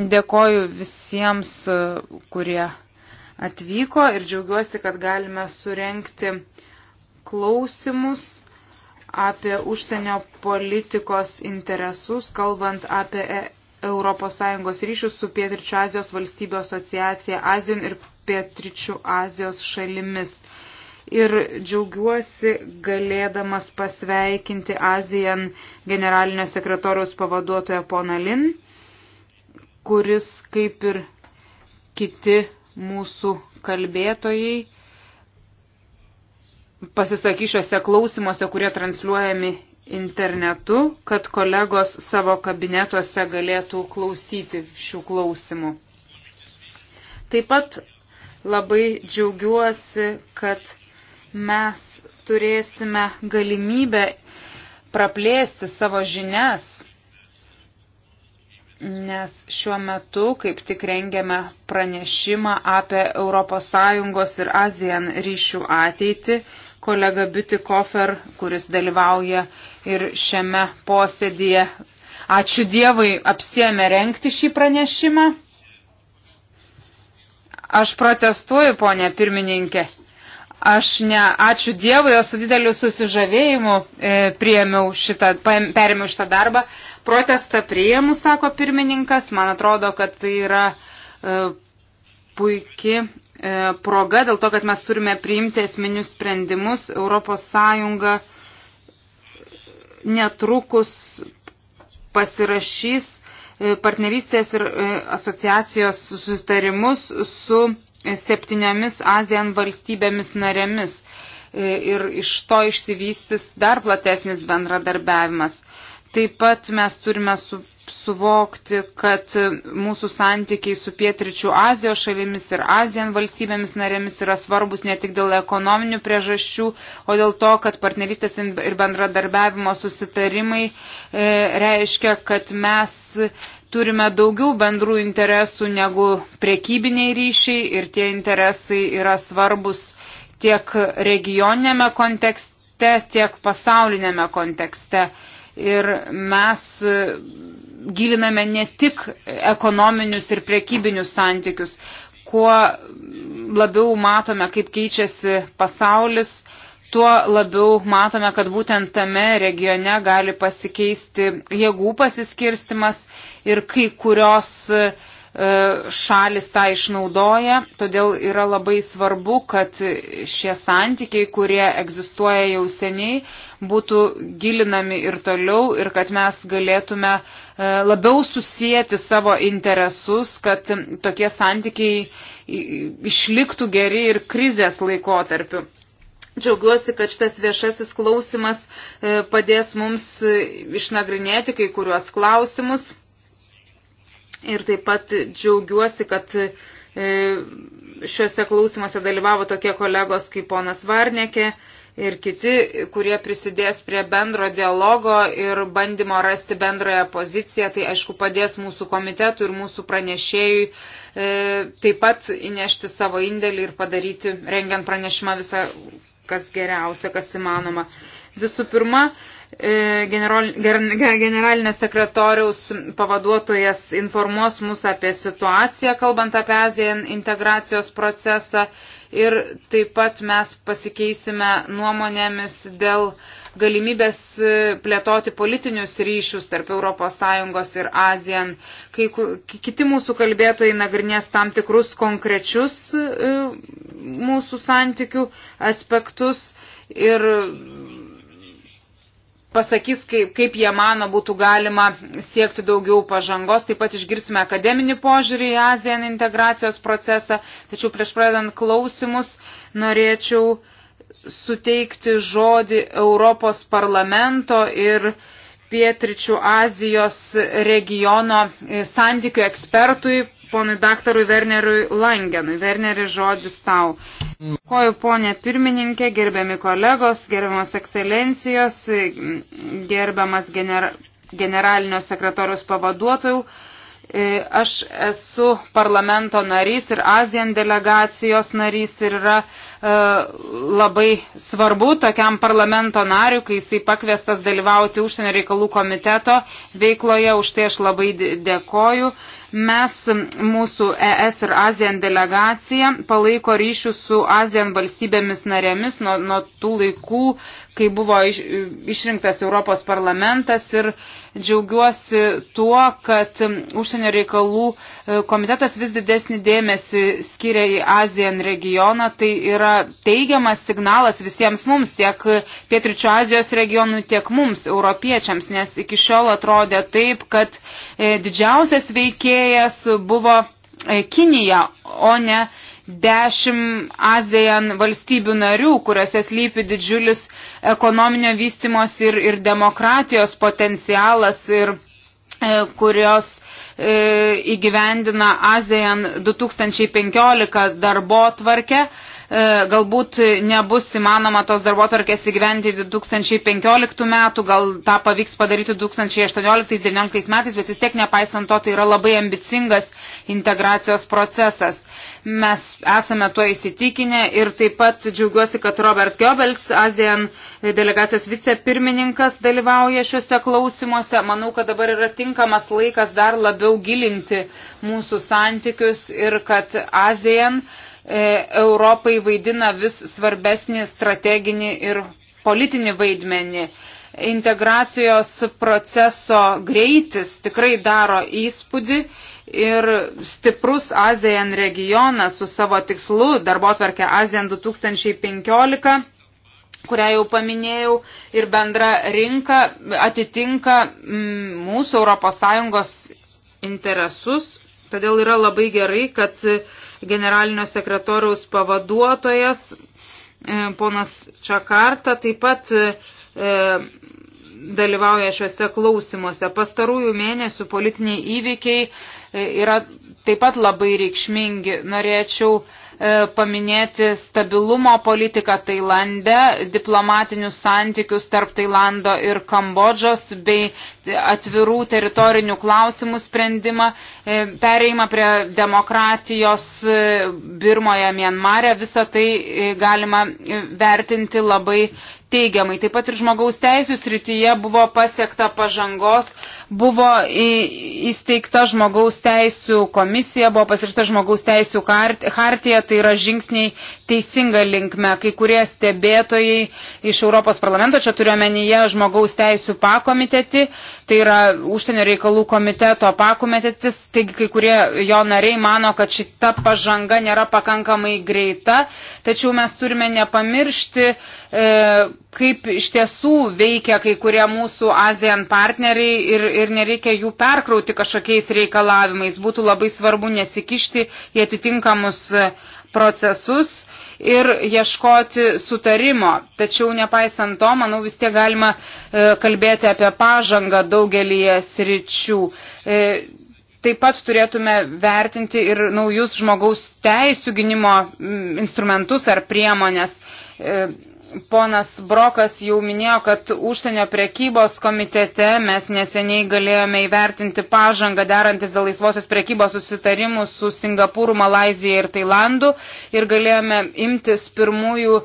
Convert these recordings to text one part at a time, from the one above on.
Dėkoju visiems, e, kurie atvyko ir džiaugiuosi, kad galime surenkti klausimus apie užsienio politikos interesus, kalbant apie ES ryšius su Pietričio Azijos valstybių asociacija Azijos ir Pietričio Azijos šalimis. Ir džiaugiuosi galėdamas pasveikinti Azijan generalinio sekretoriaus pavaduotoją poną Lin kuris, kaip ir kiti mūsų kalbėtojai, pasisakys šiuose klausimuose, kurie transliuojami internetu, kad kolegos savo kabinetuose galėtų klausyti šių klausimų. Taip pat labai džiaugiuosi, kad mes turėsime galimybę praplėsti savo žinias nes šiuo metu kaip tik rengiame pranešimą apie ES ir ASEAN ryšių ateitį. Kolega Biti Kofer, kuris dalyvauja ir šiame posėdėje, ačiū Dievui, apsėmė renkti šį pranešimą. Aš protestuoju, ponė pirmininkė. Aš ne, ačiū Dievui, o su dideliu susižavėjimu e, priėmiau šitą, perėmiau šitą darbą protestą prieimus, sako pirmininkas. Man atrodo, kad tai yra e, puikia e, proga dėl to, kad mes turime priimti esminius sprendimus. Europos Sąjunga netrukus pasirašys e, partnerystės ir e, asociacijos susitarimus su septyniomis ASEAN valstybėmis narėmis e, ir iš to išsivystys dar platesnis bendradarbiavimas. Taip pat mes turime su, suvokti, kad mūsų santykiai su pietričių Azijos šalimis ir Azijan valstybėmis narėmis yra svarbus ne tik dėl ekonominių priežasčių, o dėl to, kad partnerystės ir bendradarbiavimo susitarimai e, reiškia, kad mes turime daugiau bendrų interesų negu prekybiniai ryšiai ir tie interesai yra svarbus tiek regioninėme kontekste, tiek pasaulinėme kontekste ir mes e, giliname ne tik ekonominius ir prekybinius santykius. Kuo labiau matome, kaip keičiasi pasaulis, tuo labiau matome, kad būtent tame regione gali pasikeisti jėgų pasiskirstimas ir kai kurios e, šalis tą išnaudoja, todėl yra labai svarbu, kad šie santykiai, kurie egzistuoja jau seniai, būtų gilinami ir toliau ir kad mes galėtume e, labiau susijęti savo interesus, kad tokie santykiai išliktų geri ir krizės laikotarpiu. Džiaugiuosi, kad šitas viešasis klausimas e, padės mums e, išnagrinėti kai kuriuos klausimus. Ir taip pat džiaugiuosi, kad šiuose klausimuose dalyvavo tokie kolegos kaip ponas Varnekė, ir kiti, kurie prisidės prie bendro dialogo ir bandymo rasti bendrąją poziciją. Tai aišku padės mūsų komitetui ir mūsų pranešėjui e, taip pat įnešti savo indėlį ir padaryti, rengiant pranešimą visą, kas geriausia, kas įmanoma. Visų pirma, e, generalinės sekretoriaus pavaduotojas informuos mus apie situaciją, kalbant apie ASEAN integracijos procesą ir taip pat mes pasikeisime nuomonėmis dėl galimybės plėtoti politinius ryšius tarp ES ir ASEAN. Kai kiti mūsų kalbėtojai nagrinės tam tikrus konkrečius e, mūsų santykių aspektus ir pasakys, kaip, kaip jie mano būtų galima siekti daugiau pažangos. Taip pat išgirsime akademinį požiūrį į ASEAN integracijos procesą. Tačiau prieš pradedant klausimus norėčiau suteikti žodį Europos parlamento ir Pietričių Azijos regiono santykių ekspertui, ponui daktarui Wernerui Langenui. Werneri, žodis tau. Koju ponė pirmininkė, gerbiami kolegos, gerbiamos ekscelencijos, gerbiamas genera generalinio sekretoriaus pavaduotojų. E, aš esu parlamento narys ir Azijan delegacijos narys ir yra e, labai svarbu tokiam parlamento nariu, kai jisai pakviestas dalyvauti užsienio reikalų komiteto veikloje, už tai aš labai dėkoju. E, Mes, mūsų ES ir ASEAN delegacija, palaiko ryšių su ASEAN valstybėmis narėmis nuo, nuo tų laikų, kai buvo iš, išrinktas Europos parlamentas ir džiaugiuosi tuo, kad užsienio reikalų e, komitetas vis didesnį dėmesį skiria į ASEAN regioną. Tai yra teigiamas signalas visiems mums, tiek Pietričio Azijos regionui, tiek mums, europiečiams, nes iki šiol atrodė taip, kad e, didžiausias veikėjas veikėjas buvo e, Kinija, o ne dešimt ASEAN valstybių narių, kuriuose slypi didžiulis ekonominio vystimos ir, ir demokratijos potencialas ir e, kurios e, įgyvendina ASEAN 2015 darbo tvarkę. E, galbūt nebus įmanoma tos darbo tvarkės įgyventi 2015 metų, gal tą pavyks padaryti 2018-2019 metais, bet vis tiek nepaisant to tai yra labai ambicingas integracijos procesas. Mes esame tuo įsitikinę ir taip pat džiaugiuosi, kad Robert Goebbels, ASEAN delegacijos vicepirmininkas, dalyvauja šiuose klausimuose. Manau, kad dabar yra tinkamas laikas dar labiau gilinti mūsų santykius ir kad ASEAN uh, E, Europai vaidina vis svarbesnį strateginį ir politinį vaidmenį. Integracijos proceso greitis tikrai daro įspūdį ir stiprus ASEAN regionas su savo tikslu darbo atverkę ASEAN 2015 kurią jau paminėjau, ir bendra rinka atitinka mm, mūsų ES interesus. Todėl yra labai gerai, kad generalinio sekretoriaus pavaduotojas, e, ponas Čakarta, taip pat e, dalyvauja šiuose klausimuose. Pastarųjų mėnesių politiniai įvykiai e, yra taip pat labai reikšmingi. Norėčiau E, paminėti stabilumo politiką Tailande, diplomatinius santykius tarp Tailando ir Kambodžos bei atvirų teritorinių klausimų sprendimą, e, pereimą prie demokratijos e, Birmoje, Mienmare. Visą tai galima vertinti labai teigiamai. Taip pat ir žmogaus teisų srityje buvo pasiekta pažangos, buvo įsteigta žmogaus teisų komisija, buvo pasirsta žmogaus teisų hartija, tai yra žingsniai teisinga linkme. Kai kurie stebėtojai iš Europos parlamento, čia turiuomenyje žmogaus teisų pakomitetį, tai yra užsienio reikalų komiteto pakomitetis, taigi kai kurie jo nariai mano, kad šita pažanga nėra pakankamai greita, tačiau mes turime nepamiršti, e, kaip iš tiesų veikia kai kurie mūsų ASEAN partneriai ir, ir nereikia jų perkrauti kažkokiais reikalavimais. Būtų labai svarbu nesikišti į atitinkamus e, procesus ir ieškoti sutarimo. Tačiau nepaisant to, manau, vis tiek galima e, kalbėti apie pažangą daugelį sričių. E, taip pat turėtume vertinti ir naujus žmogaus teisų gynimo instrumentus ar priemonės. E, Ponas Brokas jau minėjo, kad užsienio prekybos komitete mes neseniai galėjome įvertinti pažangą derantis dėl laisvosios prekybos susitarimų su Singapūru, Malazija ir Tailandu ir galėjome imtis pirmųjų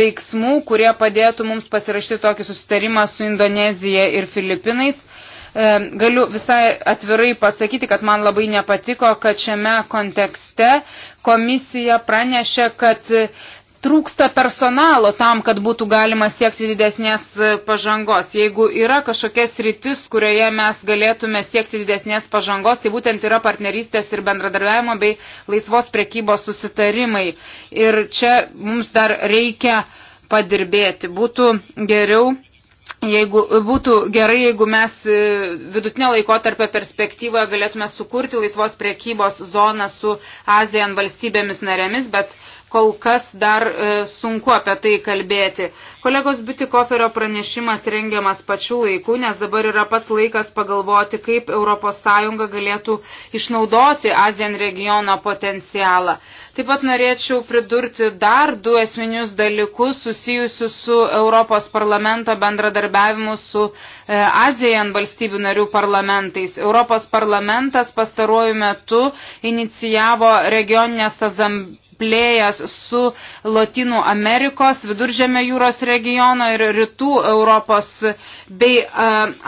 veiksmų, kurie padėtų mums pasirašyti tokį susitarimą su Indonezija ir Filipinais. E, galiu visai atvirai pasakyti, kad man labai nepatiko, kad šiame kontekste komisija pranešė, kad trūksta personalo tam, kad būtų galima siekti didesnės e, pažangos. Jeigu yra kažkokias rytis, kurioje mes galėtume siekti didesnės pažangos, tai būtent yra partnerystės ir bendradarbiavimo bei laisvos prekybos susitarimai. Ir čia mums dar reikia padirbėti. Būtų geriau Jeigu būtų gerai, jeigu mes e, vidutinio laikotarpio perspektyvoje galėtume sukurti laisvos priekybos zoną su ASEAN valstybėmis narėmis, bet kol kas dar e, sunku apie tai kalbėti. Kolegos Butikoferio pranešimas rengiamas pačiu laiku, nes dabar yra pats laikas pagalvoti, kaip ES galėtų išnaudoti Azien regiono potencialą. Taip pat norėčiau pridurti dar du esminius dalykus susijusius su Europos parlamento bendradarbiavimu su e, Azijan valstybių narių parlamentais. Europos parlamentas pastaruoju metu inicijavo regioninės azambės plėjas su Latinų Amerikos, Viduržėmio jūros regiono ir Rytų Europos bei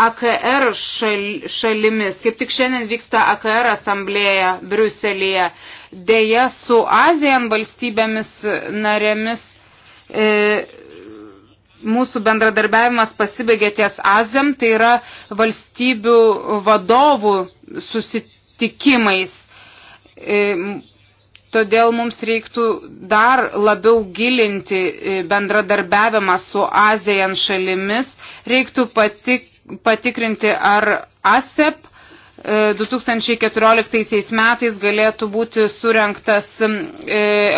AKR šalimis. Kaip tik šiandien vyksta AKR asamblėja Briuselėje. Deja, su Azijan valstybėmis narėmis. E, mūsų bendradarbiavimas pasibaigė ties Azem, tai yra valstybių vadovų susitikimais. E, Todėl mums reiktų dar labiau gilinti e, bendradarbiavimą su ASEAN šalimis, reiktų patik, patikrinti, ar ASEP 2014 metais galėtų būti surenktas e,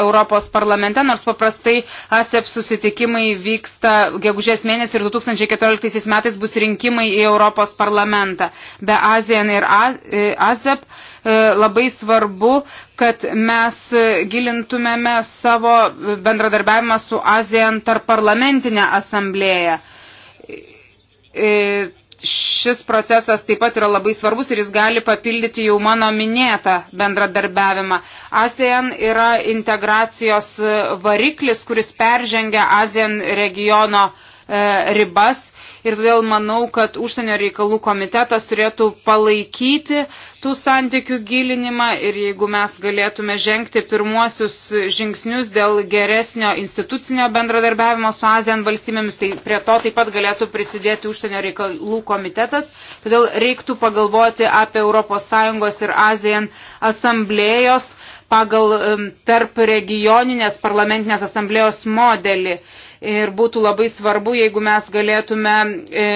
Europos parlamente, nors paprastai ASEP susitikimai vyksta gegužės mėnesį ir 2014 metais bus rinkimai į Europos parlamentą. Be ASEAN ir ASEP e, e, labai svarbu, kad mes gilintumėme savo bendradarbiavimą su ASEAN tarp parlamentinę asamblėją šis procesas taip pat yra labai svarbus ir jis gali papildyti jau mano minėtą bendradarbiavimą. ASEAN yra integracijos variklis, kuris peržengia ASEAN regiono e, ribas ir todėl manau, kad užsienio reikalų komitetas turėtų palaikyti tų santykių gilinimą ir jeigu mes galėtume žengti pirmuosius žingsnius dėl geresnio institucinio bendradarbiavimo su ASEAN valstybėmis, tai prie to taip pat galėtų prisidėti užsienio reikalų komitetas. Todėl reiktų pagalvoti apie ES ir ASEAN asamblėjos pagal tarp regioninės parlamentinės asamblėjos modelį ir būtų labai svarbu, jeigu mes galėtume e,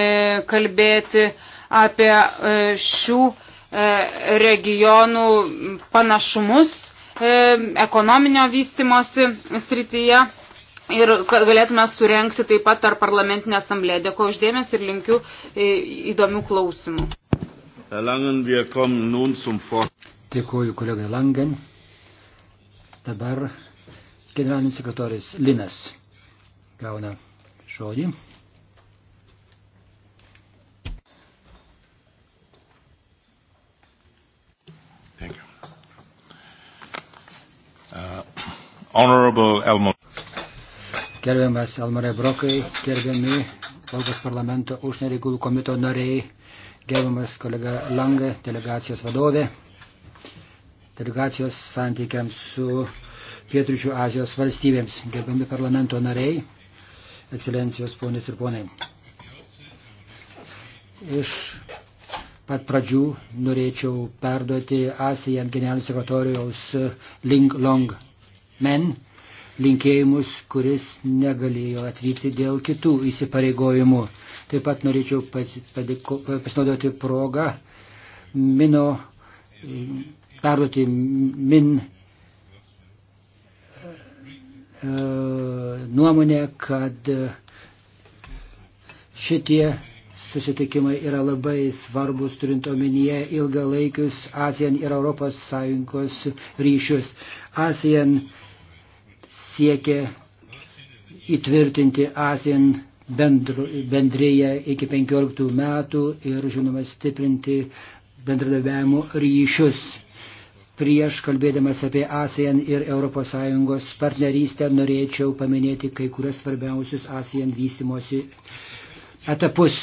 kalbėti apie e, šių e, regionų panašumus ekonominio vystimosi srityje. Ir galėtume surenkti taip pat ar parlamentinę asamblėją. Dėkuoju uždėmės ir linkiu įdomių klausimų. Dėkuoju kolegai Langen. Dabar generalinis sekretorius Linas gauna žodį. Uh, gerbiamas Elmarai Brokai, gerbiami Europos parlamento užsienio reikalų komito nariai, gerbiamas kolega Langa, delegacijos vadovė, delegacijos santykiams su Pietričių Azijos valstybėms, gerbiami parlamento nariai, ekscelencijos ponės ir ponai. Iš pat pradžių norėčiau perduoti ASEAN generalinio sekretorijaus Ling Long Men linkėjimus, kuris negalėjo atvykti dėl kitų įsipareigojimų. Taip pat norėčiau pasinaudoti progą Mino perduoti Min E, nuomonę, kad šitie susitikimai yra labai svarbus, turint omenyje ilgalaikius ASEAN ir ES ryšius. ASEAN siekia įtvirtinti ASEAN bendryje iki 15 metų ir, žinoma, stiprinti bendradarbiavimo ryšius. Prieš kalbėdamas apie ASEAN ir ES partnerystę norėčiau paminėti kai kurias svarbiausius ASEAN vystimosi etapus.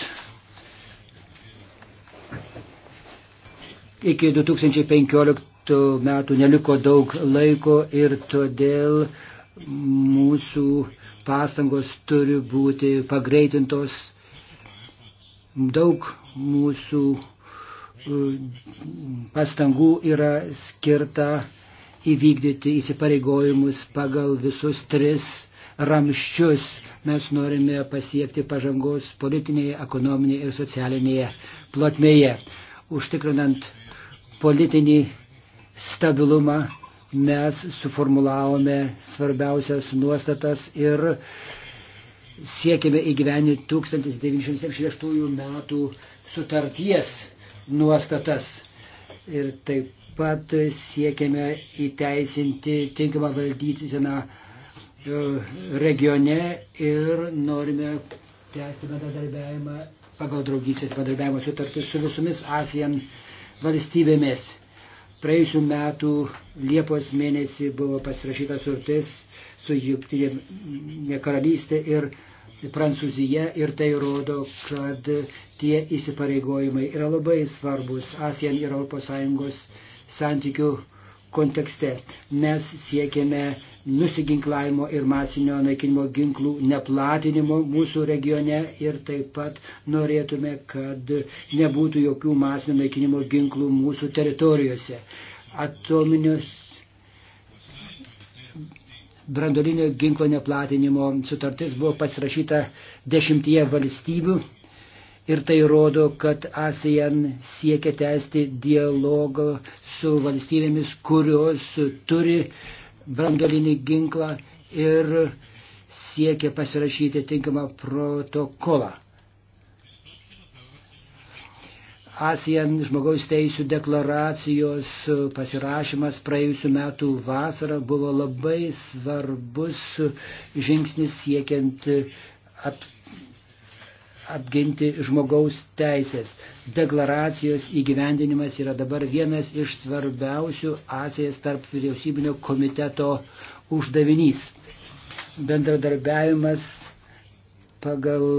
Iki 2015 metų neliko daug laiko ir todėl mūsų pastangos turi būti pagreitintos. Daug mūsų pastangų yra skirta įvykdyti įsipareigojimus pagal visus tris ramščius. Mes norime pasiekti pažangos politinėje, ekonominėje ir socialinėje plotmėje. Užtikrinant politinį stabilumą mes suformulavome svarbiausias nuostatas ir siekime įgyveninti 1976 metų sutarties nuostatas. Ir taip pat siekiame įteisinti tinkamą valdytiseną e, regione ir norime tęsti bendradarbiavimą pagal draugysės bendradarbiavimo sutartį su visomis ASEAN valstybėmis. Praėjusiu metu Liepos mėnesį buvo pasirašyta surtis su Jungtinė karalystė ir Prancūzija ir tai rodo, kad tie įsipareigojimai yra labai svarbus ASEAN ir ES santykių kontekste. Mes siekiame nusiginklavimo ir masinio naikinimo ginklų neplatinimo mūsų regione ir taip pat norėtume, kad nebūtų jokių masinio naikinimo ginklų mūsų teritorijose. Atominius brandolinio ginklo neplatinimo sutartis buvo pasirašyta dešimtyje valstybių ir tai rodo, kad ASEAN siekia tęsti dialogą su valstybėmis, kurios turi brandolinį ginklą ir siekia pasirašyti tinkamą protokolą. ASEAN žmogaus teisų deklaracijos pasirašymas praėjusiu metu vasarą buvo labai svarbus žingsnis siekiant ap, apginti žmogaus teisės. Deklaracijos įgyvendinimas yra dabar vienas iš svarbiausių ASEAN tarp vyriausybinio komiteto uždavinys. Bendradarbiavimas pagal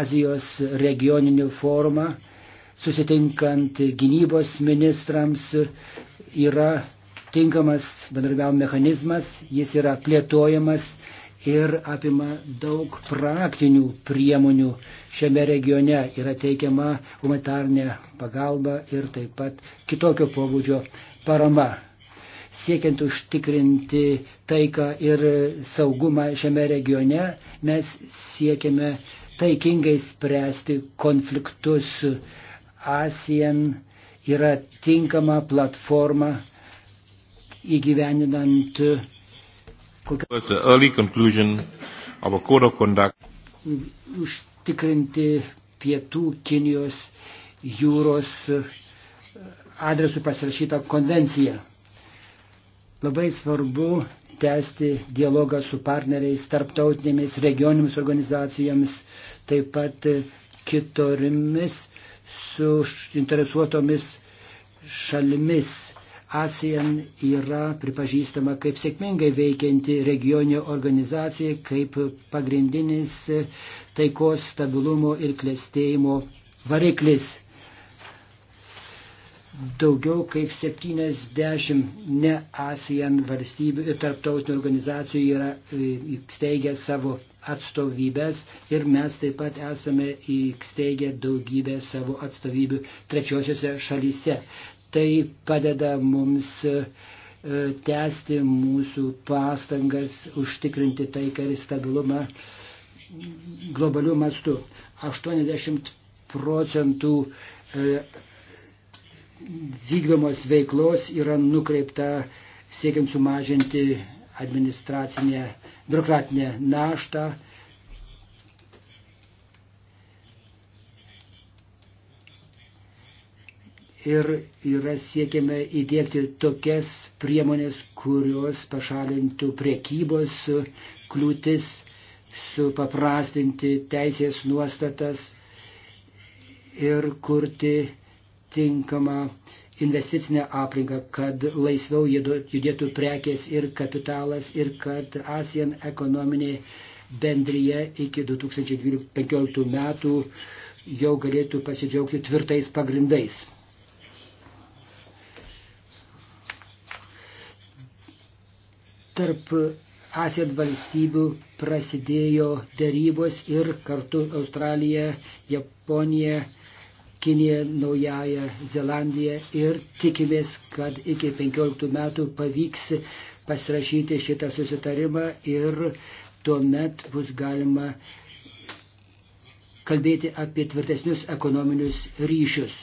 Azijos regioninį forumą susitinkant gynybos ministrams yra tinkamas bendradarbiavimo mechanizmas, jis yra plėtojamas ir apima daug praktinių priemonių šiame regione. Yra teikiama humanitarnė pagalba ir taip pat kitokio pobūdžio parama. Siekiant užtikrinti taiką ir saugumą šiame regione, mes siekiame taikingai spręsti konfliktus ASEAN yra tinkama platforma įgyvendinant uh, kokią... užtikrinti pietų Kinijos jūros uh, adresu pasirašytą konvenciją. Labai svarbu tęsti dialogą su partneriais, tarptautinėmis regioninėmis organizacijomis, taip pat uh, kitorimis su interesuotomis šalimis. ASEAN yra pripažįstama kaip sėkmingai veikianti regioninė organizacija, kaip pagrindinis taikos, stabilumo ir klėstėjimo variklis. Daugiau kaip 70 ne ASEAN valstybių ir tarptautinių organizacijų yra įsteigę e, savo atstovybės ir mes taip pat esame įsteigę daugybę savo atstovybių trečiosiuose šalyse. Tai padeda mums e, tęsti mūsų pastangas užtikrinti taiką ir stabilumą globalių mastų. 80 procentų e, vykdomos veiklos yra nukreipta siekiant sumažinti administracinę, biurokratinę naštą. ir yra siekiame įdėkti tokias priemonės, kurios pašalintų priekybos kliūtis, supaprastinti teisės nuostatas ir kurti tinkamą investicinę aplinką, kad laisviau judėtų prekės ir kapitalas ir kad ASEAN ekonominė bendryje iki 2015 metų jau galėtų pasidžiaugti tvirtais pagrindais. Tarp ASEAN valstybių prasidėjo dėrybos ir kartu Australija, Japonija, Kinija, Naująją Zelandiją ir tikimės, kad iki 15 metų pavyks pasirašyti šitą susitarimą ir tuomet bus galima kalbėti apie tvirtesnius ekonominius ryšius.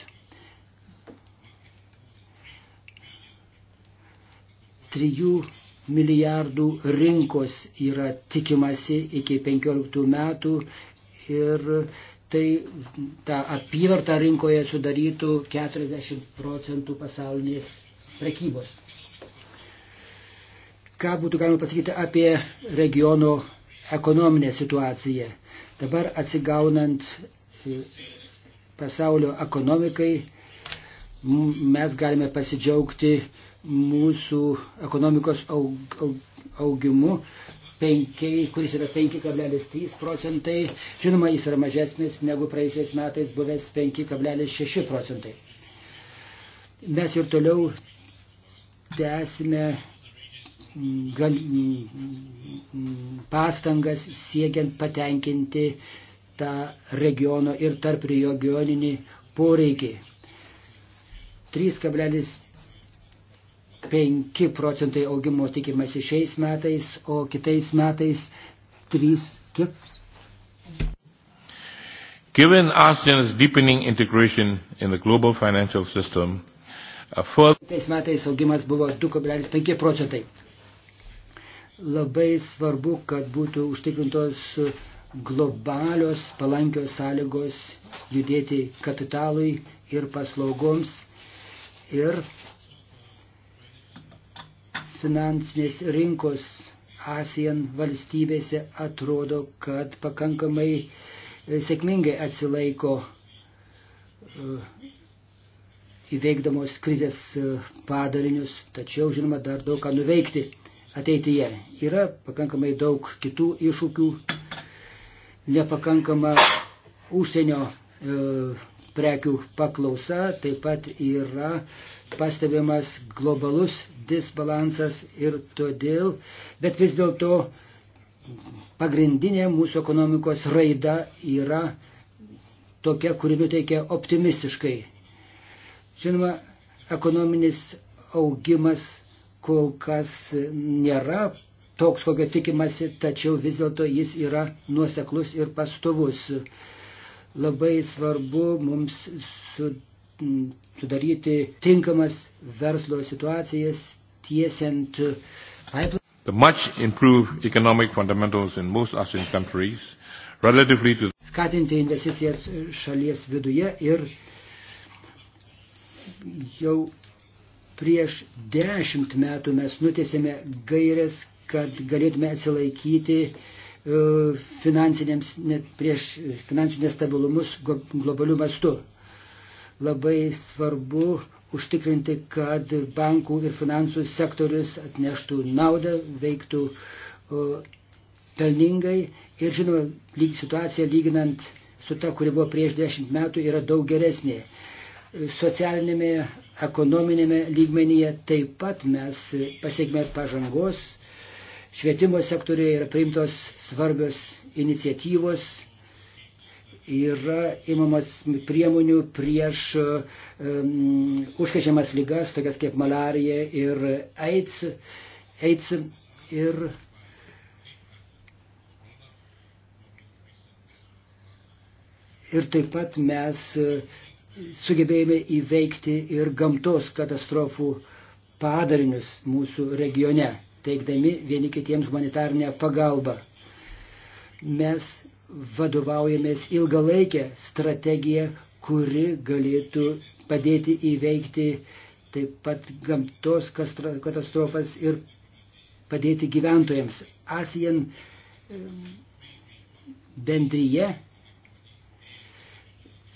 Trijų milijardų rinkos yra tikimasi iki 15 metų ir tai ta apyvarta rinkoje sudarytų 40 procentų pasaulinės prekybos. Ką būtų galima pasakyti apie regiono ekonominę situaciją? Dabar atsigaunant e, pasaulio ekonomikai, mes galime pasidžiaugti mūsų ekonomikos augimu 5, kuris yra 5,3 procentai. Žinoma, jis yra mažesnis negu praeisiais metais buvęs 5,6 procentai. Mes ir toliau tęsime gal, pastangas siekiant patenkinti tą regiono ir tarp regioninį poreikį. 3,5 5 procentai augimo tikimasi šiais metais, o kitais metais 3, kiek? Given ASEAN's deepening integration in the global financial system, a further... Kitais metais augimas buvo 2,5 procentai. Labai svarbu, kad būtų užtikrintos globalios palankios sąlygos judėti kapitalui ir paslaugoms ir finansinės rinkos ASEAN valstybėse atrodo, kad pakankamai e, sėkmingai atsilaiko e, įveikdamos krizės e, padarinius, tačiau, žinoma, dar daug ką nuveikti ateityje. Yra pakankamai daug kitų iššūkių, nepakankama užsienio prekių paklausa, taip pat yra pastebimas globalus disbalansas ir todėl, bet vis dėlto pagrindinė mūsų ekonomikos raida yra tokia, kuri nuteikia optimistiškai. Žinoma, ekonominis augimas kol kas nėra toks, kokio tikimasi, tačiau vis dėlto jis yra nuoseklus ir pastovus. Labai svarbu mums su sudaryti tinkamas verslo situacijas tiesiant pipeline. The much improved economic fundamentals in most ASEAN countries relatively to skatinti investicijas šalies viduje ir jau prieš dešimt metų mes nutėsėme gairės, kad galėtume atsilaikyti e, finansinėms, prieš finansinės stabilumus globalių mastų labai svarbu užtikrinti, kad bankų ir finansų sektorius atneštų naudą, veiktų pelningai ir, žinoma, situacija lyginant su ta, kuri buvo prieš dešimt metų, yra daug geresnė. Socialinėme, ekonominėme lygmenyje taip pat mes pasiekime pažangos. Švietimo sektorėje yra priimtos svarbios iniciatyvos, yra imamas priemonių prieš um, užkažiamas lygas, tokias kaip malarija ir AIDS. AIDS ir Ir taip pat mes e, sugebėjome įveikti ir gamtos katastrofų padarinius mūsų regione, teikdami vieni kitiems humanitarnę pagalbą. Mes vadovaujamės ilgalaikę strategiją, kuri galėtų padėti įveikti taip pat gamtos katastrofas ir padėti gyventojams. ASEAN bendryje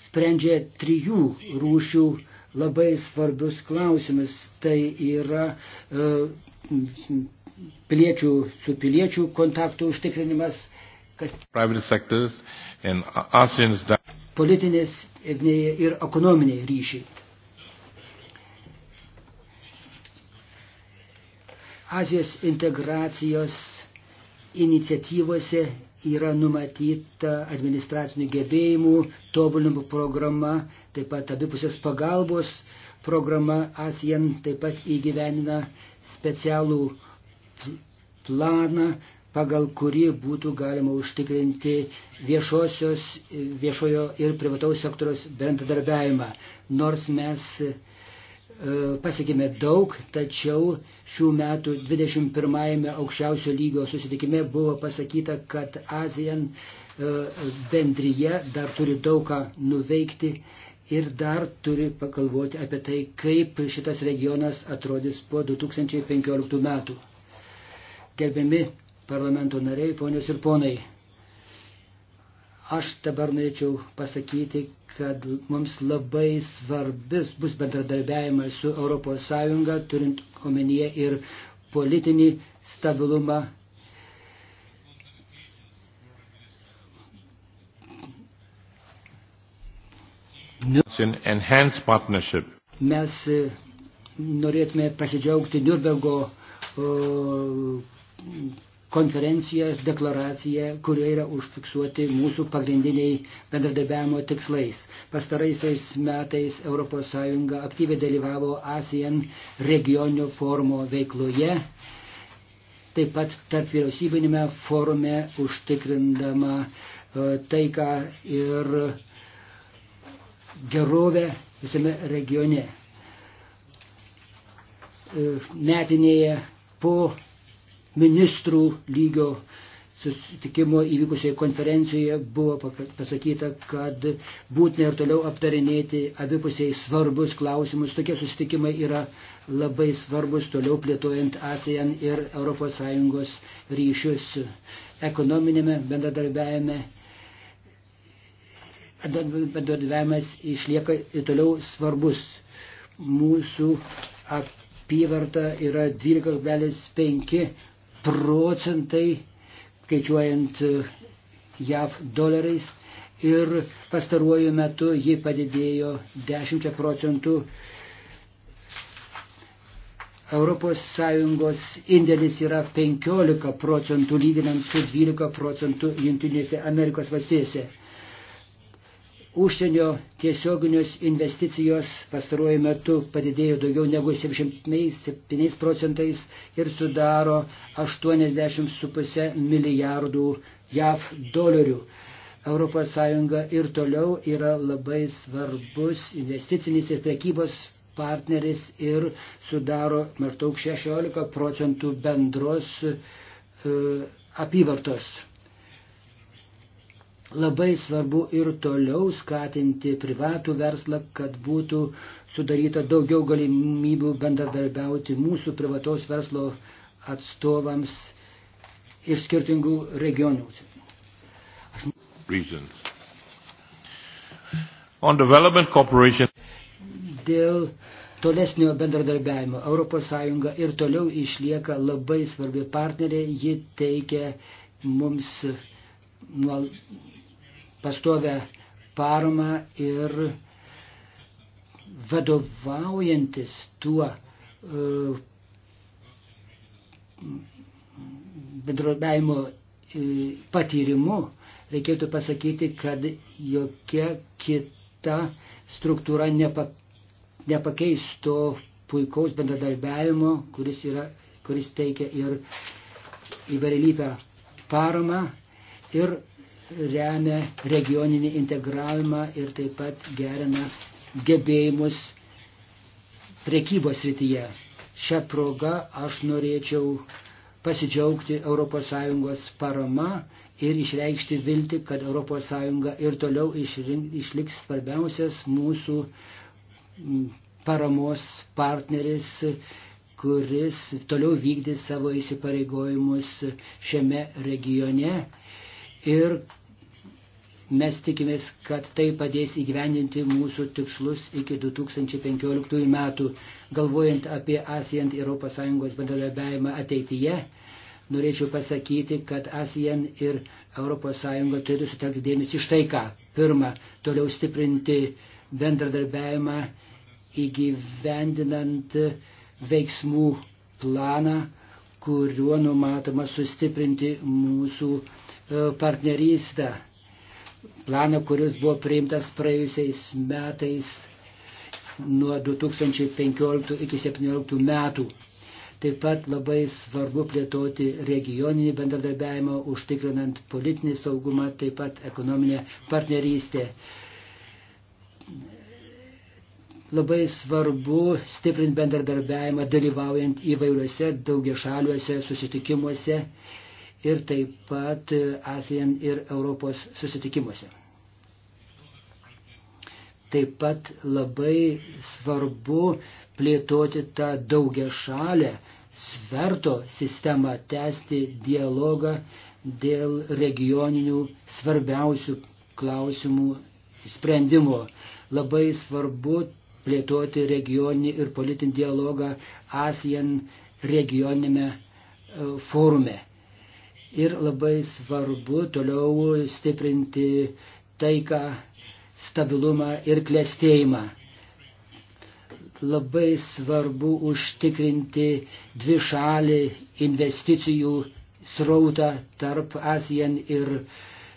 sprendžia trijų rūšių labai svarbius klausimus. Tai yra e, piliečių su piliečių kontaktų užtikrinimas, kas politinės ir ekonominiai ryšiai. Azijos integracijos iniciatyvose yra numatyta administracinių gebėjimų tobulinimo programa, taip pat abipusės pagalbos programa ASEAN taip pat įgyvenina specialų planą pagal kurį būtų galima užtikrinti viešosios, viešojo ir privataus sektoriaus bendradarbiavimą. Nors mes e, pasiekime daug, tačiau šių metų 21-ame aukščiausio lygio susitikime buvo pasakyta, kad ASEAN e, bendryje dar turi daug ką nuveikti ir dar turi pagalvoti apie tai, kaip šitas regionas atrodys po 2015 metų. Gerbiami parlamento nariai, ponios ir ponai. Aš dabar norėčiau pasakyti, kad mums labai svarbis bus bendradarbiavimas su ES, turint omenyje ir politinį stabilumą. Mes e, norėtume pasidžiaugti Nürnbergo konferenciją, deklaraciją, kurioje yra užfiksuoti mūsų pagrindiniai bendradarbiavimo tikslais. Pastaraisiais metais ES aktyviai dalyvavo ASEAN regioninio forumo veikloje, taip pat tarp vyriausybinėme forume užtikrindama e, taiką ir gerovę visame regione. E, metinėje po ministrų lygio susitikimo įvykusioje konferencijoje buvo pasakyta, kad būtina ir toliau aptarinėti abipusiai svarbus klausimus. Tokie susitikimai yra labai svarbus toliau plėtojant ASEAN ir ES ryšius ekonominėme bendradarbiajame. Bendradarbiavimas išlieka ir toliau svarbus. Mūsų apyvarta yra 12,5 procentai, skaičiuojant e, JAV doleriais. Ir pastaruoju metu ji padidėjo 10 procentų. ES indėlis yra 15 procentų lyginant su 12 procentų Junktinėse Amerikos valstijose. Užsienio tiesioginės investicijos pastaruoju metu padidėjo daugiau negu 77 procentais ir sudaro 80,5 milijardų JAV dolerių. ES ir toliau yra labai svarbus investicinis ir prekybos partneris ir sudaro maždaug 16 procentų bendros uh, apyvartos. Labai svarbu ir toliau skatinti privatų verslą, kad būtų sudaryta daugiau galimybių bendradarbiauti mūsų privataus verslo atstovams iš skirtingų regionų. Aš... Dėl tolesnio bendradarbiavimo ES ir toliau išlieka labai svarbi partnerė, ji teikia mums nuol pastovę paramą ir vadovaujantis tuo e, bendradarbiavimo e, patyrimu, reikėtų pasakyti, kad jokia kita struktūra nepa, nepakeis to puikaus bendradarbiavimo, kuris, yra, kuris teikia ir įvairialypę paramą ir remia regioninį integravimą ir taip pat gerina gebėjimus prekybos rytyje. Šią progą aš norėčiau pasidžiaugti ES parama ir išreikšti vilti, kad ES ir toliau išliks svarbiausias mūsų paramos partneris, kuris toliau vykdys savo įsipareigojimus šiame regione ir Mes tikimės, kad tai padės įgyvendinti mūsų tikslus iki 2015 metų. Galvojant apie ASEAN ir ES bendradarbiavimą ateityje, norėčiau pasakyti, kad ASEAN ir ES turi sutelkti dėmesį iš tai, ką. Pirma, toliau stiprinti bendradarbiavimą įgyvendinant veiksmų planą, kuriuo numatoma sustiprinti mūsų e, partnerystę planą, kuris buvo priimtas praėjusiais metais nuo 2015 iki 2017 metų. Taip pat labai svarbu plėtoti regioninį bendradarbiavimą, užtikrinant politinį saugumą, taip pat ekonominę partnerystę. Labai svarbu stiprinti bendradarbiavimą, dalyvaujant įvairiuose daugiašaliuose susitikimuose ir taip pat ASEAN ir Europos susitikimuose. Taip pat labai svarbu plėtoti tą daugia šalę sverto sistemą, tęsti dialogą dėl regioninių svarbiausių klausimų sprendimo. Labai svarbu plėtoti regioninį ir politinį dialogą ASEAN regioninėme e, forume ir labai svarbu toliau stiprinti taiką, stabilumą ir klėstėjimą. Labai svarbu užtikrinti dvi šalį investicijų srautą tarp ASEAN ir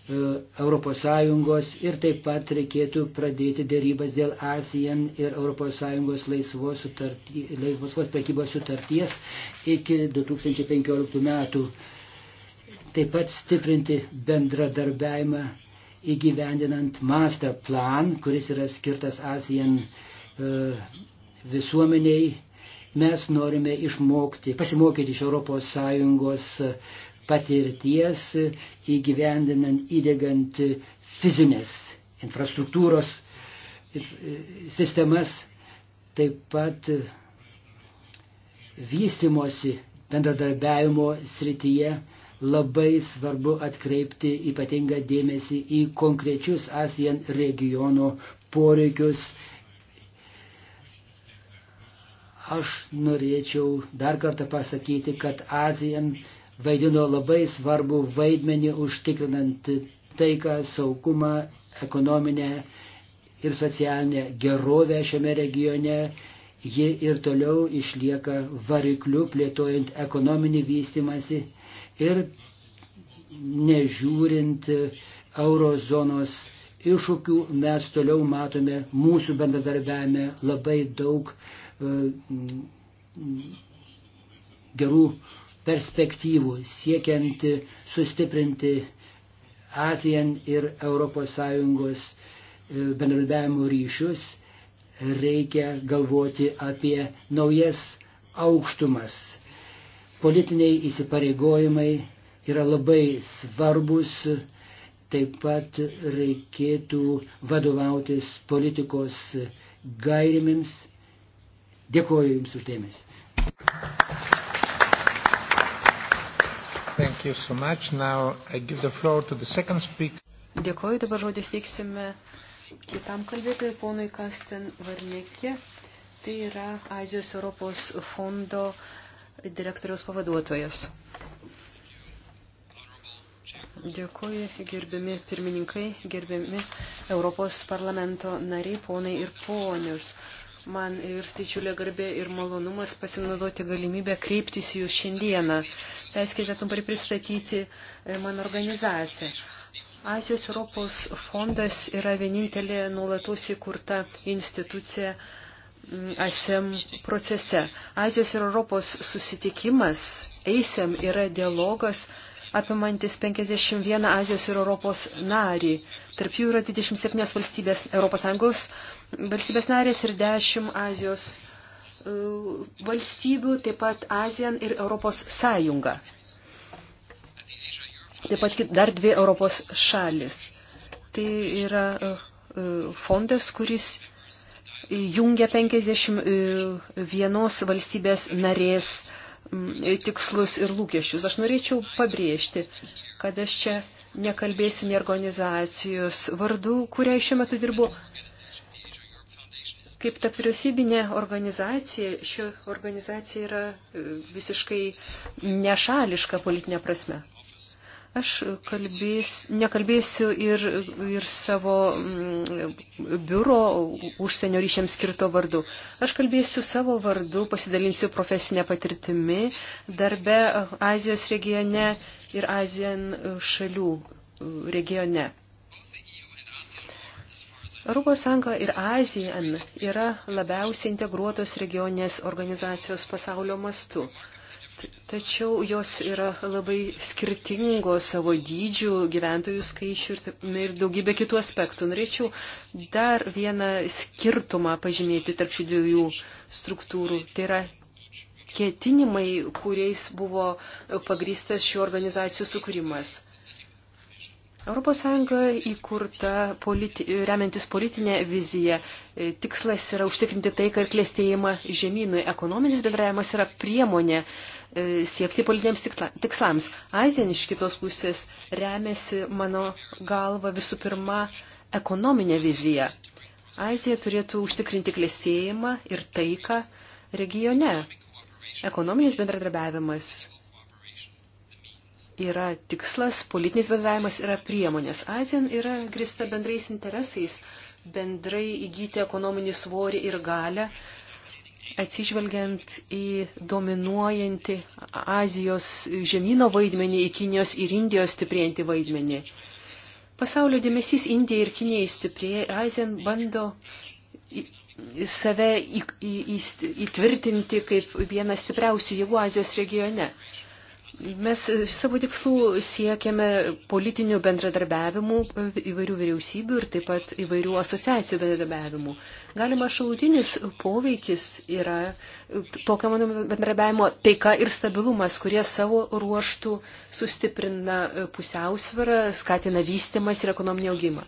ES ir taip pat reikėtų pradėti dėrybas dėl ASEAN ir ES laisvos, sutarty, laisvos prekybos sutarties iki 2015 metų taip pat stiprinti bendradarbiavimą įgyvendinant master plan, kuris yra skirtas ASEAN e, visuomeniai. Mes norime išmokti, pasimokyti iš ES patirties įgyvendinant, įdėgant fizinės infrastruktūros e, sistemas, taip pat vystimosi bendradarbiavimo srityje labai svarbu atkreipti ypatingą dėmesį į konkrečius ASEAN regiono poreikius. Aš norėčiau dar kartą pasakyti, kad ASEAN vaidino labai svarbu vaidmenį užtikrinant taiką, saugumą, ekonominę ir socialinę gerovę šiame regione ji ir toliau išlieka varikliu plėtojant ekonominį vystimąsi ir nežiūrint eurozonos iššūkių mes toliau matome mūsų bendradarbiavime labai daug e, gerų perspektyvų siekiant sustiprinti ASEAN ir ES e, bendradarbiavimo ryšius, reikia galvoti apie naujas aukštumas Politiniai įsipareigojimai yra labai svarbus, taip pat reikėtų vadovautis politikos gairėmis. Dėkuoju Jums uždėmesi. Thank you so much. Now I give the floor to the second speaker. Dėkuoju, dabar žodį steiksime kitam kalbėtojui, ponui Kasten Varnekė. Tai yra Azijos Europos fondo uh, direktoriaus pavaduotojas. Dėkuoju, gerbiami pirmininkai, gerbiami Europos parlamento nariai, ponai ir ponius. Man ir didžiulė garbė ir malonumas pasinaudoti galimybę kreiptis jūs šiandieną. Leiskite trumpai pristatyti e, mano organizaciją. Azijos Europos fondas yra vienintelė nuolatos įkurta institucija ASEM procese. Azijos ir Europos susitikimas ASEM yra dialogas apimantis 51 Azijos ir Europos narį. Tarp jų yra 27 valstybės, ES valstybės narės ir 10 Azijos e, valstybių, taip pat ASEAN ir Europos sąjunga. Taip pat dar dvi Europos šalis. Tai yra e, e, fondas, kuris jungia 51 valstybės narės mm, tikslus ir lūkesčius. Aš norėčiau pabrėžti, kad aš čia nekalbėsiu ne organizacijos vardu, kuriai šiuo metu dirbu. Kaip ta vyriausybinė organizacija, ši organizacija yra e, visiškai nešališka politinė prasme. Aš kalbės, nekalbėsiu ir, ir savo mm, biuro užsienio ryšiams skirto vardu. Aš kalbėsiu savo vardu, pasidalinsiu profesinę patirtimi darbe Azijos regione ir Azijan šalių mm, regione. Europos Sąjunga ir Azijan yra labiausiai integruotos regionės organizacijos pasaulio mastu. Tačiau jos yra labai skirtingos savo dydžių, gyventojų skaičių ir, taip, ir daugybė kitų aspektų. Norėčiau dar vieną skirtumą pažymėti tarp šių dviejų struktūrų. Tai yra ketinimai, kuriais buvo pagrystas šių organizacijų sukūrimas. ES įkurta politi, remiantis politinę viziją. E, tikslas yra užtikrinti taiką ir klėstėjimą žemynui. Ekonominis bendravimas yra priemonė E, siekti politiniams tikslams. Aizen iš kitos pusės remiasi, mano galva, visų pirma, ekonominė vizija. Aizija turėtų užtikrinti klėstėjimą ir taiką regione. Ekonominis bendradarbiavimas yra tikslas, politinis bendravimas yra priemonės. Azijan yra grista bendrais interesais, bendrai įgyti ekonominį svorį ir galę atsižvelgiant į dominuojantį Azijos žemyno vaidmenį, į Kinijos ir Indijos stiprėjantį vaidmenį. Pasaulio dėmesys Indijai ir Kinijai stiprėja ir Azien bando save į, į, į, įtvirtinti kaip vieną stipriausių jėgų Azijos regione. Mes savo tikslų siekiame politinių bendradarbiavimų įvairių vyriausybių ir taip pat įvairių asociacijų bendradarbiavimų. Galima šalutinis poveikis yra tokio mano bendradarbiavimo taika ir stabilumas, kurie savo ruoštų sustiprina pusiausvyrą, skatina vystimas ir ekonominį augimą.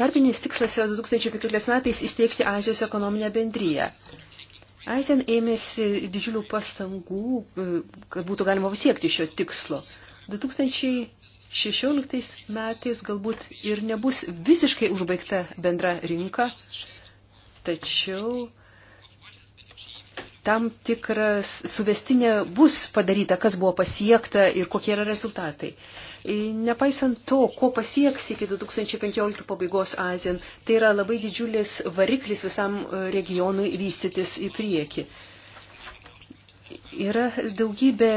Tarpinis tikslas yra 2015 metais įsteigti Azijos ekonominę bendryją. Aizen ėmėsi didžiulių pastangų, e, kad būtų galima pasiekti šio tikslo. 2016 metais galbūt ir nebus visiškai užbaigta bendra rinka, tačiau tam tikras suvestinė bus padaryta, kas buvo pasiekta ir kokie yra rezultatai. Nepaisant to, ko pasieks iki 2015 pabaigos Azien, tai yra labai didžiulis variklis visam e, regionui vystytis į priekį. Yra daugybė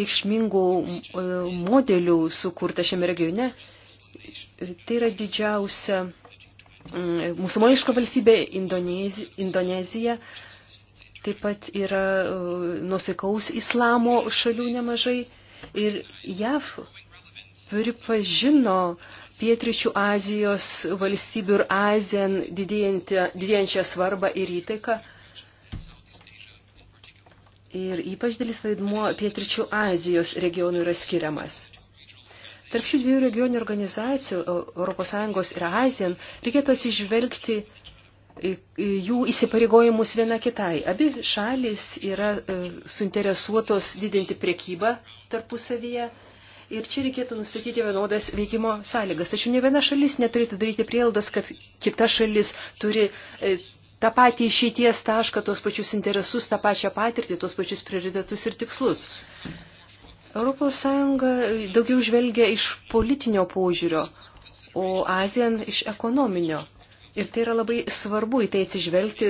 reikšmingų e, modelių sukurta šiame regione. Tai yra didžiausia musulmoniška valstybė Indonezija, Indonezija Taip pat yra e, nusikaus islamo šalių nemažai. Ir JAV pripažino Pietričių Azijos valstybių ir Azijan didėjančią svarbą ir įtaiką. Ir ypač dalis vaidmuo Pietričių Azijos regionų yra skiriamas. Tarp šių dviejų regionių organizacijų, ES ir ASEAN, reikėtų atsižvelgti jų įsipareigojimus viena kitai. Abi šalis yra e, suinteresuotos didinti priekybą tarpusavyje. Ir čia reikėtų nustatyti vienodas veikimo sąlygas. Tačiau ne viena šalis neturėtų daryti prieldos, kad kita šalis turi e, tą patį išeities tašką, tos pačius interesus, tą pačią patirtį, tos pačius prioritetus ir tikslus. Europos Sąjunga e, daugiau žvelgia iš politinio požiūrio, o Azijan iš ekonominio. Ir tai yra labai svarbu į tai atsižvelgti,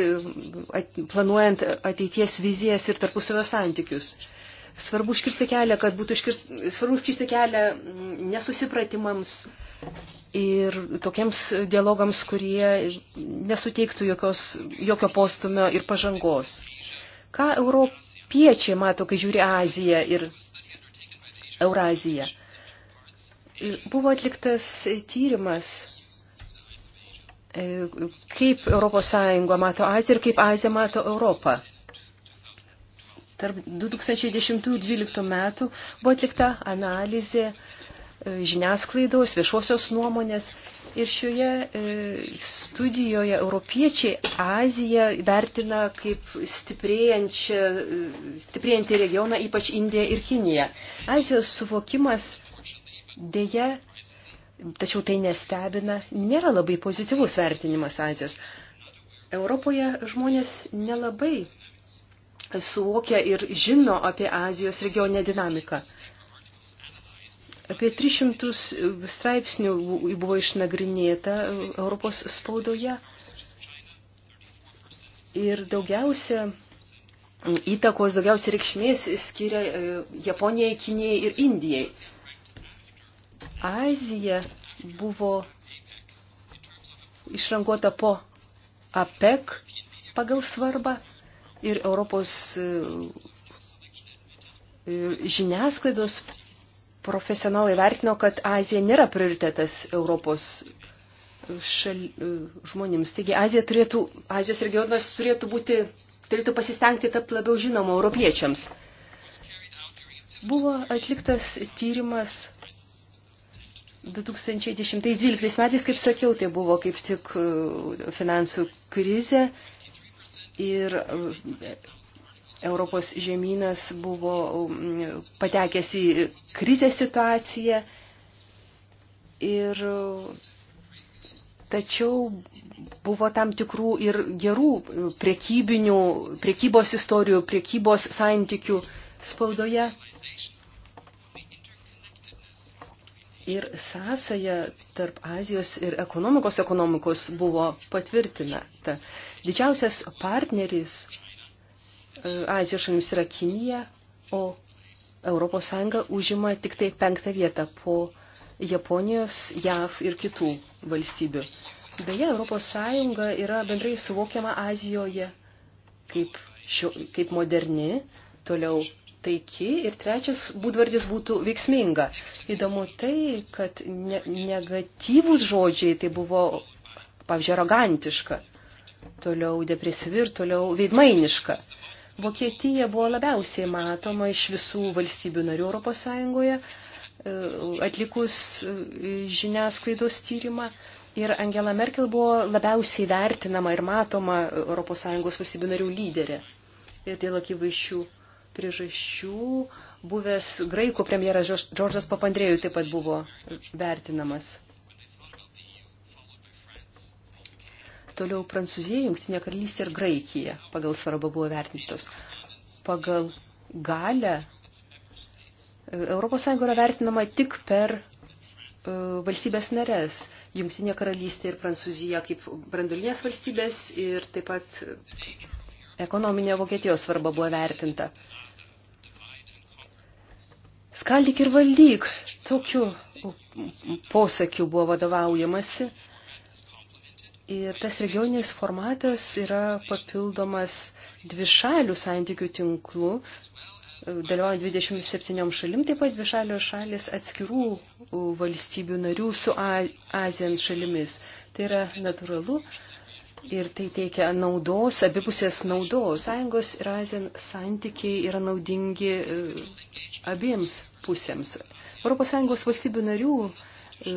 planuojant ateities vizijas ir tarpusavio santykius. Svarbu užkirsti kelią, kad būtų iškirst, svarbu užkirsti kelią nesusipratimams ir tokiems dialogams, kurie nesuteiktų jokios, jokio postumio ir pažangos. Ką europiečiai mato, kai žiūri Aziją ir Euraziją? Buvo atliktas tyrimas kaip ES mato Aziją ir kaip Azija mato Europą. Tarp 2010-2012 metų buvo atlikta analizė e, žiniasklaidos, viešosios nuomonės ir šioje e, studijoje europiečiai Aziją vertina kaip e, stiprėjantį regioną, ypač Indiją ir Kiniją. Azijos suvokimas dėja tačiau tai nestebina, nėra labai pozityvus vertinimas Azijos. Europoje žmonės nelabai suvokia ir žino apie Azijos regionę dinamiką. Apie 300 straipsnių buvo išnagrinėta Europos spaudoje ir daugiausia įtakos, daugiausia reikšmės skiria Japonijai, Kinijai ir Indijai. Azija buvo išranguota po APEC pagal svarbą ir Europos e, e, žiniasklaidos profesionalai vertino, kad Azija nėra prioritetas Europos e, šal, žmonėms. Taigi Azija turėtų, Azijos regionas turėtų būti, turėtų pasistengti tapti labiau žinoma europiečiams. Buvo atliktas tyrimas 2012 metais, kaip sakiau, tai buvo kaip tik e, finansų krizė ir e, Europos žemynas buvo mm, patekęs į krizės situaciją ir e, tačiau buvo tam tikrų ir gerų prekybinių, prekybos istorijų, prekybos santykių spaudoje. Ir sąsaja tarp Azijos ir ekonomikos ekonomikos buvo patvirtinata. Didžiausias partneris e, Azijos šalimis yra Kinija, o ES užima tik tai penktą vietą po Japonijos, JAV ir kitų valstybių. Beje, ES yra bendrai suvokiama Azijoje kaip, šio, kaip moderni, toliau taiki ir trečias būdvardis būtų veiksminga. Įdomu tai, kad ne, negatyvūs žodžiai tai buvo, pavyzdžiui, arogantiška, toliau depresyvi ir toliau veidmainiška. Vokietija buvo labiausiai matoma iš visų valstybių narių Europos Sąjungoje, e, atlikus e, žiniasklaidos tyrimą. Ir Angela Merkel buvo labiausiai vertinama ir matoma ES valstybių narių lyderė. Ir dėl akivaizdžių priežasčių buvęs graikų premjeras Džordžas Papandrėjų taip pat buvo vertinamas. Toliau Prancūzija, Jungtinė karalystė ir Graikija pagal svarbą buvo vertintos. Pagal galę ES yra vertinama tik per e, valstybės narės. Jungtinė karalystė ir Prancūzija kaip brandulinės valstybės ir taip pat ekonominė Vokietijos svarba buvo vertinta. Skaldyk ir valdyk. Tokiu posakiu buvo vadovaujamasi. Ir tas regioninis formatas yra papildomas dvišalių santykių tinklų, dalyvaujant 27 šalim, taip pat dvišalios šalis atskirų valstybių narių su Azijos šalimis. Tai yra natūralu, ir tai teikia naudos, abipusės naudos. Sąjungos ir Azien santykiai yra naudingi e, abiems pusėms. ES valstybių narių e,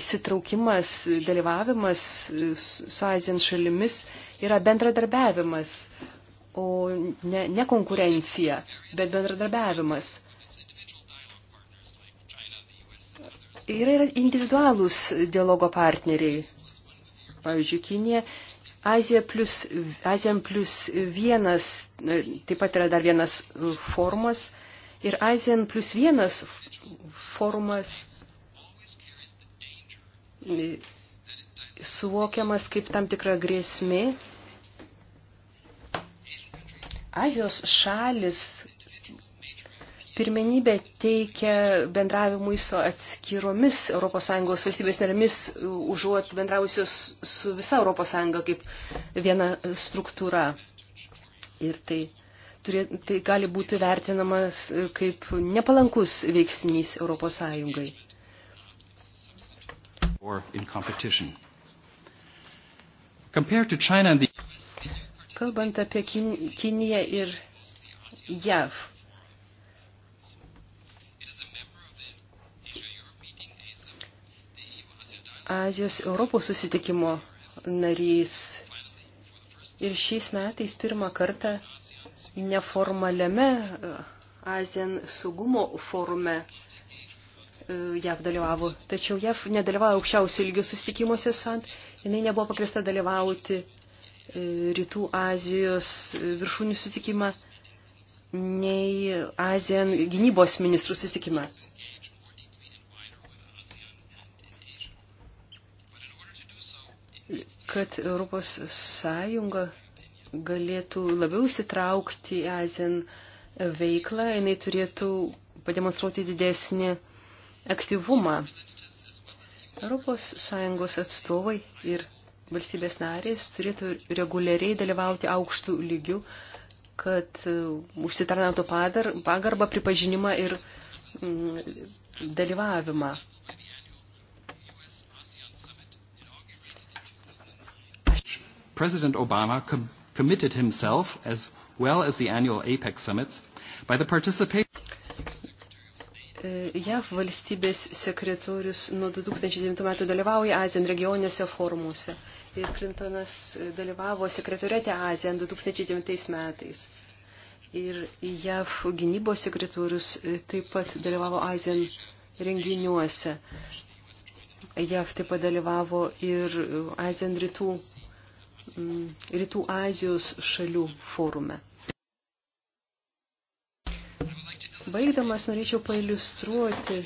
įsitraukimas, dalyvavimas e, su Azijos šalimis yra bendradarbiavimas, o ne, ne konkurencija, bet bendradarbiavimas. Yra, yra individualūs dialogo partneriai, pavyzdžiui, Kinija. Azija plus, Azijam plus vienas, taip pat yra dar vienas formas. Ir Azijam plus vienas formas suvokiamas kaip tam tikra grėsmė. Azijos šalis pirmenybę teikia bendravimui su atskiromis ES valstybės narėmis, užuot bendravusios su visa ES kaip viena struktūra. Ir tai, turė, tai gali būti vertinamas kaip nepalankus veiksnys ES. Kalbant apie Kin Kiniją ir JAV Azijos Europos susitikimo narys. Ir šiais metais pirmą kartą neformaliame e, ASEAN saugumo forume e, JAV dalyvavo. Tačiau JAV nedalyvavo aukščiausio lygio susitikimuose su ANT. Jinai nebuvo pakviesta dalyvauti e, Rytų Azijos viršūnių susitikimą nei ASEAN gynybos ministrų susitikimą. kad Europos Sąjunga galėtų labiau įsitraukti į ASEAN veiklą, jinai turėtų pademonstruoti didesnį aktyvumą. Europos Sąjungos atstovai ir valstybės narės turėtų reguliariai dalyvauti aukštų lygių, kad uh, užsitarnautų pagarbą, pripažinimą ir mm, dalyvavimą. President Obama com- committed himself, as well as the annual APEC summits, by the participation. E, JAV valstybės sekretorius nuo 2009 metų dalyvauja ASEAN regioniuose forumuose. Ir Clintonas dalyvavo sekretoriate ASEAN 2009 metais. Ir JAV gynybos sekretorius e, taip pat dalyvavo ASEAN renginiuose. JAV taip pat dalyvavo ir e, ASEAN rytų Mm, Rytų Azijos šalių forume. Baigdamas norėčiau pailustruoti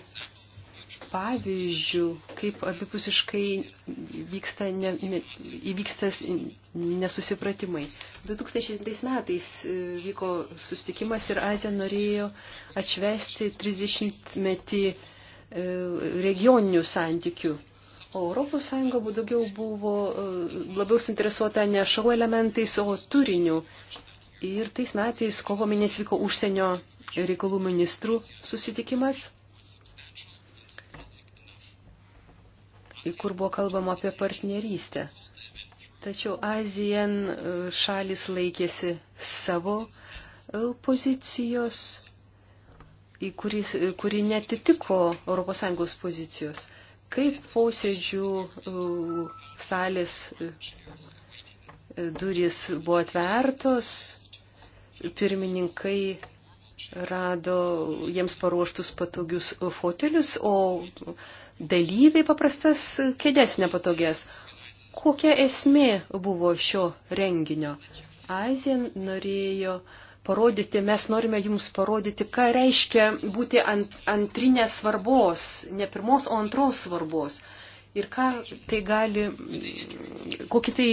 pavyzdžių, kaip abipusiškai vyksta ne, ne, įvyksta nesusipratimai. 2007 metais e, vyko sustikimas ir Azija norėjo atšvesti 30 metį e, regioninių santykių O Europos Sąjunga daugiau buvo e, labiau suinteresuota ne šau elementais, o turiniu. Ir tais metais kovo mėnesį vyko užsienio reikalų ministrų susitikimas, kur buvo kalbama apie partnerystę. Tačiau Azijan e, šalis laikėsi savo e, pozicijos, kuri, kuri netitiko ES pozicijos kaip posėdžių e, salės e, durys buvo atvertos, pirmininkai rado jiems paruoštus patogius fotelius, o dalyviai paprastas kėdės nepatogės. Kokia esmė buvo šio renginio? Aizien norėjo uh, parodyti, mes norime jums parodyti, ką reiškia būti ant, antrinės svarbos, ne pirmos, o antros svarbos. Ir ką tai gali, kokį tai,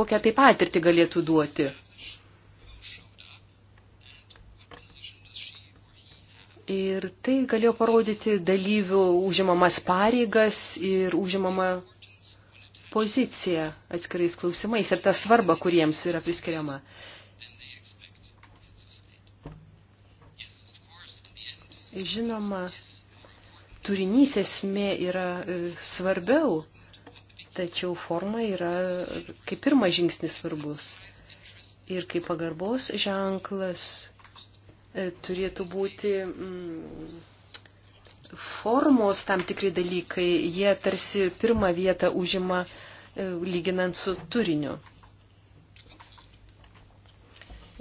kokią tai patirtį galėtų duoti. Ir tai galėjo parodyti dalyvių užimamas pareigas ir užimamą poziciją atskirais klausimais ir tą svarbą, kuriems yra priskiriama. Žinoma, turinys esmė yra e, svarbiau, tačiau forma yra e, kaip pirmas žingsnis svarbus. Ir kaip pagarbos ženklas e, turėtų būti mm, formos tam tikri dalykai, jie tarsi pirmą vietą užima lyginant su turiniu.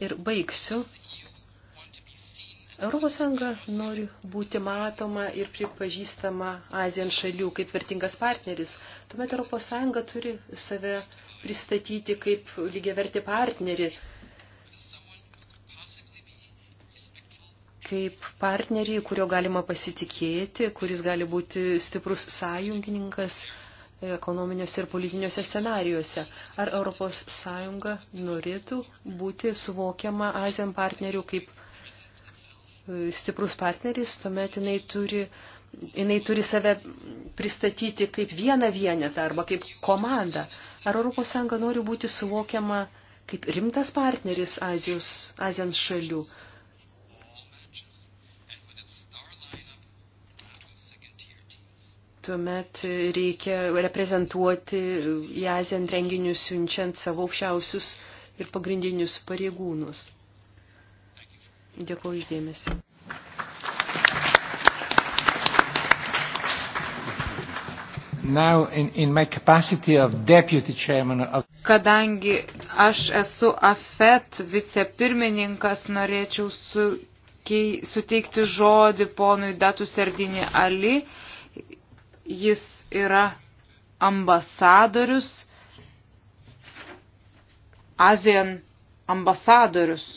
Ir baigsiu ES nori būti matoma ir pripažįstama Azijos šalių kaip vertingas partneris. Tuomet ES turi save pristatyti kaip lygiavertį partnerį, kaip partnerį, kurio galima pasitikėti, kuris gali būti stiprus sąjungininkas ekonominiuose ir politiniuose scenarijuose. Ar ES norėtų būti suvokiama Azijam partnerių kaip stiprus partneris, tuomet jinai turi, jinai turi save pristatyti kaip vieną vienetą arba kaip komandą. Ar ES nori būti suvokiama kaip rimtas partneris Azijos, Azijos šalių? Tuomet reikia reprezentuoti į Aziją renginius siunčiant savo aukščiausius ir pagrindinius pareigūnus. Dėkuoju išdėmesi. In, in of... Kadangi aš esu AFET vicepirmininkas, norėčiau su, kei, suteikti žodį ponui Datu Sardinį Ali. Jis yra ambasadorius, ASEAN ambasadorius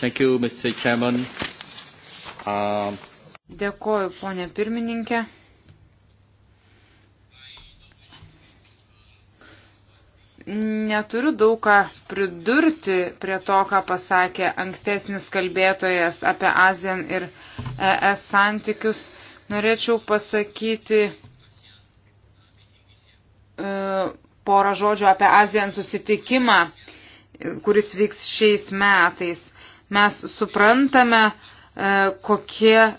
Thank you, Mr. Chairman. Um, Dėkoju, ponė pirmininkė. Neturiu daug ką pridurti prie to, ką pasakė ankstesnis kalbėtojas apie ASEAN ir ES santykius. Norėčiau pasakyti e, porą žodžių apie ASEAN susitikimą, kuris vyks šiais metais. Mes suprantame, e, kokie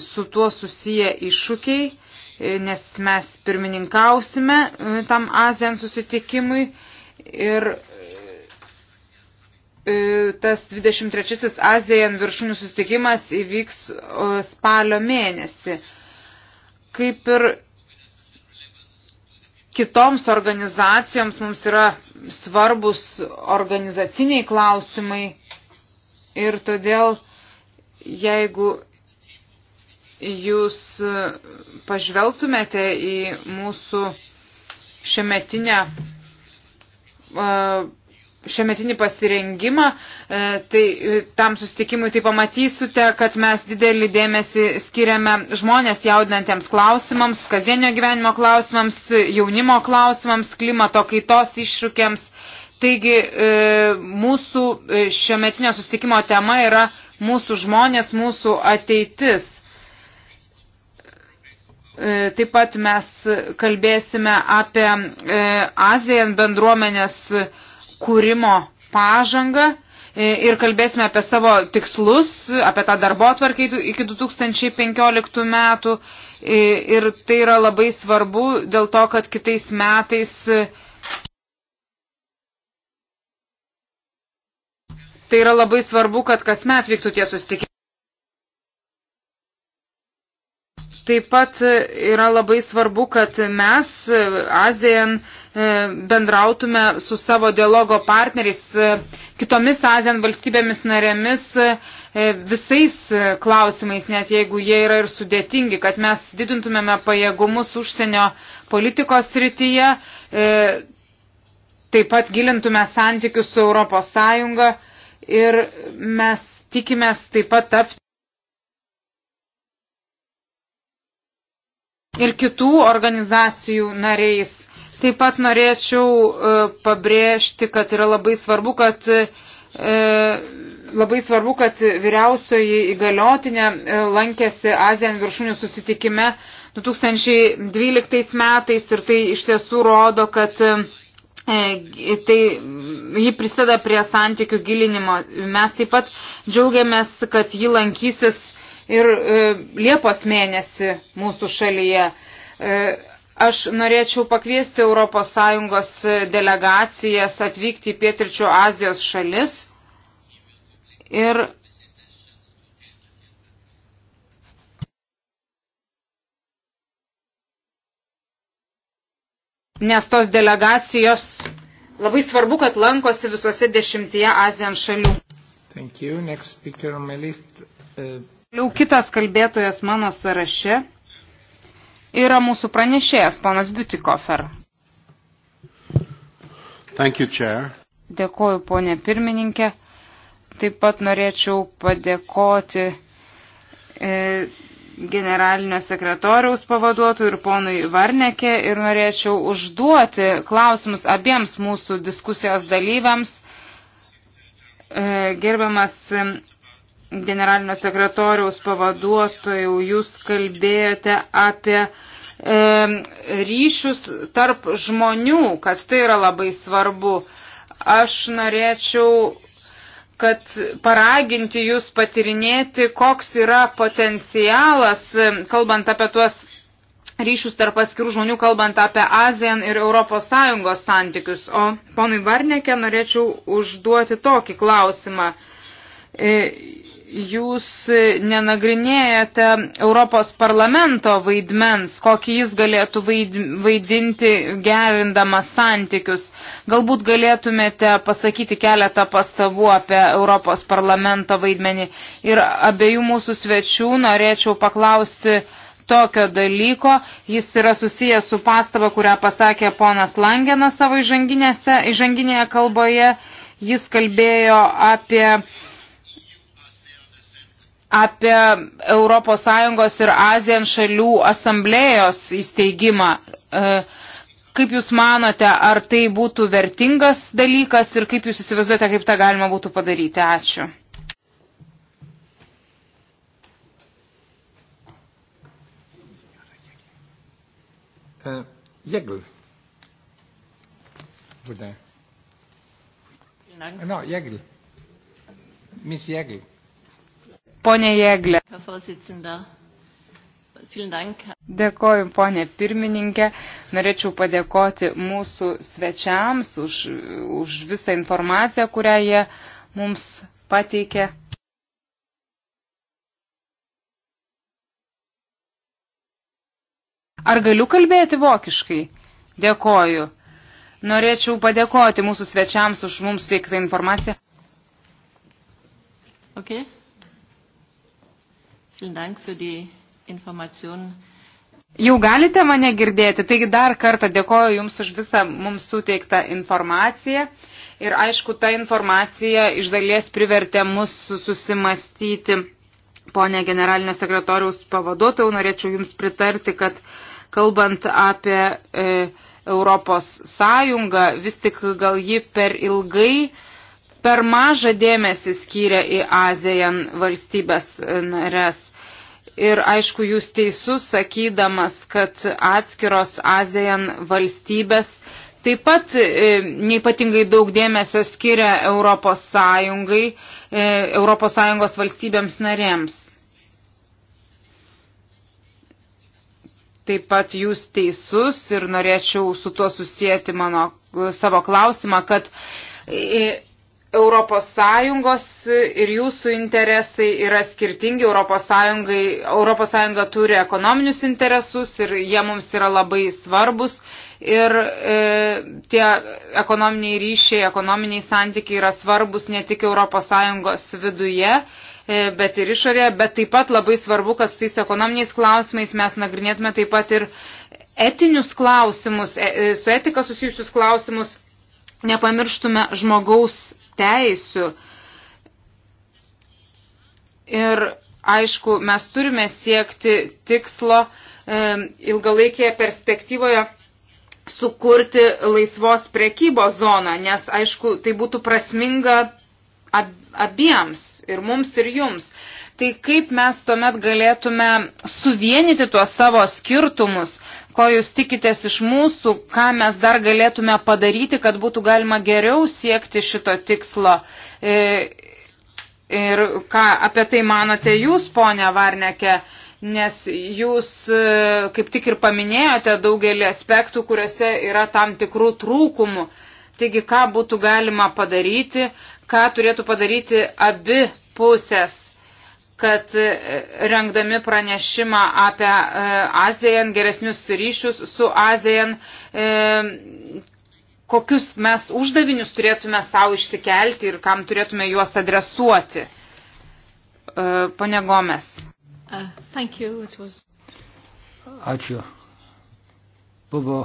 su tuo susiję iššūkiai, e, nes mes pirmininkausime e, tam ASEAN susitikimui ir tas 23-asis ASEAN viršūnių susitikimas įvyks spalio mėnesį. Kaip ir kitoms organizacijoms mums yra svarbus organizaciniai klausimai Ir todėl, jeigu jūs pažvelgtumėte į mūsų šiemetinę, šiemetinį pasirengimą, e, tai tam sustikimui tai pamatysite, kad mes didelį dėmesį skiriame žmonės jaudinantiems klausimams, kasdienio gyvenimo klausimams, jaunimo klausimams, klimato kaitos iššūkiams Taigi e, mūsų e, šiometinio sustikimo tema yra mūsų žmonės, mūsų ateitis. E, taip pat mes kalbėsime apie ASEAN bendruomenės kūrimo pažangą ir kalbėsime apie savo tikslus, apie tą darbo atvarkį iki 2015 metų. Ir tai yra labai svarbu dėl to, kad kitais metais Tai yra labai svarbu, kad kasmet vyktų tie susitikimai. Taip pat yra labai svarbu, kad mes, ASEAN, e, bendrautume su savo dialogo partneriais, e, kitomis ASEAN valstybėmis narėmis e, visais klausimais, net jeigu jie yra ir sudėtingi, kad mes didintumėme pajėgumus užsienio politikos srityje, taip pat gilintume santykius su Europos Sąjunga ir mes tikimės taip pat tapti ir kitų organizacijų nariais. Taip pat norėčiau e, pabrėžti, kad yra labai svarbu, kad e, labai svarbu, kad vyriausioji įgaliotinė e, lankėsi Azijos viršūnių susitikime 2012 metais ir tai iš tiesų rodo, kad tai ji prisideda prie santykių gilinimo. Mes taip pat džiaugiamės, kad ji lankysis ir e, Liepos mėnesį mūsų šalyje. E, Aš norėčiau pakviesti ES e, delegacijas atvykti į Pietričių Azijos šalis ir nes tos delegacijos Labai svarbu, kad lankosi visose dešimtyje Azijos šalių. Uh, Toliau uh... kitas kalbėtojas mano sąraše yra mūsų pranešėjas, ponas Butikofer. Thank you, Chair. Dėkoju, ponė pirmininkė. Taip pat norėčiau padėkoti e, generalinio sekretoriaus pavaduotų ir ponui Varnekė ir norėčiau užduoti klausimus abiems mūsų diskusijos dalyviams. E, gerbiamas generalinio sekretoriaus pavaduotojų, jūs kalbėjote apie e, ryšius tarp žmonių, kad tai yra labai svarbu. Aš norėčiau kad paraginti jūs patirinėti, koks yra potencialas, kalbant apie tuos ryšius tarp atskirų žmonių, kalbant apie ASEAN ir ES santykius. O ponui Varnekė norėčiau užduoti tokį klausimą. E, jūs nenagrinėjate Europos parlamento vaidmens, kokį jis galėtų vaidinti gerindamas santykius. Galbūt galėtumėte pasakyti keletą pastabų apie Europos parlamento vaidmenį. Ir abiejų mūsų svečių norėčiau paklausti tokio dalyko. Jis yra susijęs su pastaba, kurią pasakė ponas Langenas savo įžanginėje kalboje. Jis kalbėjo apie apie ES ir Azijos šalių asamblėjos įsteigimą. E, kaip Jūs manote, ar tai būtų vertingas dalykas ir kaip Jūs įsivaizduojate, kaip tą galima būtų padaryti? Ačiū. E, Jėgl. Būtent. No, Jėgl. Miss Jėgl. Pone Jėglė. Dėkoju, ponė pirmininkė. Norėčiau padėkoti mūsų svečiams už, už visą informaciją, kurią jie mums pateikė. Ar galiu kalbėti vokiškai? Dėkoju. Norėčiau padėkoti mūsų svečiams už mums teiktą informaciją. Okay. Jau galite mane girdėti, taigi dar kartą dėkoju Jums už visą mums suteiktą informaciją. Ir aišku, ta informacija iš dalies privertė mus susimastyti, ponė generalinio sekretoriaus pavaduotojų, norėčiau Jums pritarti, kad kalbant apie e, Europos Sąjungą, vis tik gal ji per ilgai e, per mažą dėmesį skyrė į Azijan valstybės e, nares. Ir aišku, jūs teisus sakydamas, kad atskiros Azijan valstybės taip pat e, neipatingai daug dėmesio skiria Europos Sąjungai, e, Europos Sąjungos valstybėms narėms. Taip pat jūs teisus ir norėčiau su tuo susijęti mano savo klausimą, kad ES ir jūsų interesai yra skirtingi. ES turi ekonominius interesus ir jie mums yra labai svarbus. Ir e, tie ekonominiai ryšiai, ekonominiai santykiai yra svarbus ne tik ES viduje, e, bet ir išorėje. Bet taip pat labai svarbu, kad su tais ekonominiais klausimais mes nagrinėtume taip pat ir etinius klausimus, e, e su etika susijusius klausimus nepamirštume žmogaus teisių. Ir aišku, mes turime siekti tikslo e, ilgalaikėje perspektyvoje sukurti laisvos priekybos zoną, nes aišku, tai būtų prasminga ab, abiems, ir mums, ir jums. Tai kaip mes tuomet galėtume suvienyti tuos savo skirtumus, ko jūs tikitės iš mūsų, ką mes dar galėtume padaryti, kad būtų galima geriau siekti šito tikslo. E, ir ką apie tai manote jūs, ponia Varneke, nes jūs e, kaip tik ir paminėjote daugelį aspektų, kuriuose yra tam tikrų trūkumų. Taigi, ką būtų galima padaryti, ką turėtų padaryti abi pusės kad e, rengdami pranešimą apie e, ASEAN, geresnius ryšius su ASEAN, e, kokius mes uždavinius turėtume savo išsikelti ir kam turėtume juos adresuoti. Pane Gomes. Uh, Ačiū. Buvo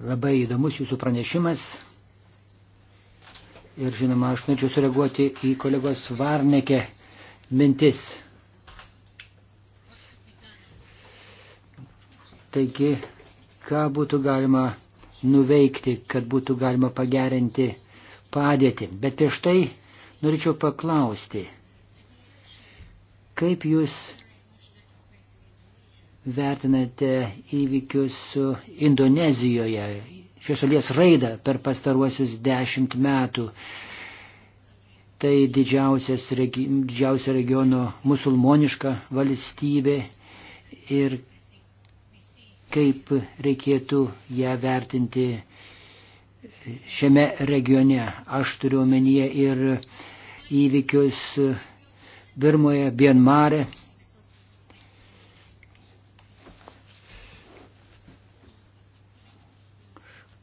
labai įdomus jūsų pranešimas. Ir žinoma, aš norėčiau sureaguoti į kolegos Varnekę mintis. Taigi, ką būtų galima nuveikti, kad būtų galima pagerinti padėtį. Bet prieš tai norėčiau paklausti, kaip jūs vertinate įvykius Indonezijoje, šios šalies raidą per pastaruosius dešimt metų. Tai regi, didžiausia regiono musulmoniška valstybė ir kaip reikėtų ją vertinti šiame regione. Aš turiu omenyje ir įvykius Birmoje, Bienmare,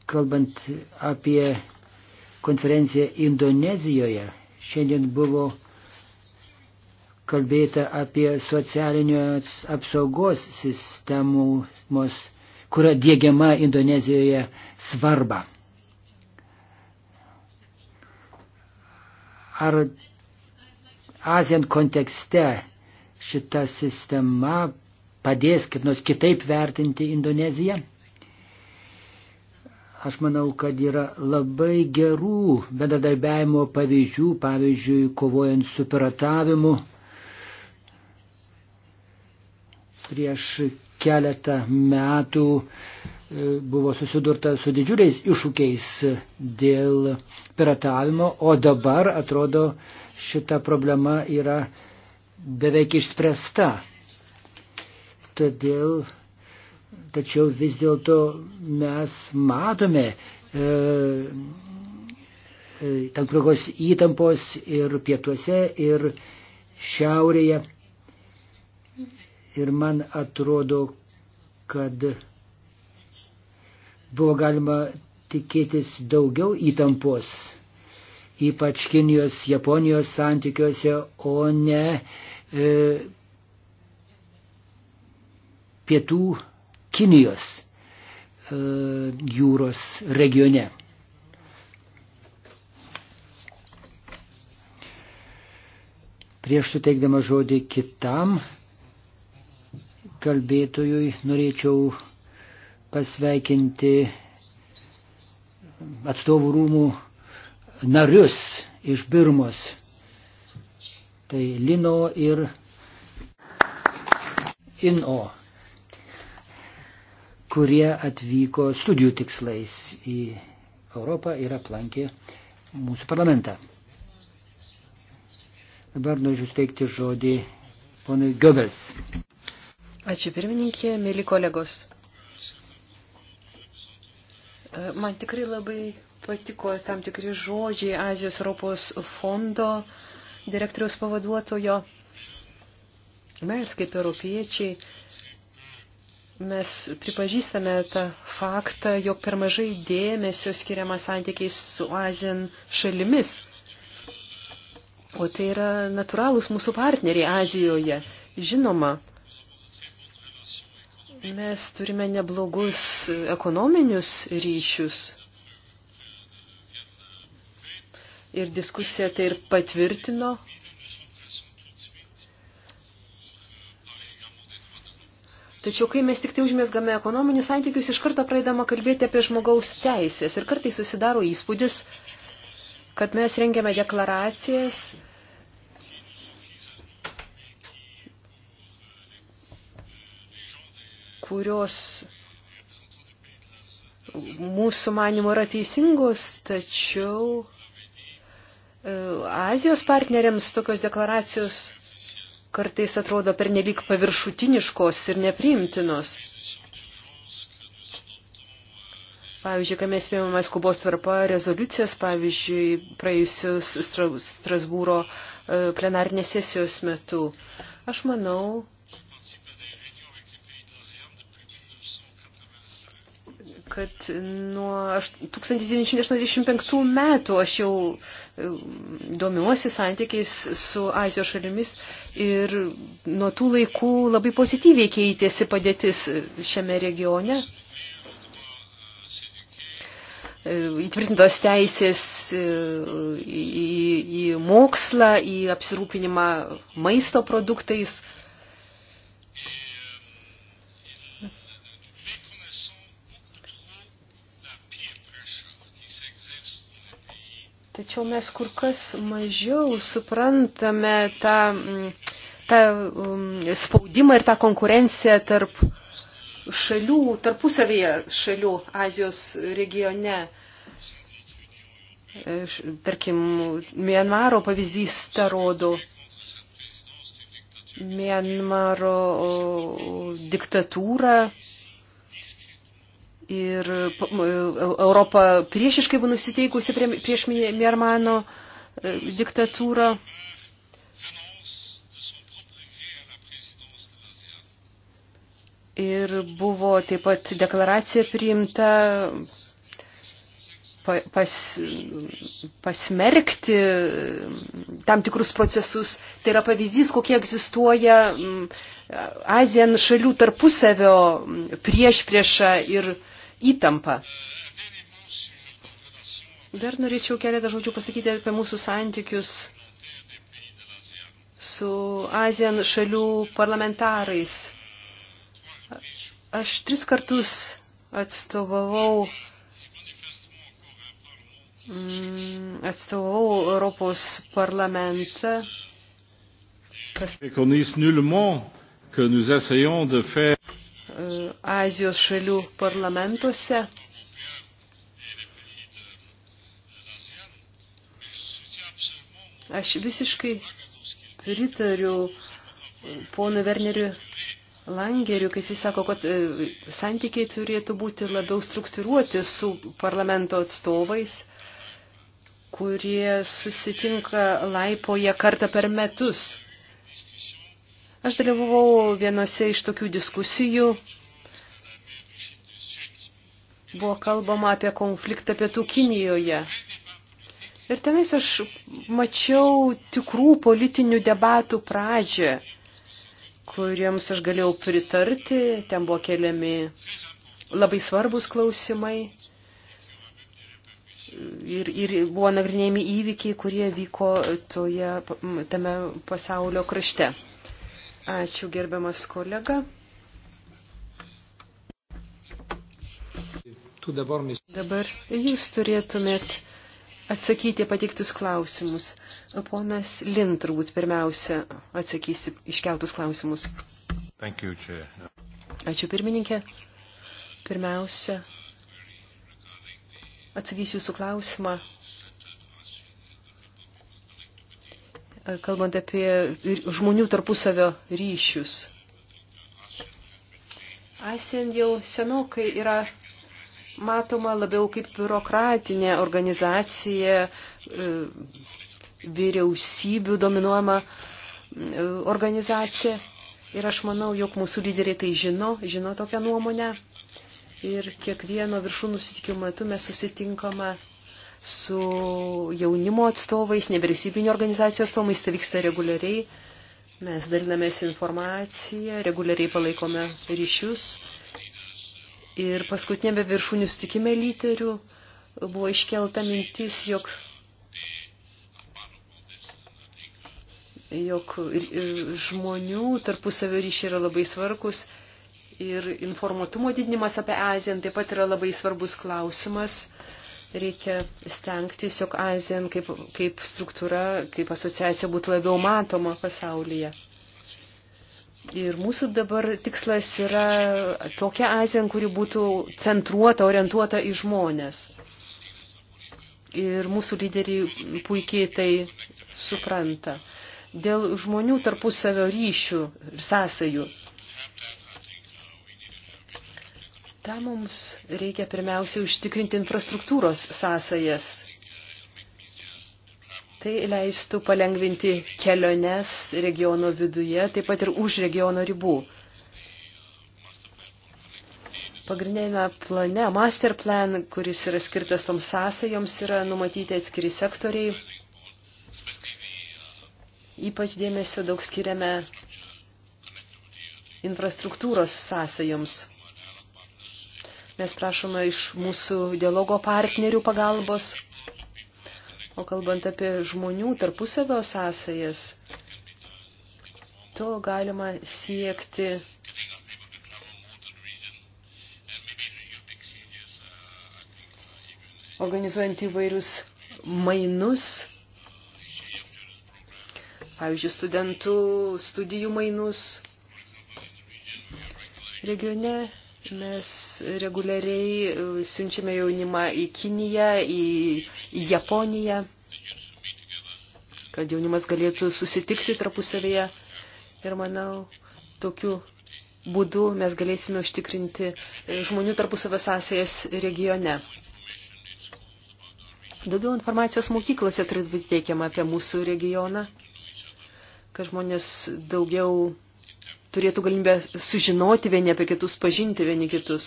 kalbant apie konferenciją Indonezijoje, šiandien buvo kalbėta apie socialinės apsaugos sistemos, kuria dėgiama Indonezijoje svarba. Ar ASEAN kontekste šita sistema padės kaip nors kitaip vertinti Indoneziją? Aš manau, kad yra labai gerų bedardarbiavimo pavyzdžių, pavyzdžiui, kovojant su piratavimu. Prieš keletą metų e, buvo susidurta su didžiuliais iššūkiais dėl piratavimo, o dabar, atrodo, šita problema yra beveik išspręsta. Todėl Tačiau vis dėlto mes matome e, e tam tikros įtampos ir pietuose, ir šiaurėje. Ir man atrodo, kad buvo galima tikėtis daugiau įtampos, ypač Kinijos, Japonijos santykiuose, o ne e, pietų Kinijos e, jūros regione. Prieš suteikdama žodį kitam kalbėtojui norėčiau pasveikinti atstovų rūmų narius iš Birmos. Tai Lino ir Ino kurie atvyko studijų tikslais į Europą ir aplankė mūsų parlamentą. Dabar noriu steigti žodį ponui Goebbels. Ačiū pirmininkė, mėly kolegos. Man tikrai labai patiko tam tikri žodžiai Azijos Europos fondo direktoriaus pavaduotojo. Mes kaip europiečiai mes pripažįstame tą faktą, jog per mažai dėmesio skiriama santykiais su Azijos šalimis. O tai yra natūralūs mūsų partneriai Azijoje. Žinoma, mes turime neblogus ekonominius ryšius. Ir diskusija tai ir patvirtino, Tačiau, kai mes tik tai užmėsgame ekonominius santykius, iš karto praeidama kalbėti apie žmogaus teisės. Ir kartai susidaro įspūdis, kad mes rengiame deklaracijas, kurios mūsų manimo yra teisingos, tačiau e, Azijos partneriams tokios deklaracijos kartais atrodo pernelyg paviršutiniškos ir nepriimtinos. Pavyzdžiui, kai mes priimame skubos tvarpa rezoliucijas, pavyzdžiui, praėjusios Strasbūro e, plenarinės sesijos metu, aš manau, kad nuo 1985 metų aš jau e, domiuosi santykiais su Azijos šalimis ir nuo tų laikų labai pozityviai keitėsi padėtis e, šiame regione. E, įtvirtintos teisės į, į, į mokslą, į apsirūpinimą maisto produktais – Tačiau mes kur kas mažiau suprantame tą, mm, tą mm, spaudimą ir tą konkurenciją tarp šalių, tarpusavėje šalių Azijos regione. E, tarkim, Mienmaro pavyzdys tą rodo. Mienmaro diktatūra Ir e, Europa priešiškai buvo nusiteikusi prieš Miermano e, diktatūrą. Ir buvo taip pat deklaracija priimta pas, pasmerkti e, tam tikrus procesus. Tai yra pavyzdys, kokie egzistuoja Azijan šalių tarpusavio prieš priešą ir prieš įtampą. Dar norėčiau keletą žodžių pasakyti apie mūsų santykius su Azijan šalių parlamentarais. Aš tris kartus atstovavau, mm, atstovavau Europos parlamentą. Pas... E, Azijos šalių parlamentuose. Aš visiškai pritariu ponu Werneriu Langeriu, kai jis sako, kad e, santykiai turėtų būti labiau struktūruoti su parlamento atstovais, kurie susitinka laipoje kartą per metus. Aš dalyvavau vienose iš tokių diskusijų. Buvo kalbama apie konfliktą pietų Kinijoje. Ir tenais aš mačiau tikrų politinių debatų pradžią, kuriems aš galėjau pritarti. Ten buvo keliami labai svarbus klausimai. Ir, ir buvo nagrinėjami įvykiai, kurie vyko toje, tame pasaulio krašte. Ačiū gerbiamas kolega. Dabar jūs turėtumėt atsakyti patiktus klausimus. Ponas Lin turbūt pirmiausia atsakysi iškeltus klausimus. You, Ačiū pirmininkė. Pirmiausia, atsakysiu jūsų klausimą kalbant apie žmonių tarpusavio ryšius. ASEAN jau senokai yra matoma labiau kaip biurokratinė organizacija, e, vyriausybių dominuojama e, organizacija. Ir aš manau, jog mūsų lyderiai tai žino, žino tokią nuomonę. Ir kiekvieno viršūnų susitikimo metu mes susitinkama su jaunimo atstovais, nevyriausybinio organizacijos atstovais, tai vyksta reguliariai. Mes dalinamės informaciją, reguliariai palaikome ryšius. Ir paskutinėme viršūnių sutikime lyderių buvo iškelta mintis, jog, jog žmonių tarpusavio ryšiai yra labai svarbus ir informatumo didinimas apie Aziją taip pat yra labai svarbus klausimas reikia stengtis, jog ASEAN kaip, kaip struktūra, kaip asociacija būtų labiau matoma pasaulyje. Ir mūsų dabar tikslas yra tokia ASEAN, kuri būtų centruota, orientuota į žmonės. Ir mūsų lyderiai puikiai tai supranta. Dėl žmonių tarpusavio ryšių ir sąsajų Tam mums reikia pirmiausiai užtikrinti infrastruktūros sąsajas. Tai leistų palengvinti keliones regiono viduje, taip pat ir už regiono ribų. Pagrindinėme plane, master plan, kuris yra skirtas toms sąsajoms, yra numatyti atskiri sektoriai. Ypač dėmesio daug skiriame infrastruktūros sąsajoms. Mes prašome iš mūsų dialogo partnerių pagalbos. O kalbant apie žmonių tarpusavio sąsajas, to galima siekti organizuojant įvairius mainus, pavyzdžiui, studentų studijų mainus. Regione Mes reguliariai e, siunčiame jaunimą į Kiniją, į, į Japoniją, kad jaunimas galėtų susitikti tarpusavėje. Ir manau, tokiu būdu mes galėsime užtikrinti e, žmonių tarpusavio sąsajas regione. Daugiau informacijos mokyklose turėtų būti teikiama apie mūsų regioną, kad žmonės daugiau turėtų galimybę sužinoti vieni apie kitus, pažinti vieni kitus.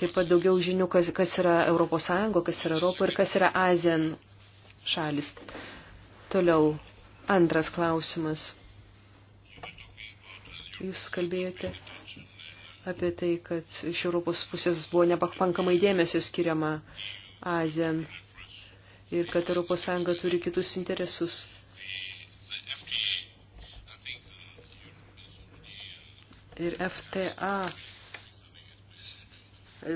Taip pat daugiau žinių, kas, kas yra Europos Sąjunga, kas yra Europa ir kas yra Azen šalis. Toliau, antras klausimas. Jūs kalbėjote apie tai, kad iš Europos pusės buvo nepakankamai dėmesio skiriama Azen ir kad Europos Sąjunga turi kitus interesus. ir FTA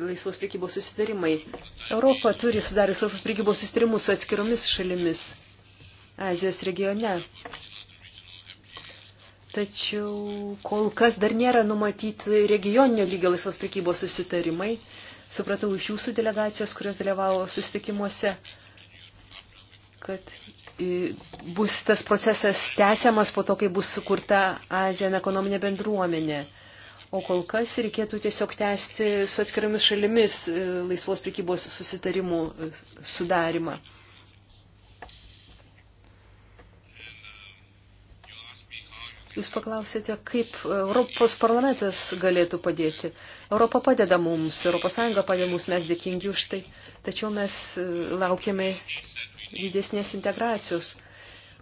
laisvos prekybos susitarimai. Europa turi sudarius laisvos prekybos susitarimus su atskiromis šalimis Azijos regione. Tačiau kol kas dar nėra numatyti regioninio lygio laisvos prekybos susitarimai. Supratau iš jūsų delegacijos, kurios dalyvavo susitikimuose, kad bus tas procesas tęsiamas po to, kai bus sukurta ASEAN ekonominė bendruomenė. O kol kas reikėtų tiesiog tęsti su atskiriamis šalimis e, laisvos prikybos susitarimų e, sudarimą. Jūs paklausėte, kaip Europos parlamentas galėtų padėti. Europa padeda mums, Europos Sąjunga padeda mums, mes dėkingi už tai. Tačiau mes e, laukiame didesnės integracijos.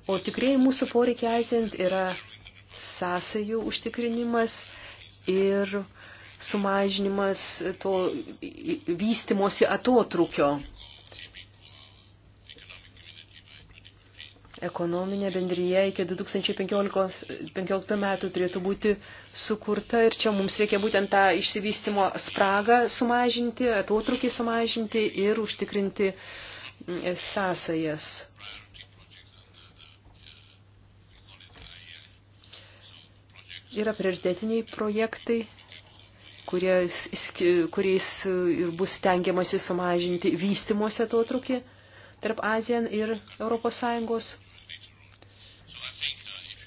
O tikrai mūsų poreikiai aizint yra sąsajų užtikrinimas ir sumažinimas to vystimosi atotrukio. Ekonominė bendryje iki 2015 metų turėtų būti sukurta ir čia mums reikia būtent tą išsivystimo spragą sumažinti, atotrukį sumažinti ir užtikrinti uh, sąsajas. Yra prioritetiniai projektai, kuriais, kuriais ir bus stengiamasi sumažinti vystimuose to trukį tarp ASEAN ir Europos Sąjungos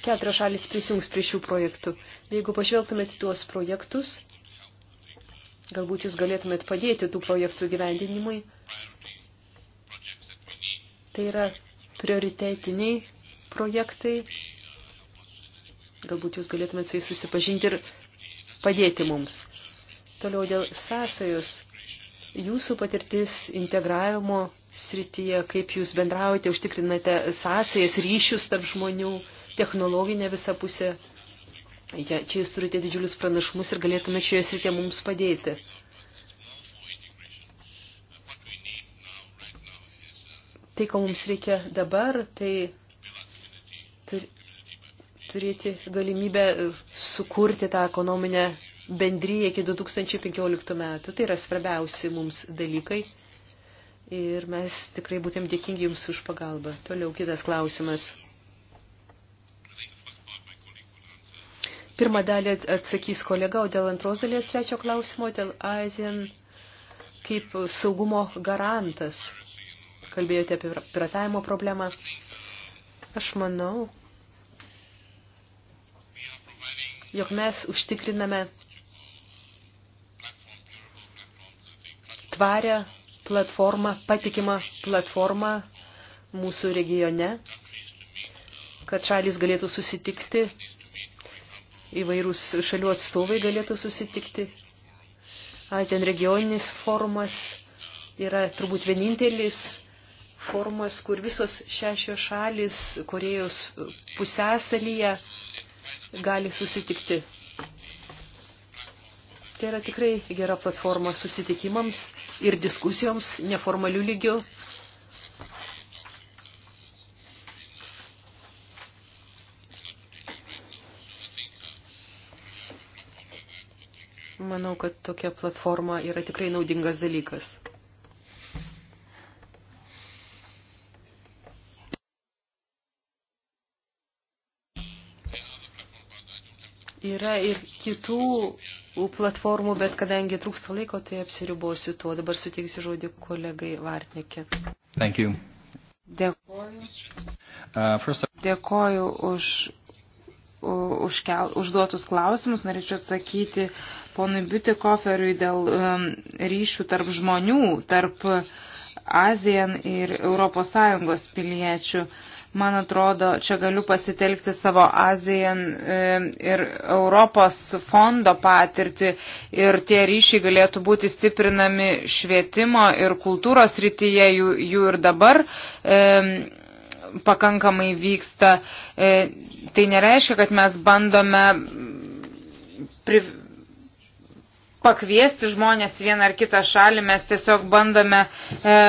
keturios šalis prisijungs prie šių projektų. Jeigu pažvelgtumėte tuos projektus, galbūt jūs galėtumėt padėti tų projektų gyvendinimui Tai yra prioritetiniai projektai. Galbūt jūs galėtumėte su jais susipažinti ir padėti mums. Toliau dėl sąsajos. Jūsų patirtis integravimo srityje, kaip jūs bendraujate, užtikrinate sąsajas, ryšius tarp žmonių, technologinę visą pusę. Ja, čia jūs turite didžiulius pranašumus ir galėtume šioje srityje mums padėti. tai, ko mums reikia dabar, tai turėti galimybę sukurti tą ekonominę bendryje iki 2015 metų. Tai yra svarbiausi mums dalykai. Ir mes tikrai būtėm dėkingi Jums už pagalbą. Toliau kitas klausimas. Pirmą dalį atsakys kolega, o dėl antros dalies trečio klausimo, dėl ASEAN kaip saugumo garantas kalbėjote apie piratavimo problemą. Aš manau, jog mes užtikriname tvarę platformą, patikimą platformą mūsų regione, kad šalis galėtų susitikti, įvairūs šalių atstovai galėtų susitikti. Azien regioninis forumas yra turbūt vienintelis formas, kur visos šešios šalis Korejos pusęsalyje gali susitikti. Tai yra tikrai gera platforma susitikimams ir diskusijoms neformalių lygių. Manau, kad tokia platforma yra tikrai naudingas dalykas. Yra ir kitų platformų, bet kadangi trūksta laiko, tai apsiribosiu tuo. Dabar suteiksiu žodį kolegai Vartnikė. Thank you. Dėkoju. Uh, first... Dėkoju už užkel, užduotus klausimus, norėčiau atsakyti ponui Biutikoferiui dėl um, ryšių tarp žmonių, tarp uh, ASEAN ir ES piliečių. Uh, Man atrodo, čia galiu pasitelkti savo ASEAN e, ir Europos fondo patirtį ir tie ryšiai galėtų būti stiprinami švietimo ir kultūros rytyje, jų, jų ir dabar. E, pakankamai vyksta. E, tai nereiškia, kad mes bandome pri, pakviesti žmonės vieną ar kitą šalį, mes tiesiog bandome e,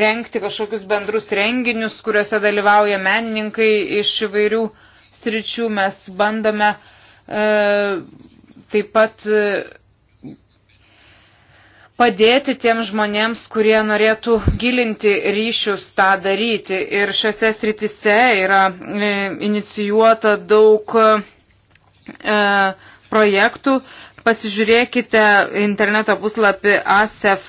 renkti kažkokius bendrus renginius, kuriuose dalyvauja menininkai iš įvairių sričių. Mes bandome e, taip pat e, padėti tiem žmonėms, kurie norėtų gilinti ryšius tą daryti. Ir šiuose sritise yra e, inicijuota daug e, projektų. Pasižiūrėkite interneto puslapį ASEF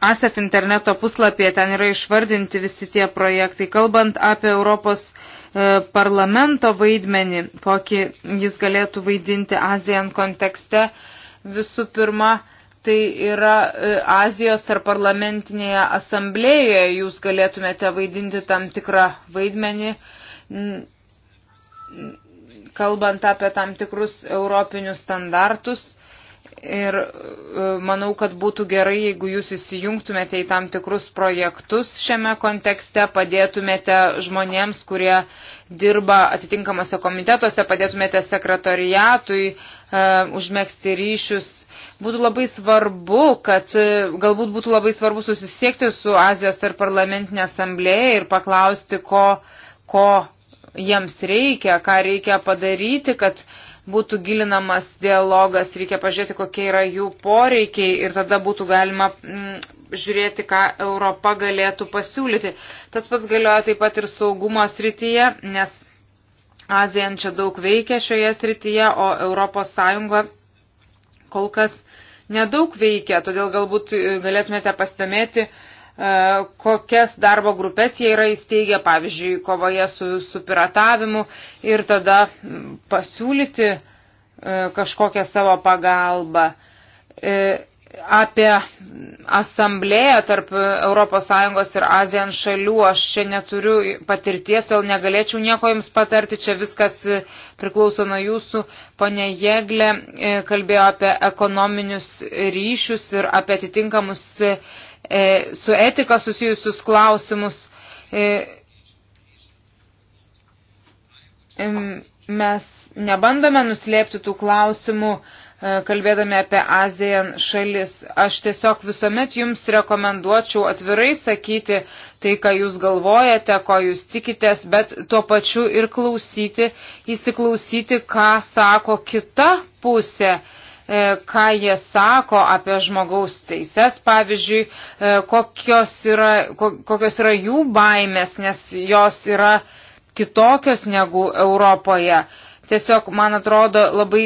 ASEF interneto puslapyje ten yra išvardinti visi tie projektai. Kalbant apie Europos e, parlamento vaidmenį, kokį jis galėtų vaidinti ASEAN kontekste, visų pirma, tai yra e, Azijos tarp parlamentinėje asamblėjoje jūs galėtumėte vaidinti tam tikrą vaidmenį, kalbant apie tam tikrus europinius standartus Ir e, manau, kad būtų gerai, jeigu jūs įsijungtumėte į tam tikrus projektus šiame kontekste, padėtumėte žmonėms, kurie dirba atitinkamose komitetuose, padėtumėte sekretariatui, e, užmėgsti ryšius. Būtų labai svarbu, kad e, galbūt būtų labai svarbu susisiekti su Azijos tarp parlamentinė asamblėje ir paklausti, ko, ko jiems reikia, ką reikia padaryti, kad uh, būtų gilinamas dialogas, reikia pažiūrėti, kokie yra jų poreikiai ir tada būtų galima m, mm, žiūrėti, ką Europa galėtų pasiūlyti. Tas pats galioja taip pat ir saugumo srityje, nes Azijan čia daug veikia šioje srityje, o Europos Sąjunga kol kas nedaug veikia, todėl galbūt e, galėtumėte pasidomėti, uh, E, kokias darbo grupės jie yra įsteigę, pavyzdžiui, kovoje su, su piratavimu ir tada pasiūlyti e, kažkokią savo pagalbą. E, apie asamblėją tarp ES ir ASEAN šalių aš čia neturiu patirties, todėl negalėčiau nieko jums patarti, čia viskas priklauso nuo jūsų. Pone Jėglė kalbėjo apie ekonominius ryšius ir apie atitinkamus E, su etika susijusius klausimus. E, e, mes nebandome nuslėpti tų klausimų, kalbėdami apie ASEAN šalis. Aš tiesiog visuomet jums rekomenduočiau atvirai sakyti tai, ką jūs galvojate, ko jūs tikitės, bet tuo pačiu ir klausyti, įsiklausyti, ką sako kita pusė. E, ką jie sako apie žmogaus teises, pavyzdžiui, e, kokios yra, kokios yra jų baimės, nes jos yra kitokios negu Europoje. Tiesiog, man atrodo, labai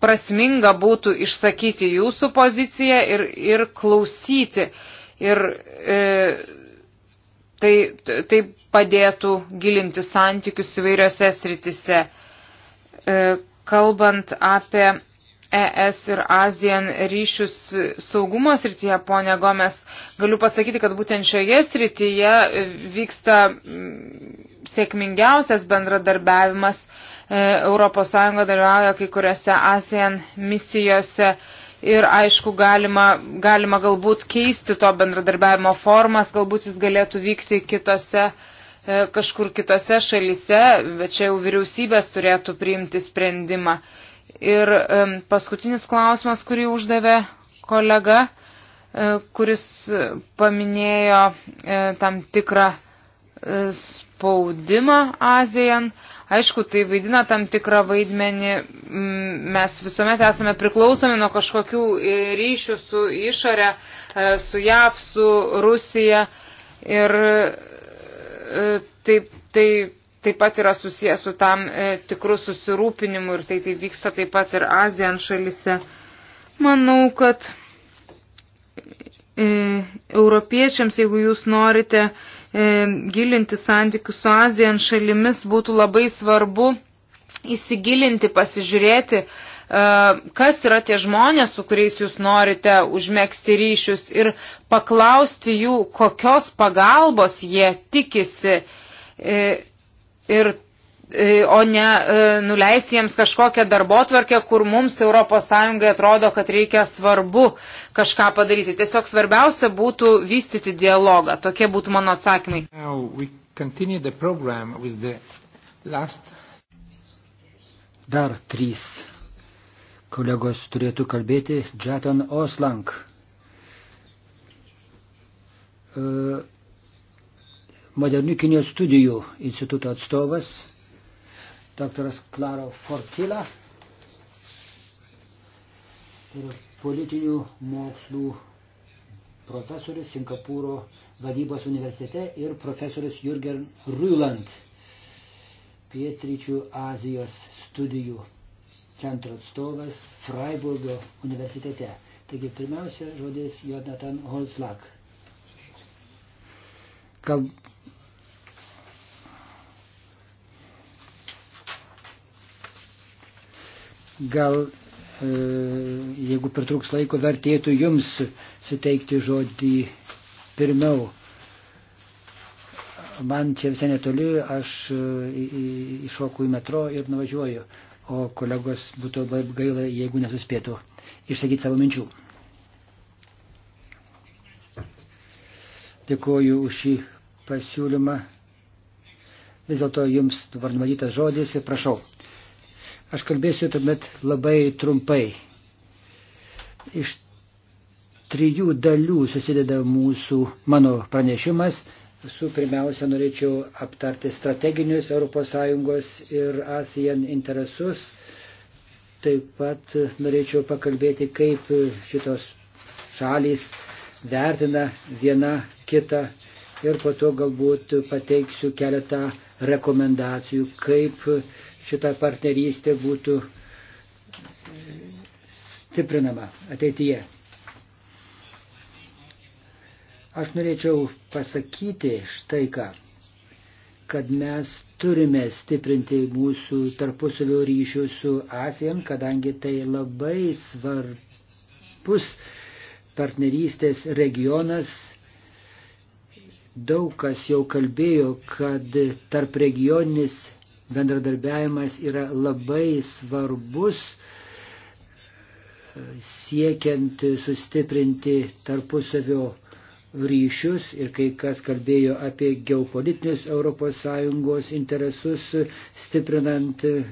prasminga būtų išsakyti jūsų poziciją ir, ir klausyti. Ir e, tai, tai padėtų gilinti santykius įvairiose sritise. E, kalbant apie ES ir ASEAN ryšius saugumo srityje, ponė Gomes, galiu pasakyti, kad būtent šioje srityje vyksta mm, sėkmingiausias bendradarbiavimas. ES dalyvauja kai kuriuose ASEAN misijose ir aišku galima, galima galbūt keisti to bendradarbiavimo formas, galbūt jis galėtų vykti kitose e, kažkur kitose šalyse, bet čia jau vyriausybės turėtų priimti sprendimą. Ir paskutinis klausimas, kurį uždavė kolega, e, kuris paminėjo e, tam tikrą e, spaudimą Azijan. Aišku, tai vaidina tam tikrą vaidmenį. Mes visuomet esame priklausomi nuo kažkokių ryšių su išorė, su JAV, su Rusija. Ir taip, taip taip pat yra susijęs su tam e, tikrų susirūpinimu ir tai, tai vyksta taip pat ir Azijan šalise. Manau, kad e, europiečiams, jeigu jūs norite e, gilinti santykius su Azijan šalimis, būtų labai svarbu įsigilinti, pasižiūrėti, e, kas yra tie žmonės, su kuriais jūs norite užmėgsti ryšius ir paklausti jų, kokios pagalbos jie tikisi. E, ir e, o ne e, nuleisti jiems kažkokią darbotvarkę, kur mums ES atrodo, kad reikia svarbu kažką padaryti. Tiesiog svarbiausia būtų vystyti dialogą. Tokie būtų mano atsakymai. Last... Dar trys kolegos turėtų kalbėti. Jaton Oslank. Uh, e, Modernių Kinijos studijų instituto atstovas, dr. Klaro Fortila ir politinių mokslų profesorius Singapūro vadybos universitete ir profesorius Jürgen Rüland, Pietryčių Azijos studijų centro atstovas Freiburgo universitete. Taigi pirmiausia žodis Jonathan Holzlak. Kalb, Gal, e, jeigu pritruks laiko, vertėtų jums suteikti žodį pirmiau. Man čia visai netoli, aš e, iššoku į metro ir nuvažiuoju, o kolegos būtų gaila, jeigu nesuspėtų išsakyti savo minčių. Dėkuoju už šį pasiūlymą. Vis dėlto jums dabar numatytas žodis ir prašau. Aš kalbėsiu tuomet labai trumpai. Iš trijų dalių susideda mūsų mano pranešimas. Su pirmiausia norėčiau aptarti strateginius ES ir ASEAN interesus. Taip pat norėčiau pakalbėti, kaip šitos šalys vertina vieną kitą ir po to galbūt pateiksiu keletą rekomendacijų, kaip šita partnerystė būtų stiprinama ateityje. Aš norėčiau pasakyti štai ką, kad mes turime stiprinti mūsų tarpusavio ryšių su ASEAN, kadangi tai labai svarbus partnerystės regionas. Daug kas jau kalbėjo, kad tarp regioninis bendradarbiavimas yra labai svarbus e, siekiant sustiprinti tarpusavio ryšius ir kai kas kalbėjo apie geopolitinius ES interesus, stiprinant e,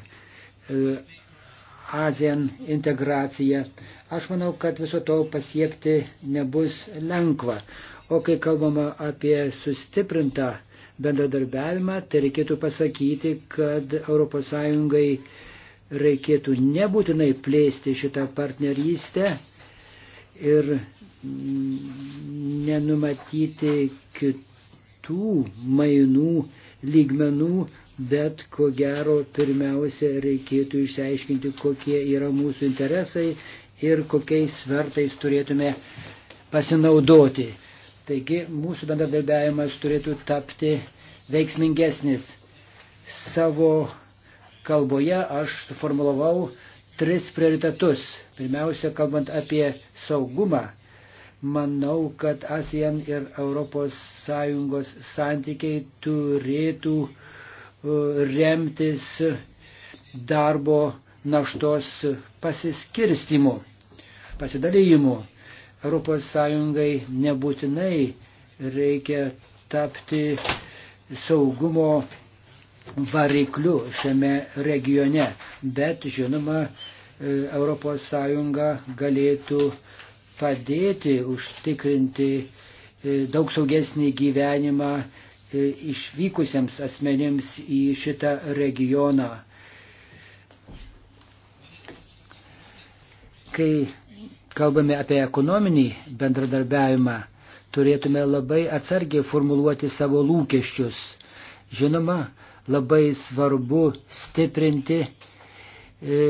ASEAN integraciją. Aš manau, kad viso to pasiekti nebus lengva. O kai kalbama apie sustiprintą bendradarbiavimą, tai reikėtų pasakyti, kad ES reikėtų nebūtinai plėsti šitą partnerystę ir nenumatyti kitų mainų lygmenų, bet ko gero pirmiausia reikėtų išsiaiškinti, kokie yra mūsų interesai ir kokiais svertais turėtume pasinaudoti. Taigi mūsų bendradarbiavimas turėtų tapti veiksmingesnis. Savo kalboje aš suformulavau tris prioritetus. Pirmiausia, kalbant apie saugumą, manau, kad ASEAN ir ES santykiai turėtų uh, remtis darbo naštos pasiskirstimu, pasidalyjimu. ES nebūtinai reikia tapti saugumo varikliu šiame regione, bet žinoma, ES galėtų padėti užtikrinti e, daug saugesnį gyvenimą e, išvykusiems asmenims į šitą regioną. Kai kalbame apie ekonominį bendradarbiavimą, turėtume labai atsargiai formuluoti savo lūkesčius. Žinoma, labai svarbu stiprinti e,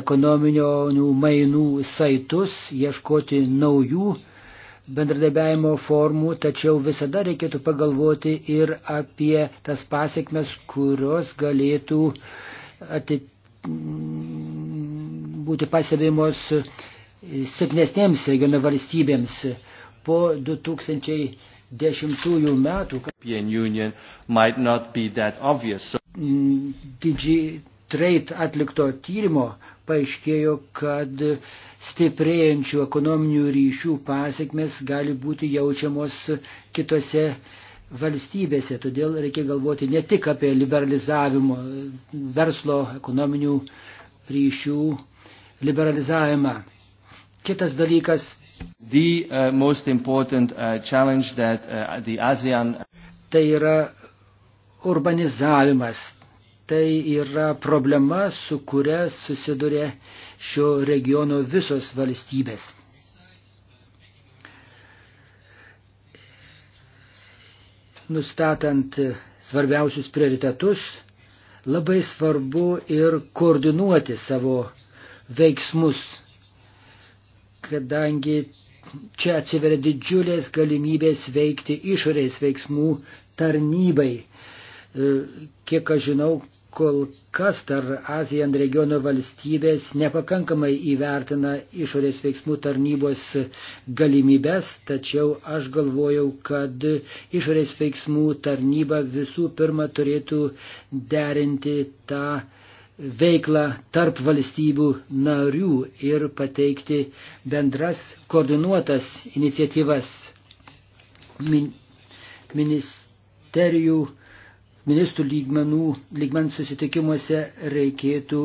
ekonominių mainų saitus, ieškoti naujų bendradarbiavimo formų, tačiau visada reikėtų pagalvoti ir apie tas pasiekmes, kurios galėtų atit... būti pastebimos silpnesnėms regiono valstybėms po 2010 metų. Didžiai Trade atlikto tyrimo paaiškėjo, kad stiprėjančių ekonominių ryšių pasiekmes gali būti jaučiamos kitose valstybėse. Todėl reikia galvoti ne tik apie liberalizavimo verslo ekonominių ryšių liberalizavimą. Kitas dalykas. The, uh, most important, uh, challenge that, uh, the ASEAN... Uh, tai yra urbanizavimas. Tai yra problema, su kuria susiduria šio regiono visos valstybės. Nustatant svarbiausius prioritetus, labai svarbu ir koordinuoti savo veiksmus kadangi čia atsiveria didžiulės galimybės veikti išorės veiksmų tarnybai. E, kiek aš žinau, kol kas dar Azijan regiono valstybės nepakankamai įvertina išorės veiksmų tarnybos galimybės, tačiau aš galvojau, kad išorės veiksmų tarnyba visų pirma turėtų derinti tą veiklą tarp valstybių narių ir pateikti bendras koordinuotas iniciatyvas min, ministerijų, ministrų lygmenų, lygmens susitikimuose reikėtų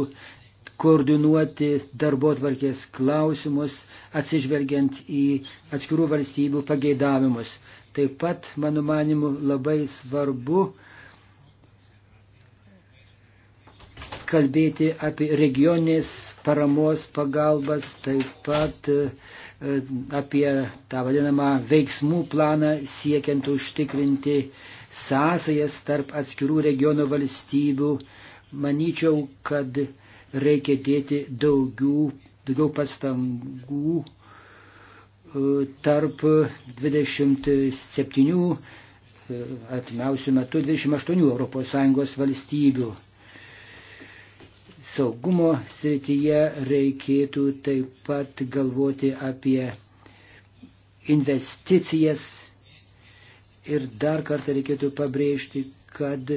koordinuoti darbo tvarkės klausimus, atsižvelgiant į atskirų valstybių pageidavimus. Taip pat, mano manimu, labai svarbu uh, kalbėti apie regioninės paramos pagalbas, taip pat e, apie tą vadinamą veiksmų planą siekiant užtikrinti sąsajas tarp atskirų regiono valstybių. Manyčiau, kad reikia dėti daugiau, daugiau pastangų e, tarp 27 e, atmiausių metų 28 ES valstybių saugumo srityje reikėtų taip pat galvoti apie investicijas ir dar kartą reikėtų pabrėžti, kad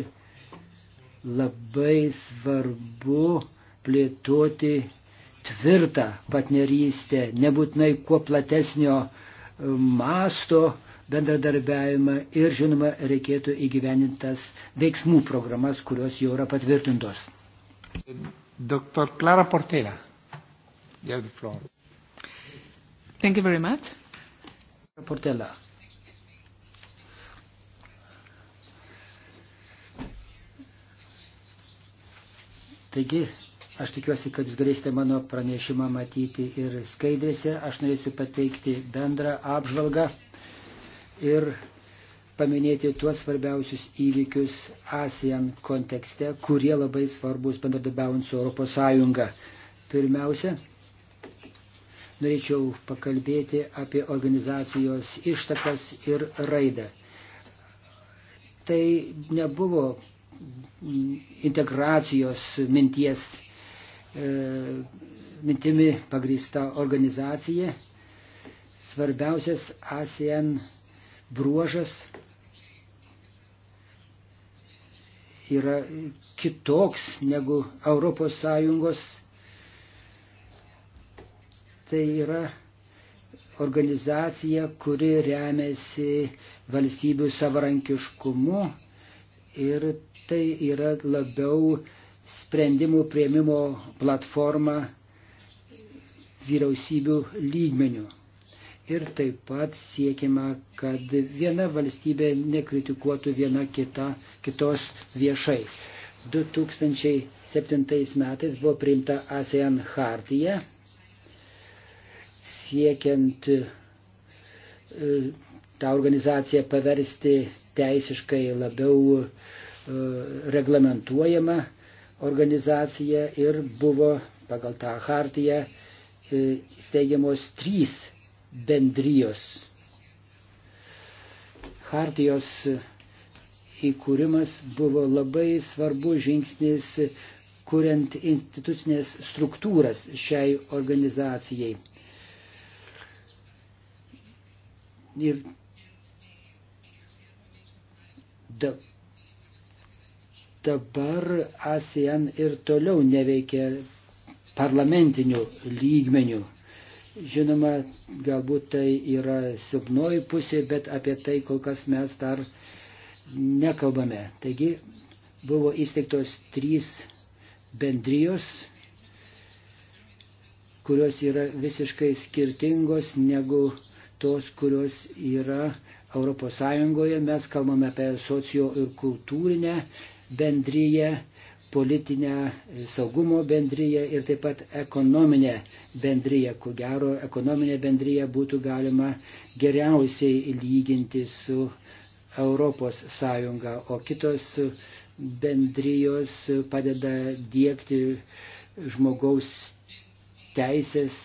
labai svarbu plėtoti tvirtą partnerystę, nebūtinai kuo platesnio e, masto bendradarbiavimą ir, žinoma, reikėtų įgyvenintas veiksmų programas, kurios jau yra patvirtintos. Dr. Clara Portela, you have the floor. Thank you very much. Portela. Taigi, aš tikiuosi, kad jūs galėsite mano pranešimą matyti ir skaidrėse. Aš norėsiu pateikti bendrą apžvalgą ir paminėti tuos svarbiausius įvykius ASEAN kontekste, kurie labai svarbus bendradarbiaujant su ES. Pirmiausia, norėčiau pakalbėti apie organizacijos ištakas ir raidą. Tai nebuvo integracijos minties, e, mintimi pagrįsta organizacija. Svarbiausias ASEAN bruožas yra kitoks negu ES. Tai yra organizacija, kuri remiasi valstybių savarankiškumu ir tai yra labiau sprendimų prieimimo platforma vyriausybių lygmenių ir taip pat siekima, kad viena valstybė nekritikuotų viena kita, kitos viešai. 2007 metais buvo priimta ASEAN hartija, siekiant e, tą organizaciją paversti teisiškai labiau e, reglamentuojama organizacija ir buvo pagal tą hartiją e, steigiamos trys bendrijos. Hartijos įkūrimas buvo labai svarbus žingsnis, kuriant institucinės struktūras šiai organizacijai. Ir da, dabar ASEAN ir toliau neveikia parlamentinių lygmenių. Žinoma, galbūt tai yra silpnoji pusė, bet apie tai kol kas mes dar nekalbame. Taigi buvo įsteigtos trys bendrijos, kurios yra visiškai skirtingos negu tos, kurios yra Europos Sąjungoje. Mes kalbame apie socio ir kultūrinę bendryje politinę e, saugumo bendryją ir taip pat ekonominę bendryją. Ko gero, ekonominę bendryją būtų galima geriausiai lyginti su Europos Sąjunga, o kitos bendrijos padeda dėkti žmogaus teisės,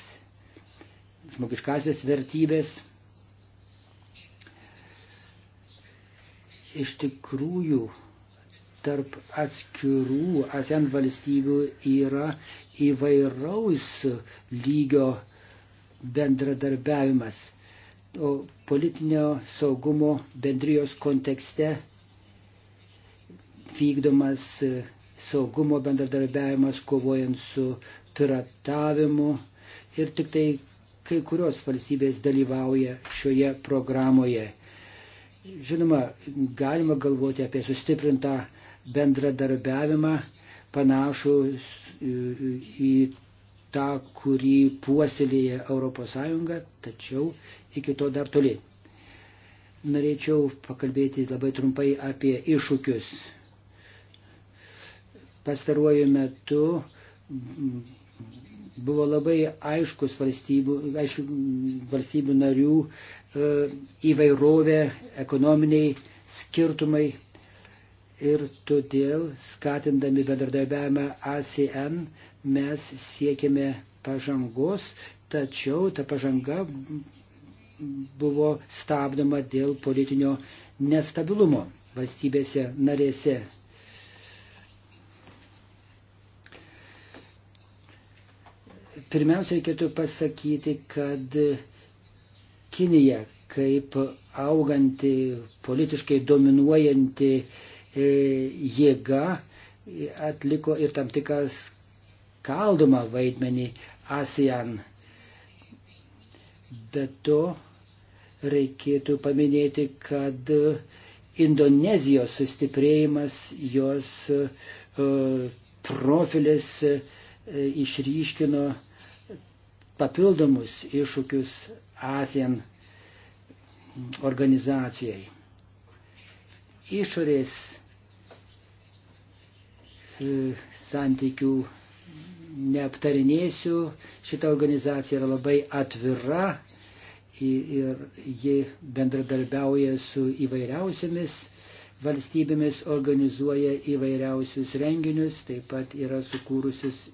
žmogiškasias vertybės. Iš tikrųjų, tarp atskirų ASEAN valstybių yra įvairaus lygio bendradarbiavimas. O politinio saugumo bendrijos kontekste vykdomas saugumo bendradarbiavimas kovojant su piratavimu ir tik tai kai kurios valstybės dalyvauja šioje programoje. Žinoma, galima galvoti apie sustiprintą bendradarbiavimą panašų į tą, kurį puoselėje ES, tačiau iki to dar toli. Norėčiau pakalbėti labai trumpai apie iššūkius. Pastaruoju metu buvo labai aiškus valstybių, aišku, valstybių narių E, įvairovė, ekonominiai skirtumai. Ir todėl, skatindami bendradarbiavimą ASEAN, mes siekiame pažangos, tačiau ta pažanga buvo stabdoma dėl politinio nestabilumo valstybėse narėse. Pirmiausia, reikėtų pasakyti, kad Kinija kaip auganti, politiškai dominuojanti e, jėga atliko ir tam tikrą skaldomą vaidmenį ASEAN. Bet to reikėtų paminėti, kad Indonezijos sustiprėjimas, jos e, profilis e, išryškino papildomus iššūkius ASEAN organizacijai. Išorės e, santykių neaptarinėsiu. Šita organizacija yra labai atvira ir ji bendradarbiauja su įvairiausiamis valstybėmis, organizuoja įvairiausius renginius, taip pat yra sukūrusius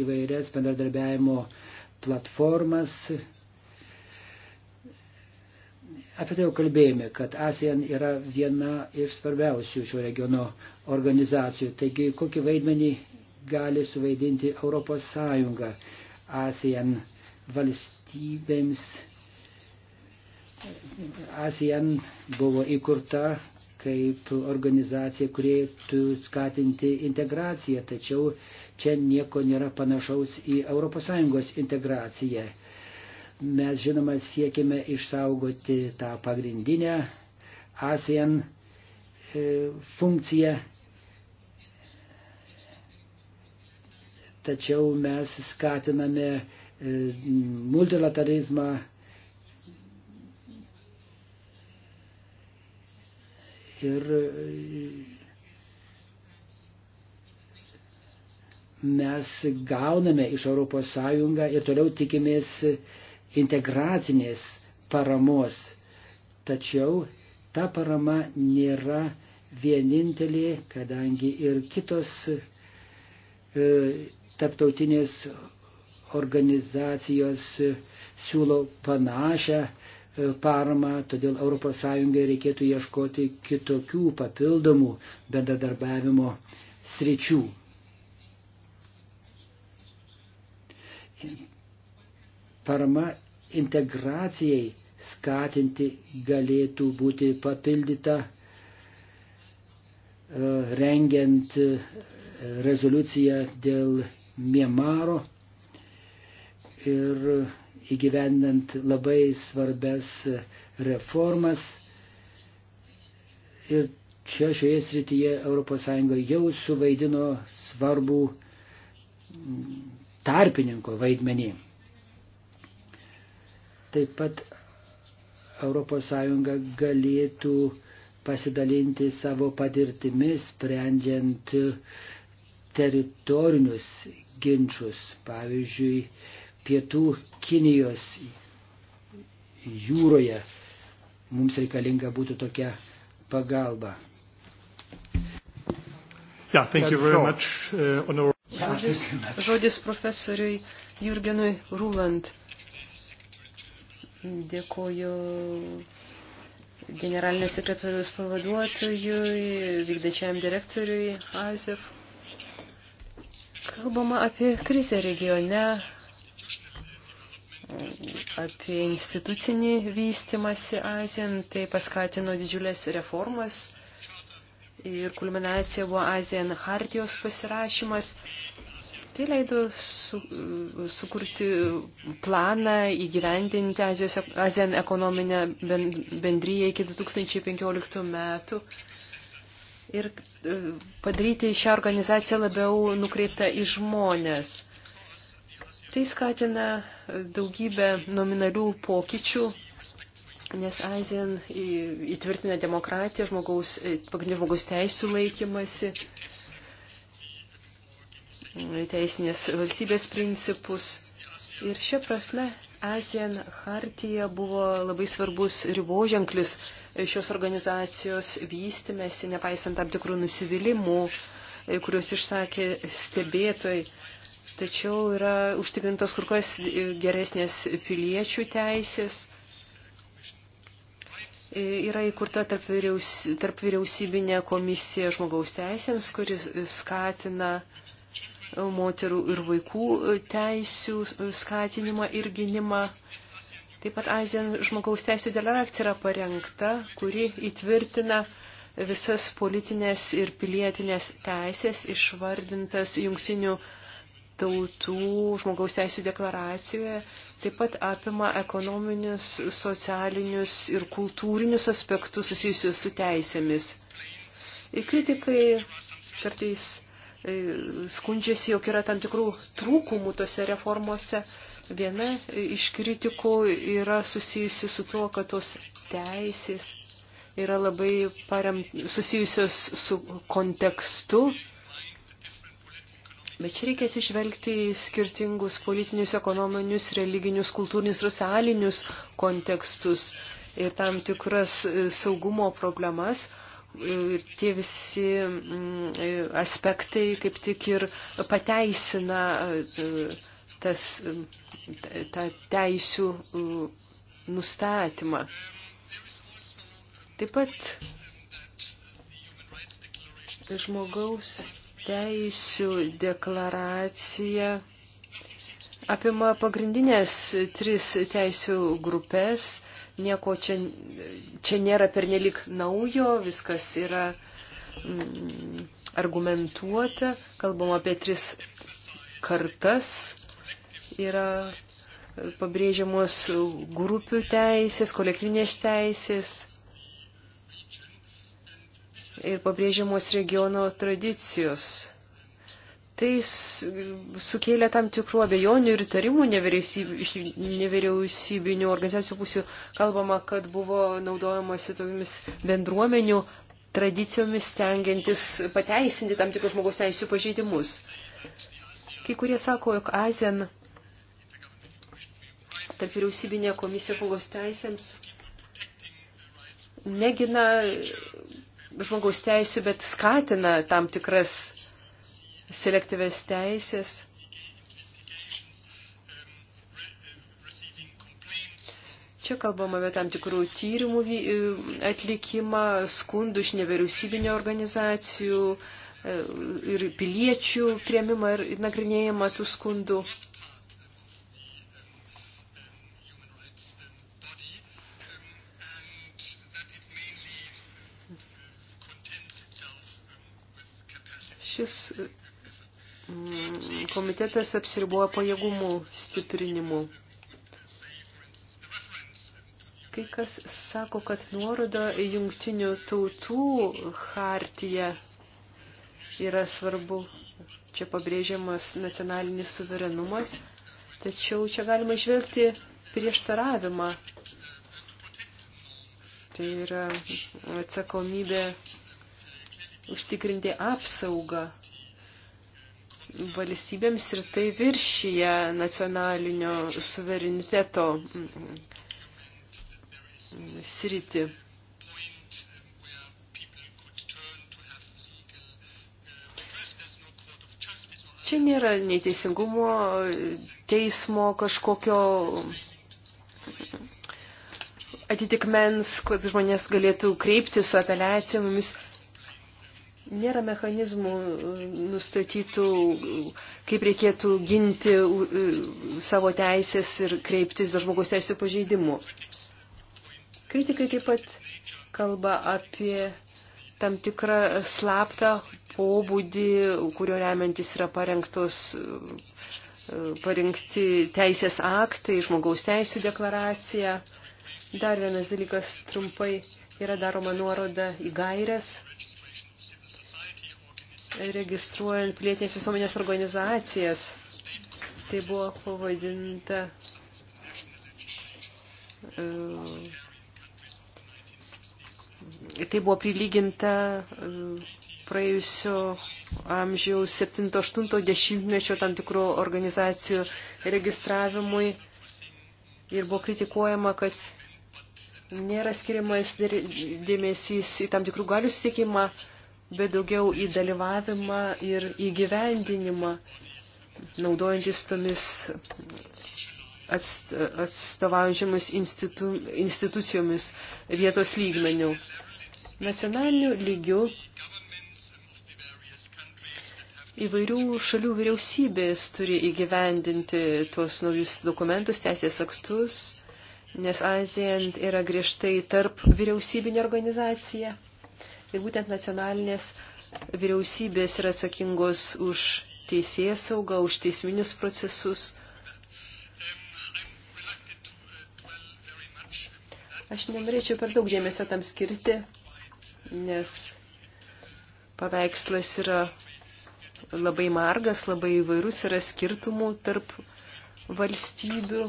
įvairias bendradarbiavimo platformas. Apie tai jau kalbėjome, kad ASEAN yra viena iš svarbiausių šio regiono organizacijų. Taigi, kokį vaidmenį gali suvaidinti Europos Sąjunga ASEAN valstybėms. ASEAN buvo įkurta kaip organizacija, kurie turėtų skatinti integraciją, tačiau Čia nieko nėra panašaus į ES integraciją. Mes, žinoma, siekime išsaugoti tą pagrindinę ASEAN e, funkciją, tačiau mes skatiname e, multilaterizmą, ir e, mes gauname iš ES ir toliau tikimės integracinės paramos. Tačiau ta parama nėra vienintelė, kadangi ir kitos e, taptautinės organizacijos e, siūlo panašią e, paramą, todėl ES reikėtų ieškoti kitokių papildomų bendradarbiavimo sričių. parama integracijai skatinti galėtų būti papildyta e, rengiant e, rezoliuciją dėl Miemaro ir įgyvendant labai svarbes reformas. Ir čia šioje srityje ES jau suvaidino svarbų tarpininko vaidmenį. Taip pat ES galėtų pasidalinti savo patirtimis, sprendžiant teritorinius ginčius, pavyzdžiui, pietų Kinijos jūroje mums reikalinga būtų tokia pagalba. Yeah, thank you very much, uh, žodis, žodis profesoriui Jurgenui Rūland. Dėkuoju generalinio sekretoriaus pavaduotojui, vykdačiam direktoriui ASEF. Kalbama apie krizę regione, apie institucinį vystimąsi Azijan, tai paskatino didžiulės reformas ir kulminacija buvo Azijan hartijos pasirašymas. Tai leido su, sukurti planą įgyvendinti Azijos, ASEAN ekonominę bendryją iki 2015 metų ir e, padaryti šią organizaciją labiau nukreiptą į žmonės. Tai skatina daugybę nominalių pokyčių Nes ASEAN įtvirtina demokratiją, žmogaus, pagrindinių žmogaus teisų laikymasi, teisinės valstybės principus. Ir šia prasme ASEAN hartija buvo labai svarbus riboženklis šios organizacijos vystimėsi, nepaisant tam tikrų nusivylimų, kuriuos išsakė stebėtojai. Tačiau yra užtikrintos kur kas geresnės piliečių teisės. Yra įkurta tarp, vyriaus, tarp vyriausybinė komisija žmogaus teisėms, kuris skatina uh, moterų ir vaikų e, teisių e, skatinimą ir gynimą. Taip pat Azijos žmogaus teisų deklaracija yra parengta, kuri įtvirtina visas politinės ir pilietinės teisės išvardintas jungtinių tautų žmogaus teisų deklaracijoje taip pat apima ekonominius, socialinius ir kultūrinius aspektus susijusius su teisėmis. Ir kritikai kartais E, skundžiasi, jog yra tam tikrų trūkumų tose reformose. Viena iš kritikų yra susijusi su tuo, kad tos teisės yra labai parem, susijusios su kontekstu. Bet čia reikia atsižvelgti į skirtingus politinius, ekonominius, religinius, kultūrinius ir salinius kontekstus ir tam tikras e, saugumo problemas, ir tie visi mm, aspektai kaip tik ir pateisina e, tas, e, tą teisių e, nustatymą. Taip pat žmogaus teisių deklaracija apima pagrindinės tris teisių grupės nieko čia, čia nėra pernelik naujo, viskas yra mm, argumentuota, kalbam apie tris kartas, yra pabrėžiamos grupių teisės, kolektyvinės teisės ir pabrėžiamos regiono tradicijos tai sukėlė tam tikrų abejonių ir įtarimų nevyriausybinių organizacijų pusių. Kalbama, kad buvo naudojamasi tokiamis bendruomenių tradicijomis tengiantis pateisinti tam tikrus žmogaus teisų pažeidimus. Kai kurie sako, jog ASEAN tarp vyriausybinė komisija žmogaus teisėms negina žmogaus teisų, bet skatina tam tikras selektyves teisės. Čia kalbama apie tam tikrų tyrimų e, atlikimą, skundų iš nevyriausybinio organizacijų e, ir piliečių prieimimą ir nagrinėjimą tų skundų. Šis Mm, komitetas apsiribuoja pajėgumų stiprinimu. Kai kas sako, kad nuoroda jungtinių tautų hartija yra svarbu. Čia pabrėžiamas nacionalinis suverenumas, tačiau čia galima išvelgti prieštaravimą. Tai yra atsakomybė užtikrinti apsaugą valstybėms ir tai viršyje nacionalinio suvereniteto mm, mm, sritį. Čia nėra nei teisingumo teismo kažkokio atitikmens, kad žmonės galėtų kreipti su apeliacijomis. Nėra mechanizmų uh, nustatytų, kaip reikėtų ginti uh, uh, savo teisės ir kreiptis dėl žmogaus teisų pažeidimų. Kritikai taip pat kalba apie tam tikrą slaptą pobūdį, kurio remiantis yra parengtos, parengti teisės aktai, žmogaus teisų deklaracija. Dar vienas dalykas trumpai yra daroma nuoroda į gairias registruojant pilietinės visuomenės organizacijas. Tai buvo pavadinta e, Tai buvo prilyginta e, praėjusio amžiaus 7-80-mečio tam tikrų organizacijų registravimui ir buvo kritikuojama, kad nėra skiriamas dėmesys į tam tikrų galių sutikimą bet daugiau į dalyvavimą ir įgyvendinimą, naudojantis tomis atstovaujančiamis institu, institucijomis vietos lygmenių. Nacionaliniu lygiu įvairių šalių vyriausybės turi įgyvendinti tuos naujus dokumentus, teisės aktus, nes ASEAN yra griežtai tarp vyriausybinė organizacija. Ir tai būtent nacionalinės vyriausybės yra atsakingos už teisės saugą, už teisminius procesus. Aš nenorėčiau per daug dėmesio tam skirti, nes paveikslas yra labai margas, labai įvairus, yra skirtumų tarp valstybių.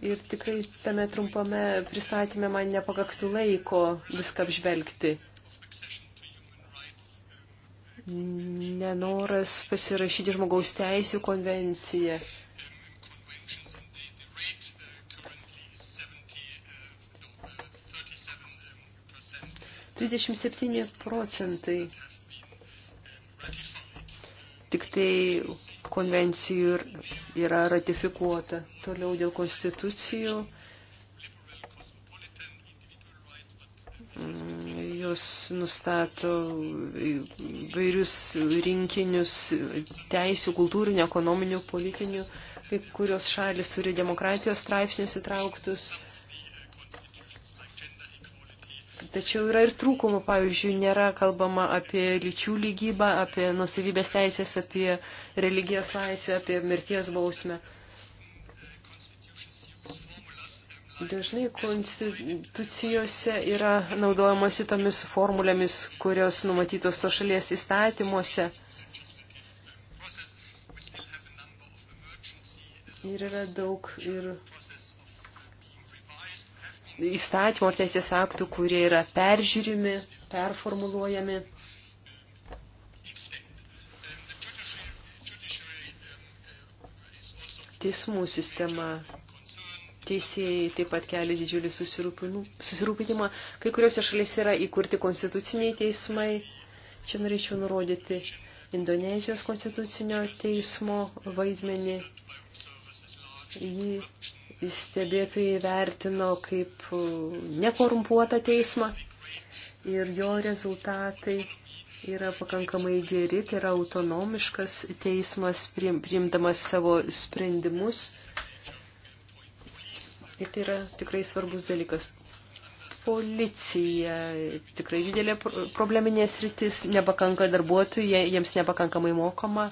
Ir tikrai tame trumpame pristatymė man nepakaktų laiko viską apžvelgti. Nenoras pasirašyti žmogaus teisų konvenciją. Trisdešimt septyni procentai tik tai konvencijų yra ratifikuota. Toliau dėl konstitucijų. Jos nustato vairius rinkinius teisių, kultūrinių, ekonominių, politinių, kai kurios šalis turi demokratijos straipsnius įtrauktus. Tačiau yra ir trūkumų, pavyzdžiui, nėra kalbama apie lyčių lygybą, apie nusavybės teisės, apie religijos laisvę, apie mirties bausmę. Dažnai konstitucijose yra naudojamasi tomis formulėmis, kurios numatytos to šalies įstatymuose. Ir yra daug ir įstatymų ar teisės aktų, kurie yra peržiūrimi, performuluojami. Teismų sistema teisėjai taip pat kelia didžiulį susirūpinimą. Kai kuriuose šalyse yra įkurti konstituciniai teismai. Čia norėčiau nurodyti Indonezijos konstitucinio teismo vaidmenį. Jį stebėtojai vertino kaip uh, nekorumpuotą teismą ir jo rezultatai yra pakankamai geri, tai yra autonomiškas teismas, priimdamas savo sprendimus. Ir tai yra tikrai svarbus dalykas. Policija tikrai didelė probleminės rytis, nepakanka darbuotojų, jiems nepakankamai mokoma.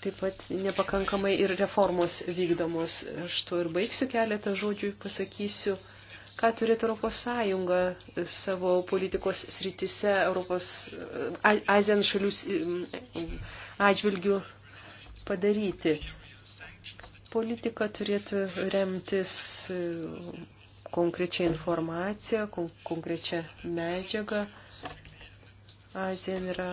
Taip pat nepakankamai ir reformos vykdomos. Aš tuo ir baigsiu keletą žodžių, pasakysiu, ką turėtų Europos Sąjunga savo politikos srityse Europos Azijos šalių atžvilgių padaryti. Politika turėtų remtis e, konkrečia informacija, konkrečia medžiaga. Azijam yra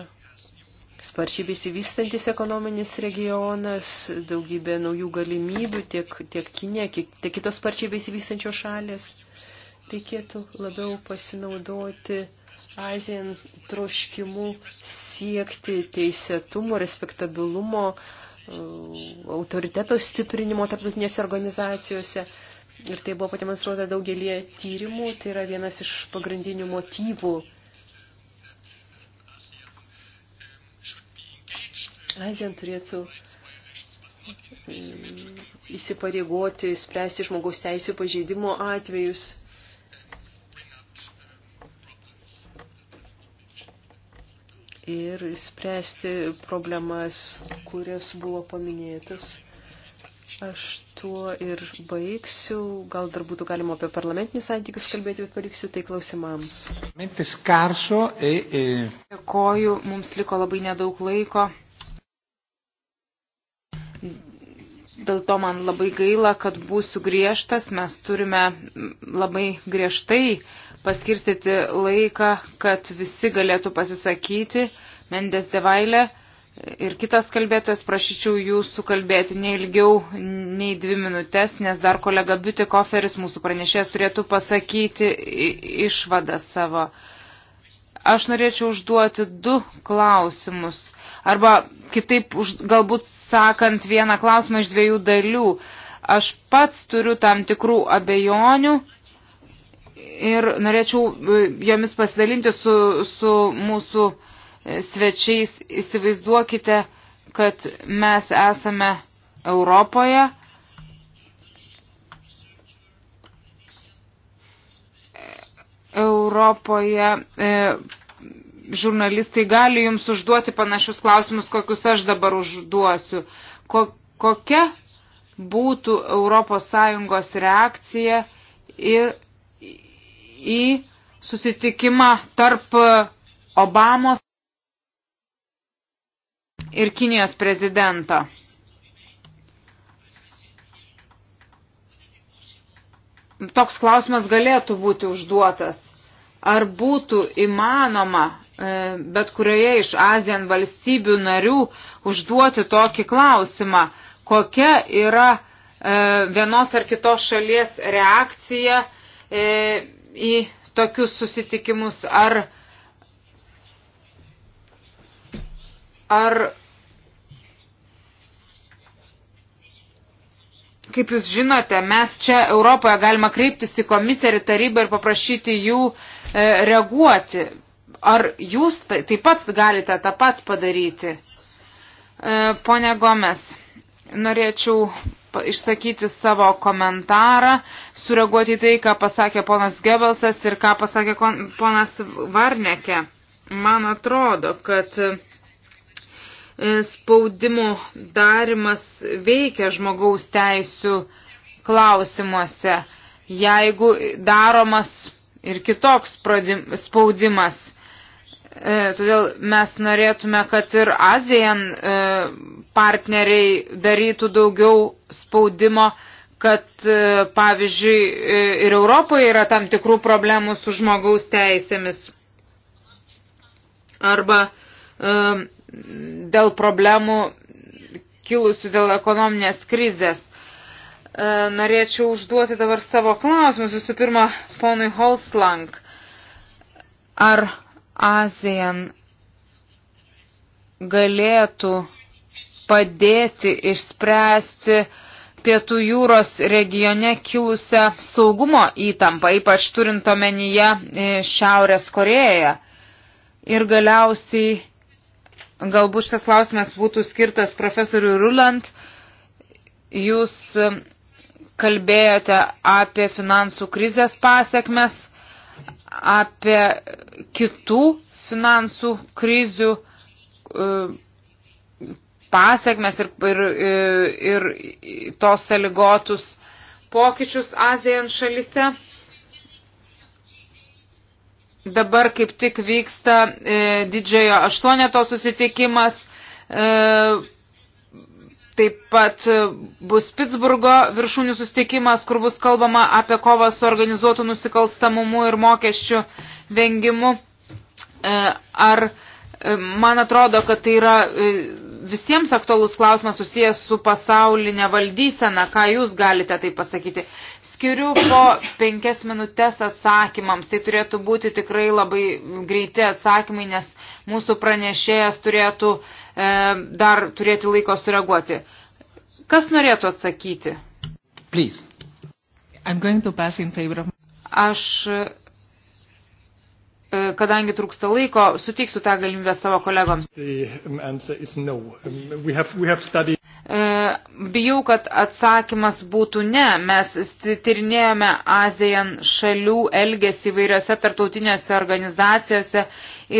sparčiai besivystantis ekonominis regionas, daugybė naujų galimybių tiek, tiek Kinė, tiek kitos sparčiai besivystančios šalės. Reikėtų labiau pasinaudoti Azijan troškimu siekti teisėtumo, respektabilumo, uh, autoriteto stiprinimo tarptautinėse organizacijose. Ir tai buvo pademonstruota daugelie tyrimų, tai yra vienas iš pagrindinių motyvų ASEAN turėtų mm, įsipareigoti spręsti žmogaus teisų pažeidimo atvejus. Ir spręsti problemas, kurios buvo paminėtos. Aš tuo ir baigsiu. Gal dar būtų galima apie parlamentinius santykius kalbėti, bet paliksiu tai klausimams. E, e Dėkoju, mums liko labai nedaug laiko. Dėl to man labai gaila, kad būsiu griežtas, mes turime labai griežtai paskirstyti laiką, kad visi galėtų pasisakyti. Mendes Devailė ir kitas kalbėtojas, prašyčiau jūsų kalbėti neilgiau nei dvi minutės, nes dar kolega Biutikoferis, mūsų pranešėjas, turėtų pasakyti išvadą savo. Uh, Aš norėčiau užduoti du klausimus. Arba kitaip, už, galbūt sakant, vieną klausimą iš dviejų dalių. Aš pats turiu tam tikrų abejonių ir norėčiau e, jomis pasidalinti su, su mūsų e, svečiais. Įsivaizduokite, kad mes esame Europoje Europoje e, žurnalistai gali jums užduoti panašius klausimus, kokius aš dabar užduosiu. Ko, kokia būtų ES reakcija ir į susitikimą tarp Obamos ir Kinijos prezidento. Toks klausimas galėtų būti užduotas ar būtų įmanoma e, bet kurioje iš Azijan valstybių narių užduoti tokį klausimą, kokia yra e, vienos ar kitos šalies reakcija e, į tokius susitikimus, ar, ar kaip jūs žinote, mes čia Europoje galima kreiptis į komisiją ir tarybą ir paprašyti jų e, reaguoti. Ar jūs tai, taip pat galite tą pat padaryti? E, pone Gomes, norėčiau išsakyti savo komentarą, sureaguoti į tai, ką pasakė ponas Gebelsas ir ką pasakė ponas Varnekė. Man atrodo, kad E, spaudimo darimas veikia žmogaus teisų klausimuose, jeigu daromas ir kitoks spaudimas. E, todėl mes norėtume, kad ir ASEAN e, partneriai darytų daugiau spaudimo, kad pavyzdžiui ir Europoje yra tam tikrų problemų su žmogaus teisėmis. Arba um, dėl problemų kilusių dėl ekonominės krizės. E, norėčiau užduoti dabar savo klausimus, visų pirma, ponui Holslank. Ar ASEAN galėtų padėti išspręsti Pietų jūros regione kilusią saugumo įtampą, ypač turint omenyje e, Šiaurės Koreją. Ir galiausiai Galbūt šitas klausimas būtų skirtas profesoriui Ruland. Jūs um, kalbėjote apie finansų krizės pasiekmes, apie kitų finansų krizių um, pasiekmes ir, ir, ir, ir tos saligotus pokyčius Azijan šalise. Dabar kaip tik vyksta e, didžiojo aštuoneto susitikimas. E, Taip pat e, bus Pittsburgo viršūnių sustikimas, kur bus kalbama apie kovą su organizuotų nusikalstamumu ir mokesčių vengimu. E, ar e, man atrodo, kad tai yra visiems aktualus klausimas susijęs su pasaulinė valdysena, ką jūs galite tai pasakyti. Skiriu po penkias minutės atsakymams, tai turėtų būti tikrai labai greiti atsakymai, nes mūsų pranešėjas turėtų e, dar turėti laiko sureaguoti. Kas norėtų atsakyti? Please. I'm going to pass in favor of... Aš E, kadangi trūksta laiko, suteiksiu tą galimybę savo kolegoms. Um, no. Um, we have, we have studied... E, bijau, kad atsakymas būtų ne. Mes tyrinėjome ASEAN šalių elgesį įvairiose tartautinėse organizacijose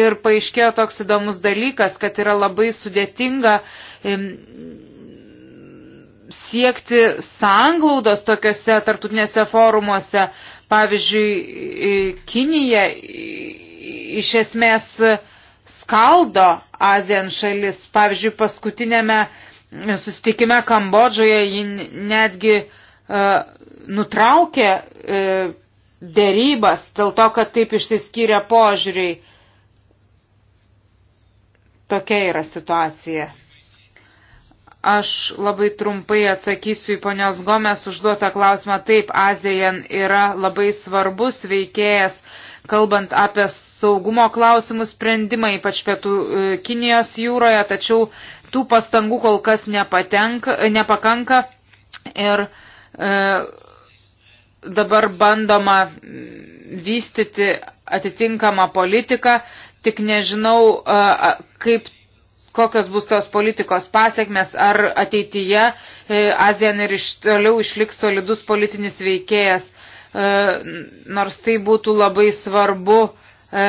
ir paaiškėjo toks įdomus dalykas, kad yra labai sudėtinga siekti sanglaudos tokiuose tartutinėse forumuose. Pavyzdžiui, Kinija iš esmės skaldo Azijos šalis. Pavyzdžiui, paskutinėme sustikime Kambodžoje ji netgi uh, nutraukė uh, e, dėrybas dėl to, kad taip išsiskyrė požiūriai. Tokia yra situacija. Aš labai trumpai atsakysiu į ponios Gomes užduotą klausimą. Taip, Azijan yra labai svarbus veikėjas uh, kalbant apie saugumo klausimų sprendimą, ypač pietų e, Kinijos jūroje, tačiau tų pastangų kol kas nepatenka, nepakanka ir e, dabar bandoma vystyti atitinkamą politiką, tik nežinau, e, kaip kokios bus tos politikos pasiekmes, ar ateityje e, ASEAN ir iš toliau išliks solidus politinis veikėjas. E, nors tai būtų labai svarbu e,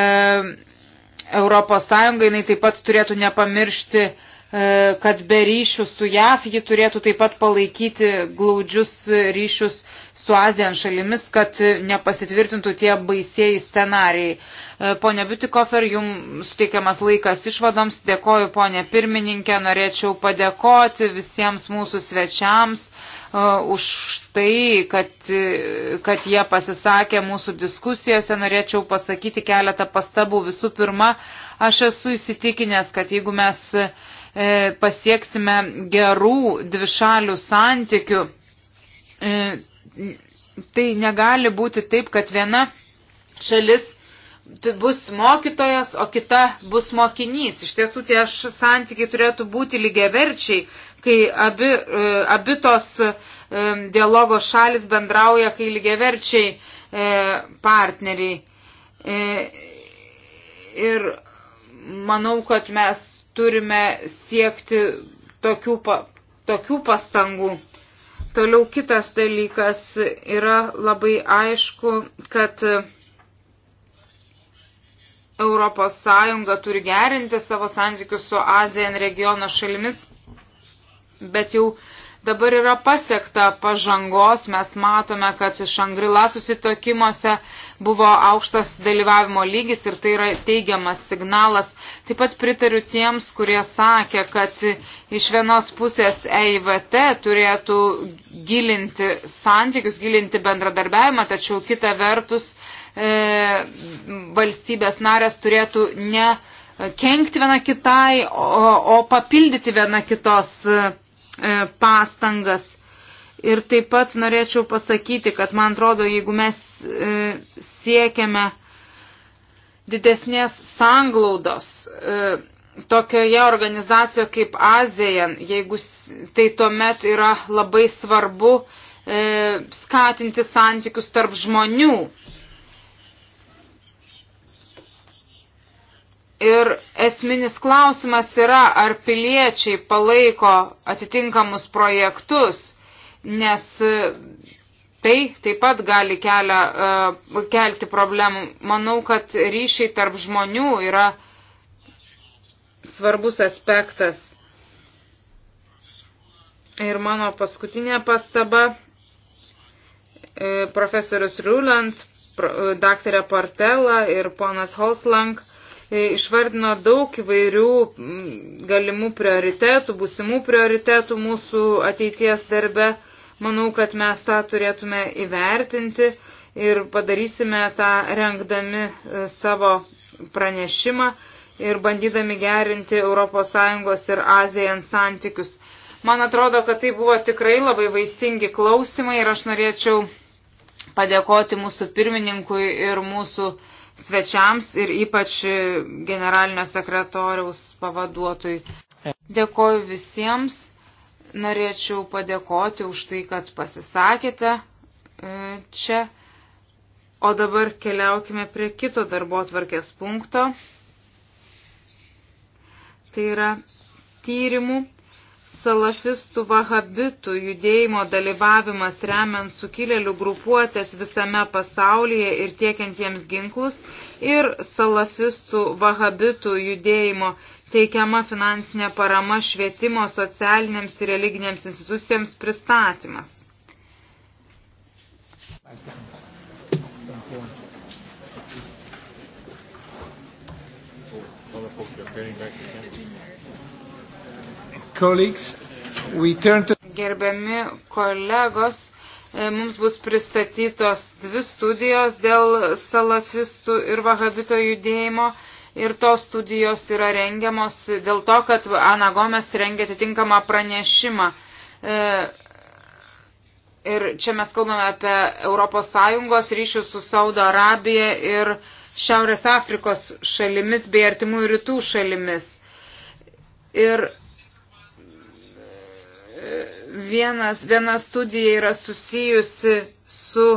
Europos Sąjungai, jinai taip pat turėtų nepamiršti, e, kad be ryšių su JAF ji turėtų taip pat palaikyti glaudžius ryšius su Azijan šalimis, kad nepasitvirtintų tie baisieji scenarijai. Pone Butikofer, jums suteikiamas laikas išvadoms. Dėkoju, ponė pirmininkė, norėčiau padėkoti visiems mūsų svečiams už tai, kad, kad jie pasisakė mūsų diskusijose. Norėčiau pasakyti keletą pastabų. Visų pirma, aš esu įsitikinęs, kad jeigu mes e, pasieksime gerų dvišalių santykių, e, tai negali būti taip, kad viena šalis bus mokytojas, o kita bus mokinys. Iš tiesų tie santykiai turėtų būti lygiaverčiai kai abi, e, abi tos e, dialogo šalis bendrauja, kai lygiaverčiai e, partneriai. Ir manau, kad mes turime siekti tokių, pa, tokių pastangų. Toliau kitas dalykas yra labai aišku, kad Europos Sąjunga turi gerinti savo santykius su Azijan regiono šalimis bet jau dabar yra pasiekta pažangos, mes matome, kad iš Angrila susitokimuose buvo aukštas dalyvavimo lygis ir tai yra teigiamas signalas. Taip pat pritariu tiems, kurie sakė, kad iš vienos pusės EIVT turėtų gilinti santykius, gilinti bendradarbiavimą, tačiau kita vertus e, valstybės narės turėtų ne kenkti viena kitai, o, o papildyti viena kitos. E, E, pastangas. Ir taip pat norėčiau pasakyti, kad man atrodo, jeigu mes e, siekiame didesnės sanglaudos e, tokioje organizacijoje kaip Azija, jeigu tai tuomet yra labai svarbu skatinti santykius tarp žmonių. Ir esminis klausimas yra, ar piliečiai palaiko atitinkamus projektus, nes e, tai taip pat gali kelia, e, kelti problemų. Manau, kad ryšiai tarp žmonių yra svarbus aspektas. Ir mano paskutinė pastaba, e, profesorius Ruland, daktarė Portela ir ponas Holslang E, išvardino daug įvairių galimų prioritetų, būsimų prioritetų mūsų ateities darbe. Manau, kad mes tą turėtume įvertinti ir padarysime tą rengdami e, savo pranešimą ir bandydami gerinti ES ir ASEAN santykius. Man atrodo, kad tai buvo tikrai labai vaisingi klausimai ir aš norėčiau padėkoti mūsų pirmininkui ir mūsų uh, svečiams ir ypač generalinio sekretoriaus pavaduotojui. Dėkoju visiems, norėčiau padėkoti už tai, kad pasisakėte e, čia. O dabar keliaukime prie kito darbo tvarkės punkto. Tai yra tyrimų salafistų vahabitų judėjimo dalyvavimas remiant sukilėlių grupuotės visame pasaulyje ir tiekiant jiems ginklus ir salafistų vahabitų judėjimo teikiama finansinė parama švietimo socialinėms ir religinėms institucijams pristatymas. Thank you. Gerbiami kolegos, e, mums bus pristatytos dvi studijos dėl salafistų ir vahabito judėjimo. Ir tos studijos yra rengiamos dėl to, kad Ana Gomes rengia atitinkamą pranešimą. E, ir čia mes kalbame apie ES ryšius su Saudo Arabija ir Šiaurės Afrikos šalimis bei artimųjų rytų šalimis. Ir vienas, viena studija yra susijusi su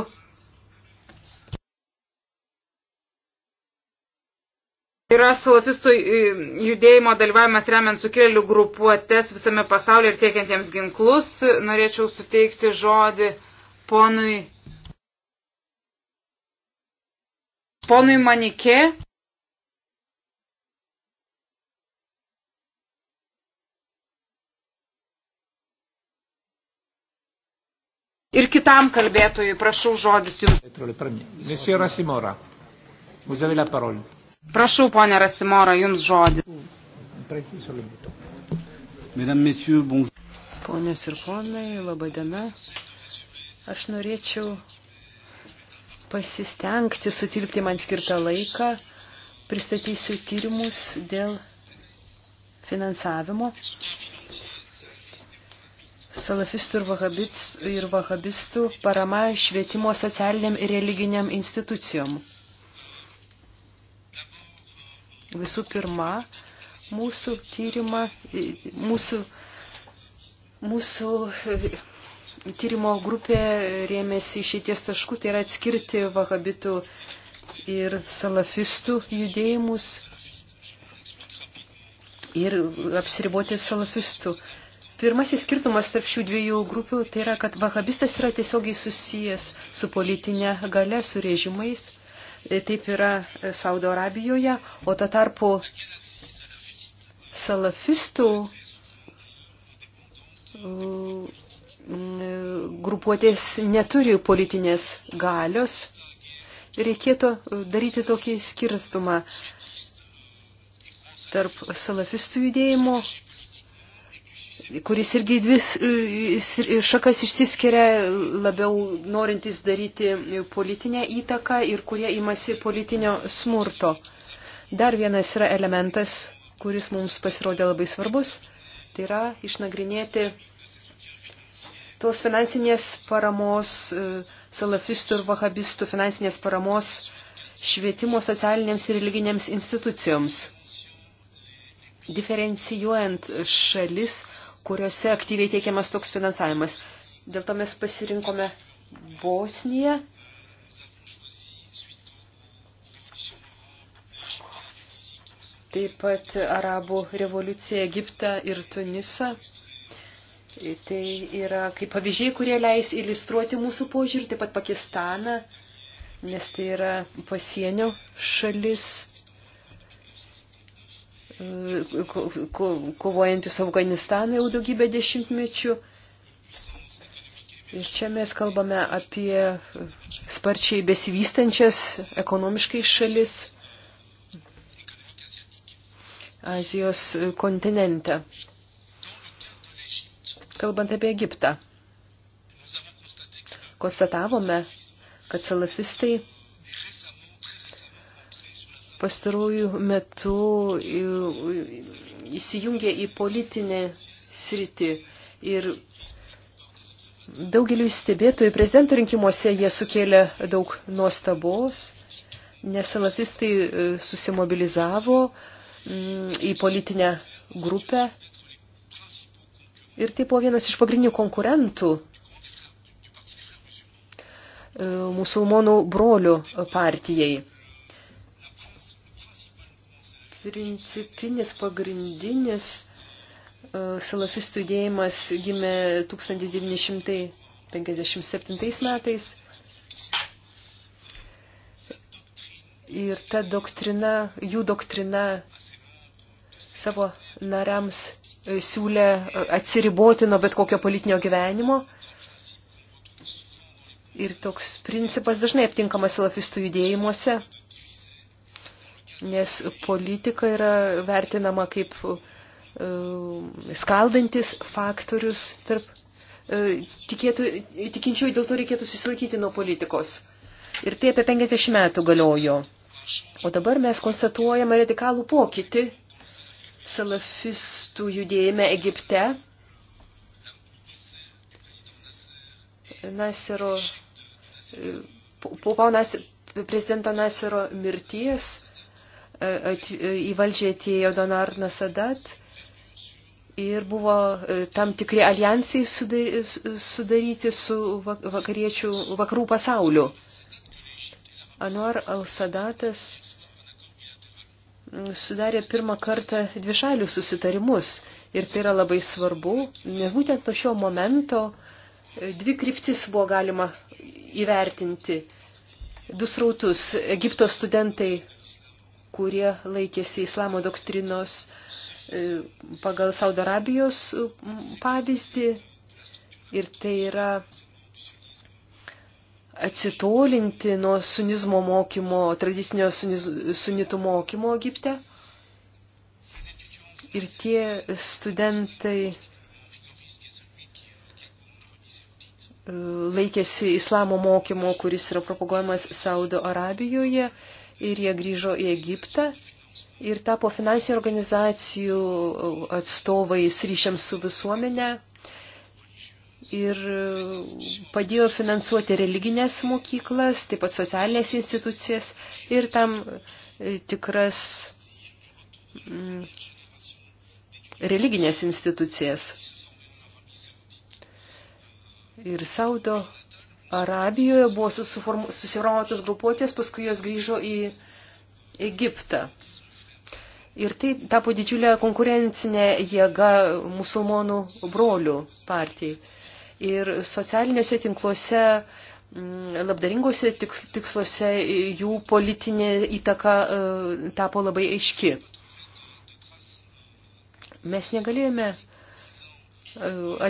Yra salafistų e, judėjimo dalyvavimas remiant sukėlių grupuotės visame pasaulyje ir tiekiant jiems ginklus. Norėčiau suteikti žodį ponui, ponui Manikė. Ir kitam kalbėtojui prašau žodis jums. Prašau, ponė Rasimora, jums žodis. Ponios ir ponai, laba diena. Aš norėčiau pasistengti sutilpti man skirtą laiką. Pristatysiu tyrimus dėl finansavimo salafistų ir, vahabits, ir vahabistų parama švietimo socialiniam ir religiniam institucijom. Visų pirma, mūsų tyrimą, mūsų, mūsų e, tyrimo grupė rėmėsi išėties taškų, tai yra atskirti vahabitų ir salafistų judėjimus ir apsiriboti salafistų Pirmasis skirtumas tarp šių dviejų grupių tai yra, kad vahabistas yra tiesiogiai susijęs su politinė gale, su režimais. E, taip yra Saudo Arabijoje, o to tarpu salafistų e, grupuotės neturi politinės galios. Reikėtų daryti tokį skirstumą tarp salafistų judėjimo kuris irgi vis e, šakas išsiskiria labiau norintis daryti politinę įtaką ir kurie imasi politinio smurto. Dar vienas yra elementas, kuris mums pasirodė labai svarbus, tai yra išnagrinėti tos finansinės paramos, e, salafistų ir vahabistų finansinės paramos švietimo socialinėms ir religinėms institucijoms. Diferencijuojant šalis kuriuose aktyviai teikiamas toks finansavimas. Dėl to mes pasirinkome Bosniją. Taip pat Arabų revoliucija Egiptą ir Tunisą. Tai yra kaip pavyzdžiai, kurie leis iliustruoti mūsų požiūrį, taip pat Pakistaną, nes tai yra pasienio šalis kovojantis Afganistaną jau daugybę dešimtmečių. Ir čia mes kalbame apie sparčiai besivystančias ekonomiškai šalis Azijos kontinente. Kalbant apie Egiptą, konstatavome, kad salafistai pastarųjų metų įsijungė į politinę sritį ir daugeliu stebėtojų prezidento rinkimuose jie sukėlė daug nuostabos, nes salafistai e, susimobilizavo mm, į politinę grupę ir tai buvo vienas iš pagrindinių konkurentų e, musulmonų brolių partijai principinis, pagrindinis e, salafistų judėjimas gimė 1957 metais. Ir ta doktrina, jų doktrina savo nariams e, siūlė e, atsiriboti nuo bet kokio politinio gyvenimo. Ir toks principas dažnai aptinkamas salafistų judėjimuose nes politika yra vertinama kaip e, skaldantis faktorius tarp e, tikėtų, tikinčiųjų, dėl to reikėtų susilaikyti nuo politikos. Ir tai apie 50 metų galiojo. O dabar mes konstatuojame radikalų pokytį salafistų judėjime Egipte. Nasero, e, po, po, po prezidento Nasero mirties į valdžią atėjo Donar Nasadat ir buvo e, tam tikri alijansai sudaryti su vakariečių, vakarų pasauliu. Anwar al-Sadatas mm, sudarė pirmą kartą dvišalių susitarimus ir tai yra labai svarbu, nes būtent nuo šio momento e, dvi kryptis buvo galima įvertinti. Du srautus Egipto studentai kurie laikėsi islamo doktrinos e, pagal Saudarabijos e, pavyzdį. Ir tai yra atsitolinti nuo sunizmo mokymo, tradicinio suniz, sunitų mokymo Egipte. Ir tie studentai e, laikėsi islamo mokymo, kuris yra propaguojamas Saudo Arabijoje ir jie grįžo į Egiptą ir tapo finansinių organizacijų atstovais ryšiams su visuomenė ir padėjo finansuoti religinės mokyklas, taip pat socialinės institucijas ir tam e, tikras religinės institucijas. Ir Saudo Arabijoje buvo susiformuotos grupuotės, paskui jos grįžo į Egiptą. Ir tai tapo didžiulė konkurencinė jėga musulmonų brolių partijai. Ir socialiniuose tinkluose, mm, labdaringose tiksluose jų politinė įtaka e, tapo labai aiški. Mes negalėjome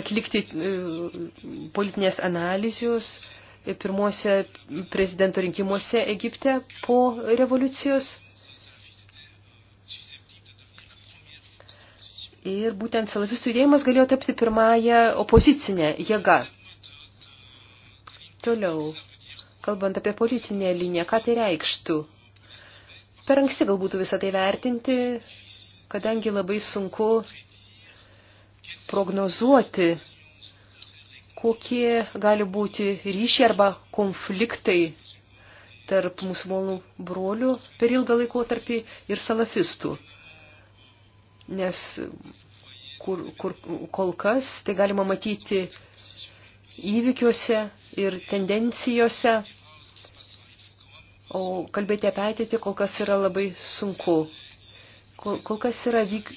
atlikti e, politinės analizijos pirmuose prezidento rinkimuose Egipte po revoliucijos. Ir būtent salafistų judėjimas galėjo tapti pirmąją opozicinę jėgą. Toliau, kalbant apie politinę liniją, ką tai reikštų? Per anksti galbūt visą tai vertinti, kadangi labai sunku prognozuoti, kokie gali būti ryšiai arba konfliktai tarp musulmonų brolių per ilgą laikotarpį ir salafistų. Nes kur, kur, kol kas tai galima matyti įvykiuose ir tendencijose, o kalbėti apie ateitį kol kas yra labai sunku. Kol, kol kas yra vyk,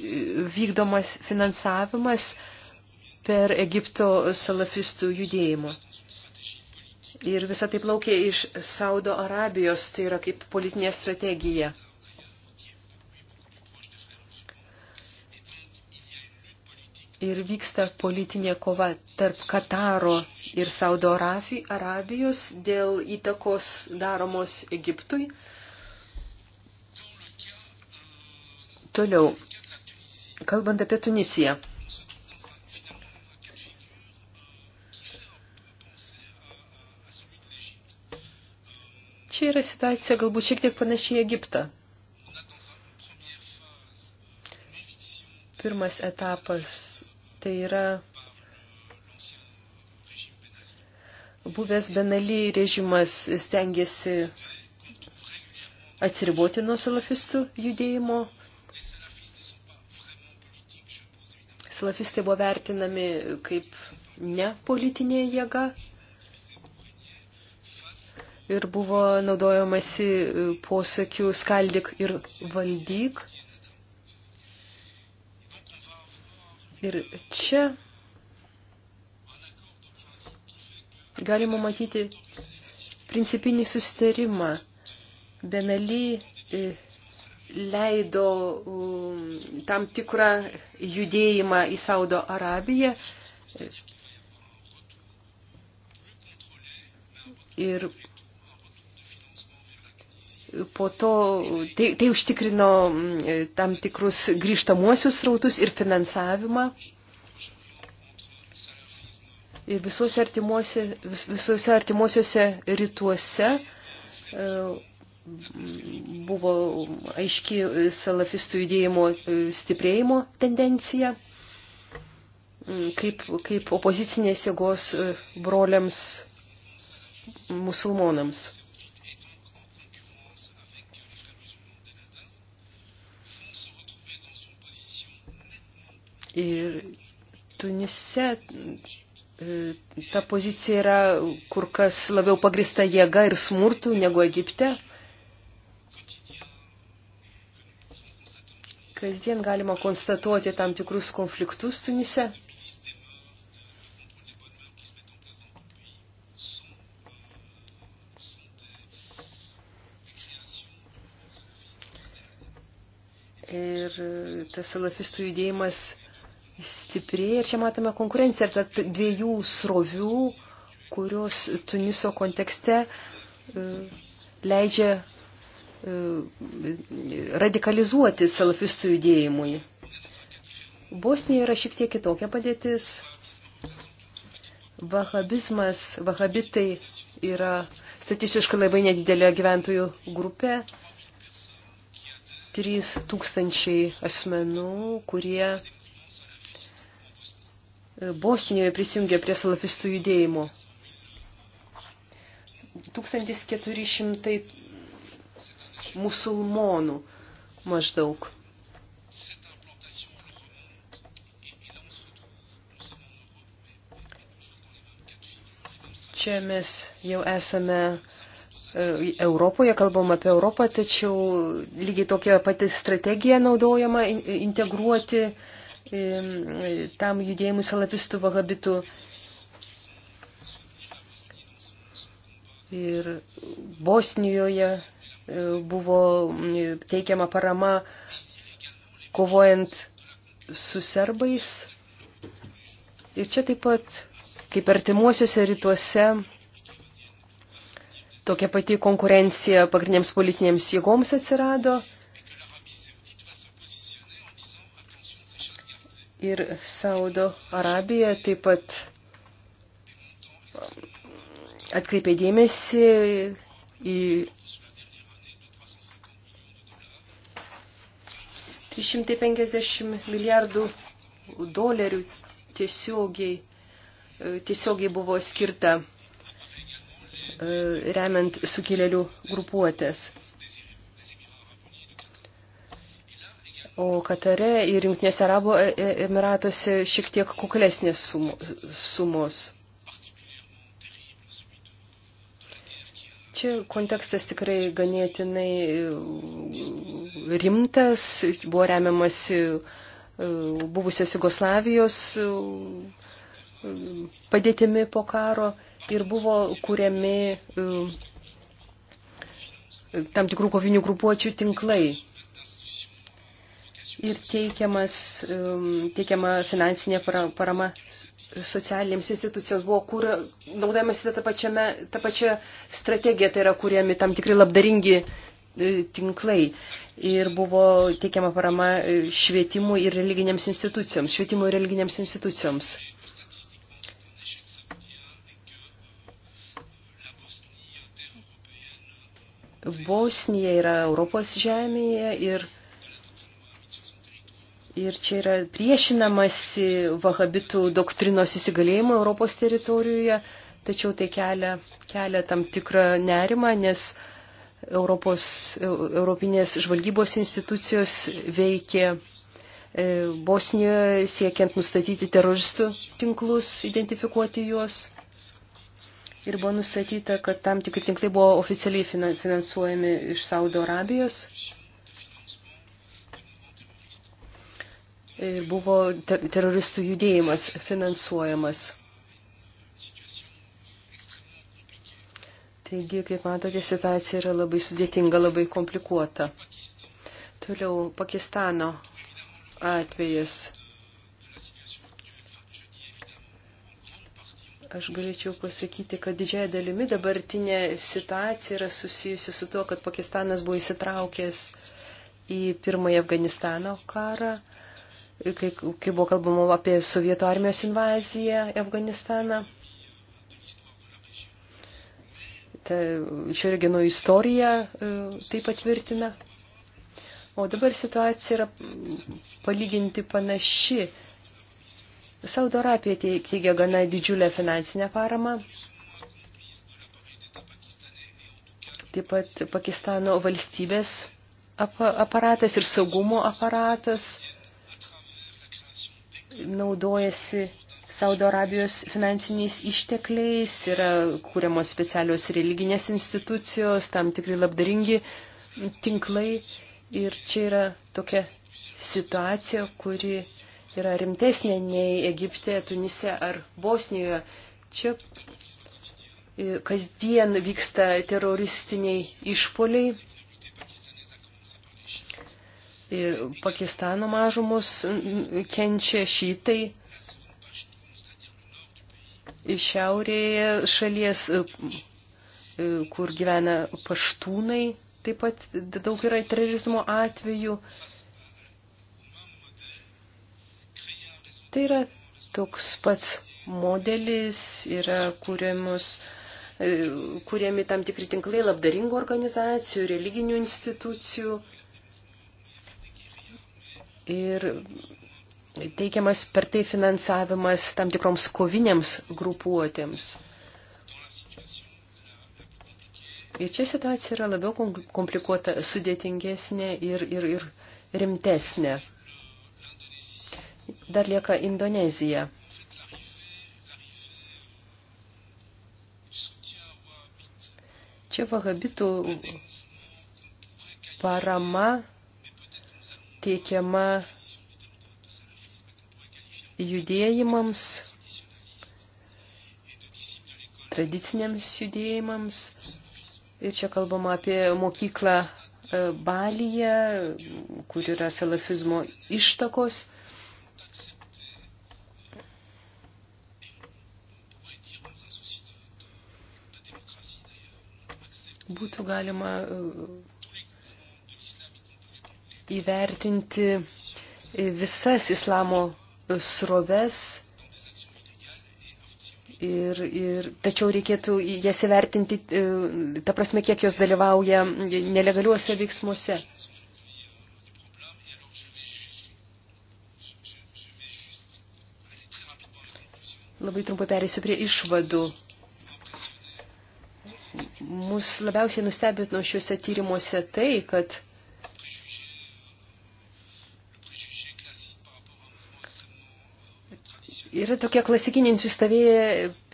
vykdomas finansavimas per Egipto salafistų judėjimą. Ir visą tai plaukia iš Saudo Arabijos, tai yra kaip politinė strategija. Ir vyksta politinė kova tarp Kataro ir Saudo Arabijos dėl įtakos daromos Egiptui. Toliau, kalbant apie Tunisiją. Čia yra situacija galbūt šiek tiek panašiai Egiptą. Pirmas etapas tai yra buvęs Benali režimas stengiasi atsiriboti nuo salafistų judėjimo Salafistai buvo vertinami kaip ne politinė jėga ir buvo naudojamasi e, posakių skaldik ir valdyk. Ir čia galima matyti principinį sustarimą. Benali e, leido um, tam tikrą judėjimą į Saudo Arabiją. Ir po to tai, tai užtikrino um, tam tikrus grįžtamuosius rautus ir finansavimą. Ir visuose artimuose, vis, visuose artimuosiuose rytuose uh, buvo aiški salafistų judėjimo e, stiprėjimo tendencija, mm, kaip, kaip opozicinės jėgos e, broliams musulmonams. Ir Tunise e, ta pozicija yra kur kas labiau pagrista jėga ir smurtų negu Egipte. kasdien galima konstatuoti tam tikrus konfliktus Tunise. Ir tas salafistų judėjimas stiprėja. Ir čia matome konkurenciją tarp dviejų srovių, kurios Tuniso kontekste e, leidžia E, radikalizuoti salafistų judėjimui. Bosnija yra šiek tiek kitokia padėtis. Vahabizmas, vahabitai yra statistiškai labai nedidelė gyventojų grupė. 3 tūkstančiai asmenų, kurie e, Bosnijoje prisijungė prie salafistų judėjimo. 1400 musulmonų maždaug. Čia mes jau esame e, Europoje, kalbam apie Europą, tačiau lygiai tokia pati strategija naudojama e, integruoti e, tam judėjimui salapistų vahabitų. Ir Bosnijoje E, buvo teikiama parama kovojant su serbais. Ir čia taip pat, kaip artimuosiuose rytuose, tokia pati konkurencija pagrindiniams politinėms jėgoms atsirado. Ir Saudo Arabija taip pat atkreipė dėmesį į 350 milijardų dolerių tiesiogiai, e, tiesiogiai buvo skirta e, remiant sukilėlių grupuotės. O Katare ir Junktinėse Arabo e Emiratuose šiek tiek kuklesnės sumos. Čia kontekstas tikrai ganėtinai e, rimtas, buvo remiamasi e, buvusios Jugoslavijos e, padėtimi po karo ir buvo kuriami tam tikrų kovinių grupuočių tinklai ir teikiamas, teikiama finansinė parama socialinėms institucijoms buvo kur, naudojamasi tą, pačiame, tą pačią strategiją, tai yra kuriami tam tikri labdaringi e, tinklai ir buvo teikiama parama e, švietimui ir religinėms institucijoms, švietimo ir religinėms institucijoms. Bosnija yra Europos žemėje ir Ir čia yra priešinamasi vahabitų doktrinos įsigalėjimo Europos teritorijoje, tačiau tai kelia, kelia tam tikrą nerimą, nes Europos, Europinės žvalgybos institucijos veikė e, Bosnijoje siekiant nustatyti teroristų tinklus, identifikuoti juos. Ir buvo nustatyta, kad tam tikri tinklai buvo oficialiai finansuojami iš Saudo Arabijos. ir e, buvo ter teroristų judėjimas finansuojamas. Taigi, kaip matote, situacija yra labai sudėtinga, labai komplikuota. Toliau Pakistano atvejas. Aš galėčiau pasakyti, kad didžiai dalimi dabartinė situacija yra susijusi su tuo, kad Pakistanas buvo įsitraukęs į pirmąją Afganistano karą kai, kai buvo kalbama apie sovietų armijos invaziją į Afganistaną. Ta, šio regiono istorija e, tai patvirtina. O dabar situacija yra palyginti panaši. Saudo Arabija teigia gana didžiulę finansinę paramą. Taip pat Pakistano valstybės aparatas ir saugumo aparatas naudojasi Saudo Arabijos finansiniais ištekliais, yra kūriamos specialios religinės institucijos, tam tikri labdaringi tinklai. Ir čia yra tokia situacija, kuri yra rimtesnė nei Egipte, Tunise ar Bosnijoje. Čia e, kasdien vyksta teroristiniai išpoliai ir Pakistano mažumus kenčia šitai. Šiaurėje šalies, e, kur gyvena paštūnai, taip pat daug yra terorizmo atvejų. Tai yra toks pats modelis, yra kūriamus e, kuriami tam tikri tinklai labdaringų organizacijų, religinių institucijų ir teikiamas per tai finansavimas tam tikroms kovinėms grupuotėms. Ir čia situacija yra labiau komplikuota, sudėtingesnė ir, ir, ir rimtesnė. Dar lieka Indonezija. Čia vahabitų parama teikiama judėjimams, tradiciniams judėjimams. Ir čia kalbama apie mokyklą e, Balyje, kur yra salafizmo ištakos. Būtų galima e, įvertinti visas islamo sroves. Ir, ir, tačiau reikėtų jas įvertinti, e, ta prasme, kiek jos dalyvauja nelegaliuose veiksmuose. Labai trumpai perėsiu prie išvadų. Mus labiausiai nustebino šiuose tyrimuose tai, kad Yra tokie klasikiniai nusistovėję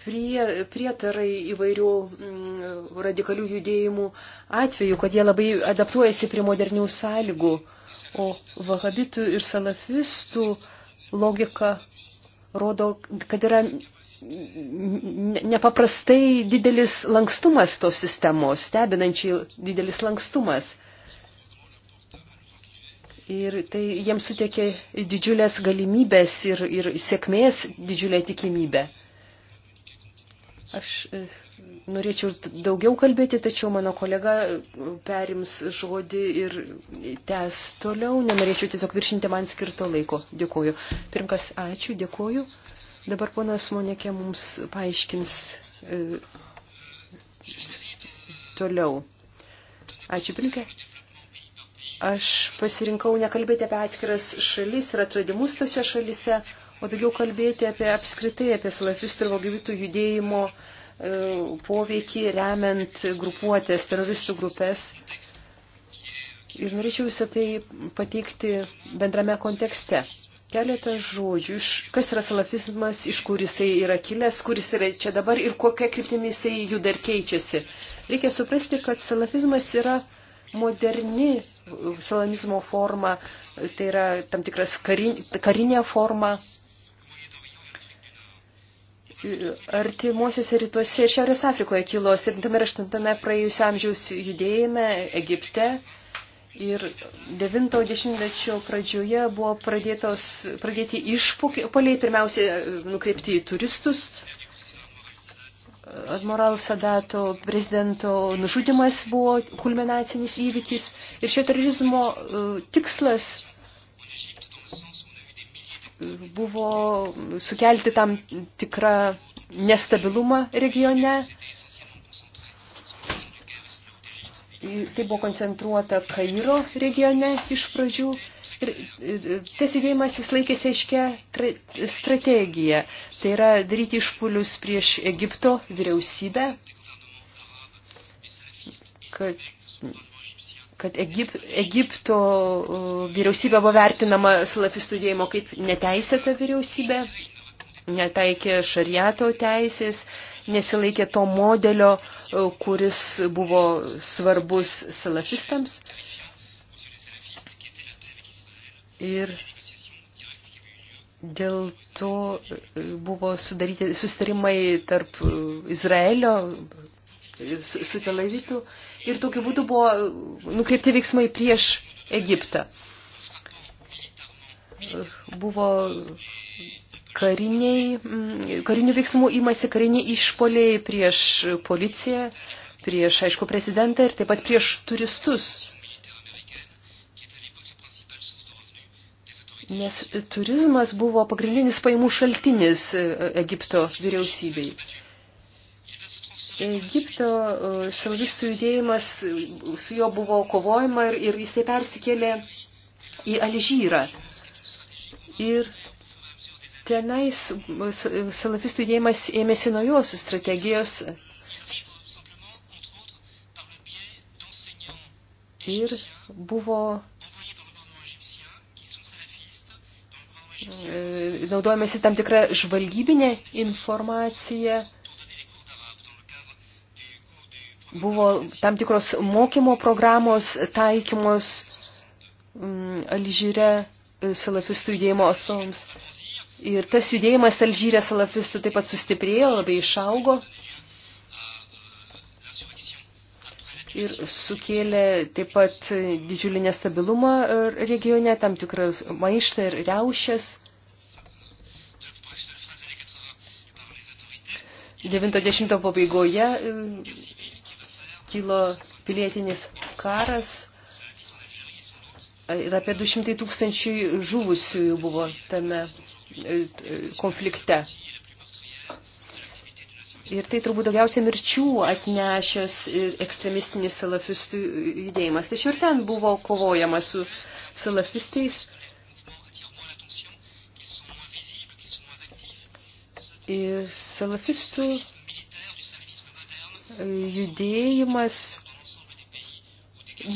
prie, prietarai įvairių m, mm, radikalių judėjimų atveju, kad jie labai adaptuojasi prie modernių sąlygų, o vahabitų ir salafistų logika rodo, kad yra nepaprastai didelis lankstumas tos sistemos, stebinančiai didelis lankstumas. Ir tai jiems suteikė didžiulės galimybės ir, ir sėkmės didžiulę tikimybę. Aš e, norėčiau daugiau kalbėti, tačiau mano kolega e, perims žodį ir tęs toliau. Nenorėčiau tiesiog viršinti man skirto laiko. Dėkuoju. Pirmkas, ačiū, dėkuoju. Dabar ponas Monekė mums paaiškins e, toliau. Ačiū, pirmkė. Aš pasirinkau nekalbėti apie atskiras šalis ir atradimus tose šalise, o daugiau kalbėti apie apskritai apie salafistų ir vogavitų judėjimo e, poveikį remiant grupuotės, teroristų grupės. Ir norėčiau visą tai pateikti bendrame kontekste. Keletą žodžių, iš, kas yra salafizmas, iš kur jisai yra kilęs, kur jis yra čia dabar ir kokia kryptimi jisai juda ir keičiasi. Reikia suprasti, kad salafizmas yra moderni salamizmo forma, tai yra tam tikras karinė forma. Artimuosiuose rytuose ir Šiaurės Afrikoje kilo 7 ir 8 praėjusio amžiaus judėjime Egipte. Ir 90-mečio pradžioje buvo pradėtos, pradėti iššūkiai, pirmiausia nukreipti į turistus, Admiral Sadato prezidento nužudimas buvo kulminacinis įvykis ir šio terorizmo e, tikslas e, buvo sukelti tam tikrą nestabilumą regione. Tai buvo koncentruota Kairo regione iš pradžių Ir, ir tas judėjimas jis laikėsi aiškia strategija. Tai yra daryti išpulius prieš Egipto vyriausybę, kad kad Egip, Egipto vyriausybė buvo vertinama salafistų judėjimo kaip neteisėta vyriausybė, netaikė šariato teisės, nesilaikė to modelio, kuris buvo svarbus salafistams. Ir dėl to e, buvo sudaryti sustarimai tarp e, Izraelio e, su, su Telavitu ir tokiu būdu buvo nukreipti veiksmai prieš Egiptą. Buvo kariniai, mm, karinių veiksmų įmasi kariniai išpoliai prieš policiją, prieš, aišku, prezidentą ir taip pat prieš turistus nes turizmas buvo pagrindinis paimų šaltinis e, Egipto vyriausybei. Egipto salvistų e, judėjimas, e, su jo buvo kovojama ir, ir jisai persikėlė į Alžyrą. Ir tenais salafistų judėjimas ėmėsi naujos strategijos ir buvo E, naudojamasi tam tikrą žvalgybinę informaciją. Buvo tam tikros mokymo programos taikymos mm, Alžyre e, salafistų judėjimo atstovams. Ir tas judėjimas Alžyre salafistų taip pat sustiprėjo, labai išaugo. ir sukėlė taip pat didžiulį nestabilumą e, regione, tam tikrą maištą ir riaušės. 90 pabaigoje e, kilo pilietinis karas ir apie 200 tūkstančių žuvusiųjų buvo tame e, konflikte. Ir tai turbūt daugiausiai mirčių atnešęs ekstremistinis salafistų judėjimas. Tačiau ir ten buvo kovojama su salafistais. Ir salafistų e, judėjimas,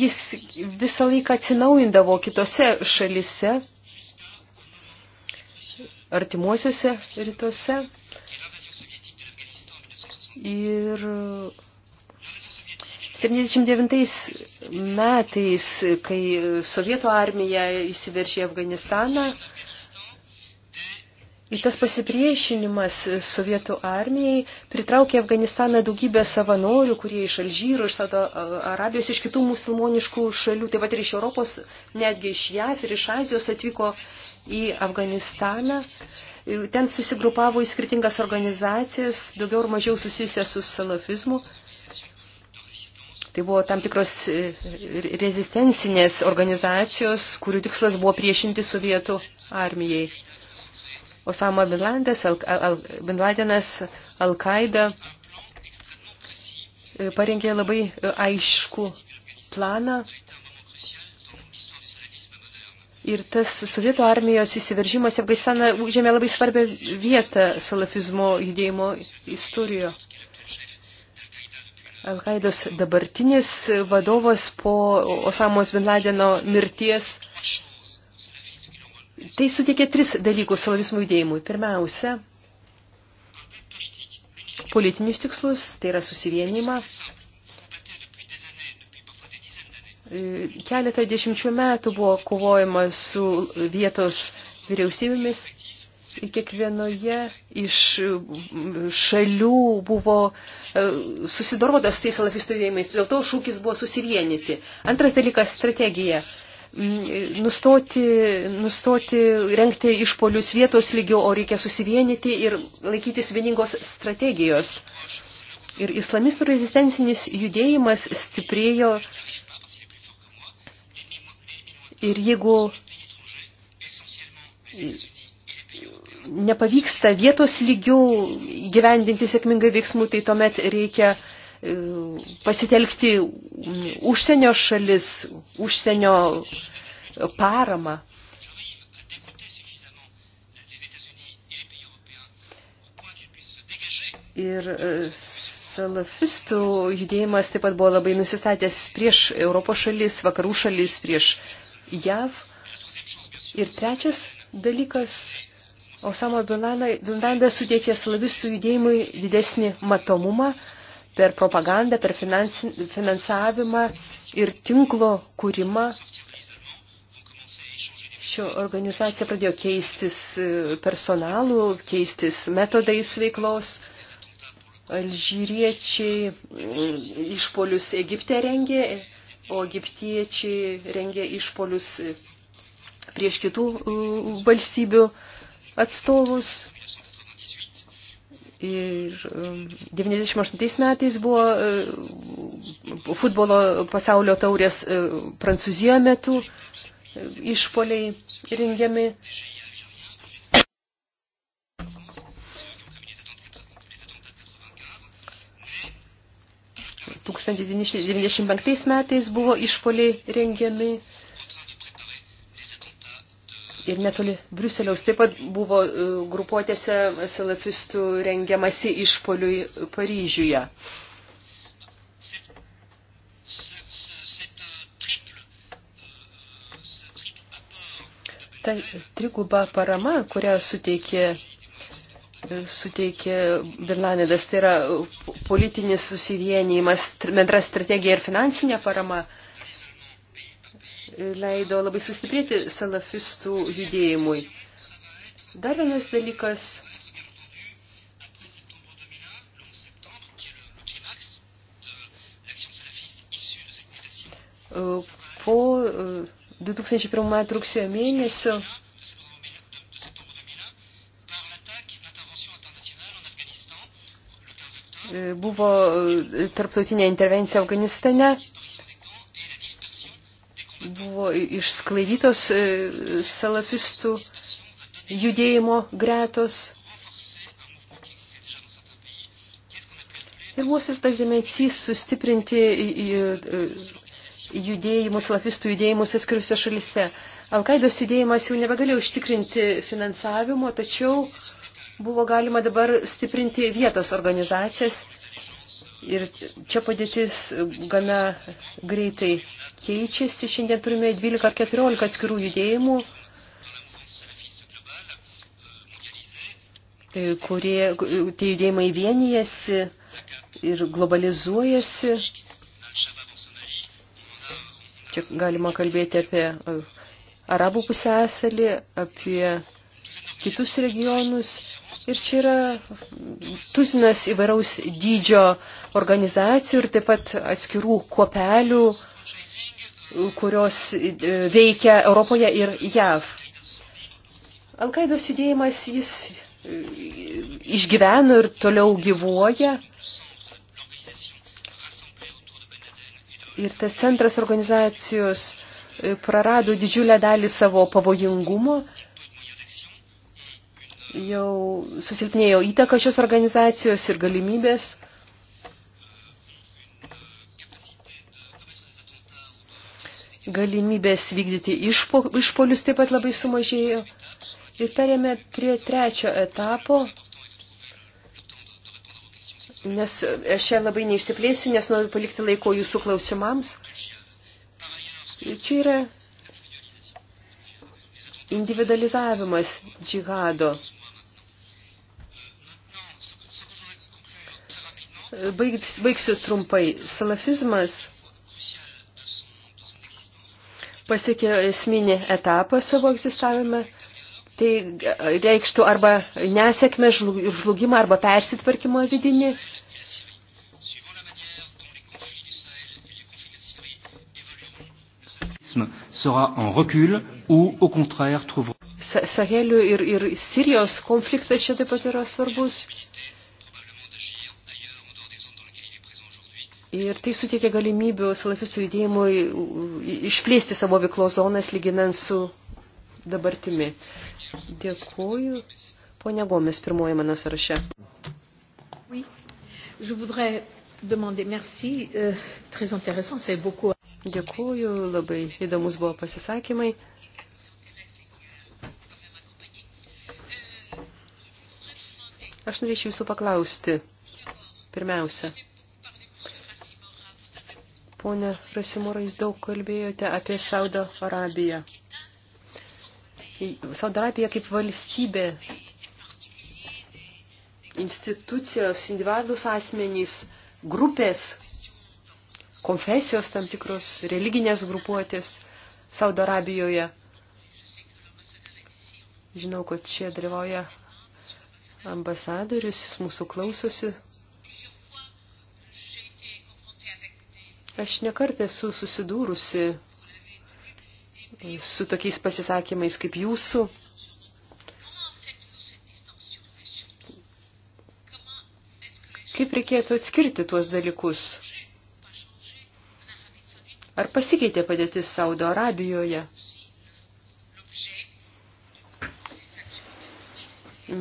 jis visą laiką atsinaujindavo kitose šalise, artimuosiuose rytuose. Ir 79 metais, kai sovietų armija įsiveržė į Afganistaną, į tas pasipriešinimas sovietų armijai pritraukė Afganistaną daugybę savanorių, kurie iš Alžyro, iš Sado Arabijos, iš kitų musulmoniškų šalių, taip pat ir iš Europos, netgi iš JAF ir iš Azijos atvyko į Afganistaną. Ten susigrupavo į skirtingas organizacijas, daugiau ar mažiau susijusias su salafizmu. Tai buvo tam tikros e, rezistencinės organizacijos, kurių tikslas buvo priešinti sovietų armijai. Osama Bin Ladenas, Al, Al, Bin Ladenas, Al-Qaida e, parengė labai e, aišku planą Ir tas sovietų armijos įsiveržimas į Afganistaną užėmė labai svarbią vietą salafizmo judėjimo istorijoje. Al-Qaidos dabartinis vadovas po Osamos Bin Ladeno mirties. Tai suteikė tris dalykus salafizmo judėjimui. Pirmiausia, politinius tikslus, tai yra susivienimą. E, keletą dešimčių metų buvo kovojama su vietos vyriausybėmis. Kiekvienoje iš šalių buvo e, susidoroda su tais salafistų judėjimais. Dėl to šūkis buvo susivienyti. Antras dalykas - strategija mm, e, nustoti, nustoti renkti išpolius vietos lygio, o reikia susivienyti ir laikytis vieningos strategijos. Ir islamistų rezistencinis judėjimas stiprėjo Ir jeigu nepavyksta vietos lygių gyvendinti sėkmingai veiksmų, tai tuomet reikia e, pasitelkti užsienio šalis, užsienio paramą. Ir e, salafistų judėjimas taip pat buvo labai nusistatęs prieš Europos šalis, vakarų šalis, prieš JAV. Ir trečias dalykas, Osama Bin Ladenas suteikė slavistų judėjimui didesnį matomumą per propagandą, per finansavimą ir tinklo kūrimą. Šio organizacija pradėjo keistis e, personalų, keistis metodais veiklos. Alžyriečiai išpolius Egipte rengė, o egiptiečiai rengė išpolius prieš kitų valstybių atstovus. Ir 98 um, metais buvo uh, futbolo pasaulio taurės uh, Prancūzijoje metu uh, išpoliai rengiami. 1995 metais buvo išpoliai rengiami ir netoli Briuseliaus. Taip pat buvo e, grupuotėse salafistų rengiamasi išpoliui Paryžiuje. Ta triguba parama, kurią suteikė suteikė Birlanidas, tai yra politinis susivienimas, bendra strategija ir finansinė parama leido labai sustiprėti salafistų judėjimui. Dar vienas dalykas. Po 2001 e, m. rugsėjo mėnesio buvo tarptautinė intervencija Afganistane, buvo išsklaidytos e, salafistų judėjimo gretos. Ir buvo skirtas dėmesys sustiprinti e, judėjimus, salafistų judėjimus atskiriuose šalise. Al-Qaidos judėjimas jau nebegalėjo užtikrinti finansavimo, tačiau uh, buvo galima dabar stiprinti vietos organizacijas ir čia padėtis gana greitai keičiasi. Šiandien turime 12 ar 14 atskirų judėjimų, e, kurie, tie judėjimai vienijasi ir globalizuojasi. Čia galima kalbėti apie e, arabų pusęsalį, apie kitus regionus. Ir čia yra tuzinas įvairaus dydžio organizacijų ir taip pat atskirų kuopelių, kurios e, veikia Europoje ir JAV. Alkaidos judėjimas jis e, išgyveno ir toliau gyvuoja. Ir tas centras organizacijos e, prarado didžiulę dalį savo pavojingumo jau susilpnėjo įtaka šios organizacijos ir galimybės. Galimybės vykdyti išpo, išpolius taip pat labai sumažėjo. Ir perėmė prie trečio etapo, nes aš čia labai neišsiplėsiu, nes noriu palikti laiko jūsų klausimams. Ir čia yra individualizavimas džihado. Baigs, baigsiu trumpai. Salafizmas pasiekė esminį etapą savo egzistavime. Tai reikštų arba nesėkmę žlugimą, arba persitvarkymą vidinį. sera en recul ou au contraire trouvera. Sahelio ir, ir Sirijos konfliktas čia taip pat yra svarbus. Ir tai suteikia galimybių salafistų judėjimui išplėsti savo veiklos zonas lyginant su dabartimi. Dėkuoju. Pone Gomis, pirmoji mano sąraše. Oui. Je voudrais demander merci. Euh, très intéressant, c'est beaucoup. Dėkuoju, labai įdomus buvo pasisakymai. Aš norėčiau jūsų paklausti. Pirmiausia, Pone Rasimūra, jūs daug kalbėjote apie Saudo Arabiją. Saudo Arabija kaip valstybė, institucijos, individualus asmenys, grupės, konfesijos tam tikros, religinės grupuotės Saudo Arabijoje. Žinau, kad čia dalyvauja ambasadorius, jis mūsų klausosi, Aš nekart esu susidūrusi e, su tokiais pasisakymais kaip jūsų. Kaip reikėtų atskirti tuos dalykus? Ar pasikeitė padėtis Saudo Arabijoje?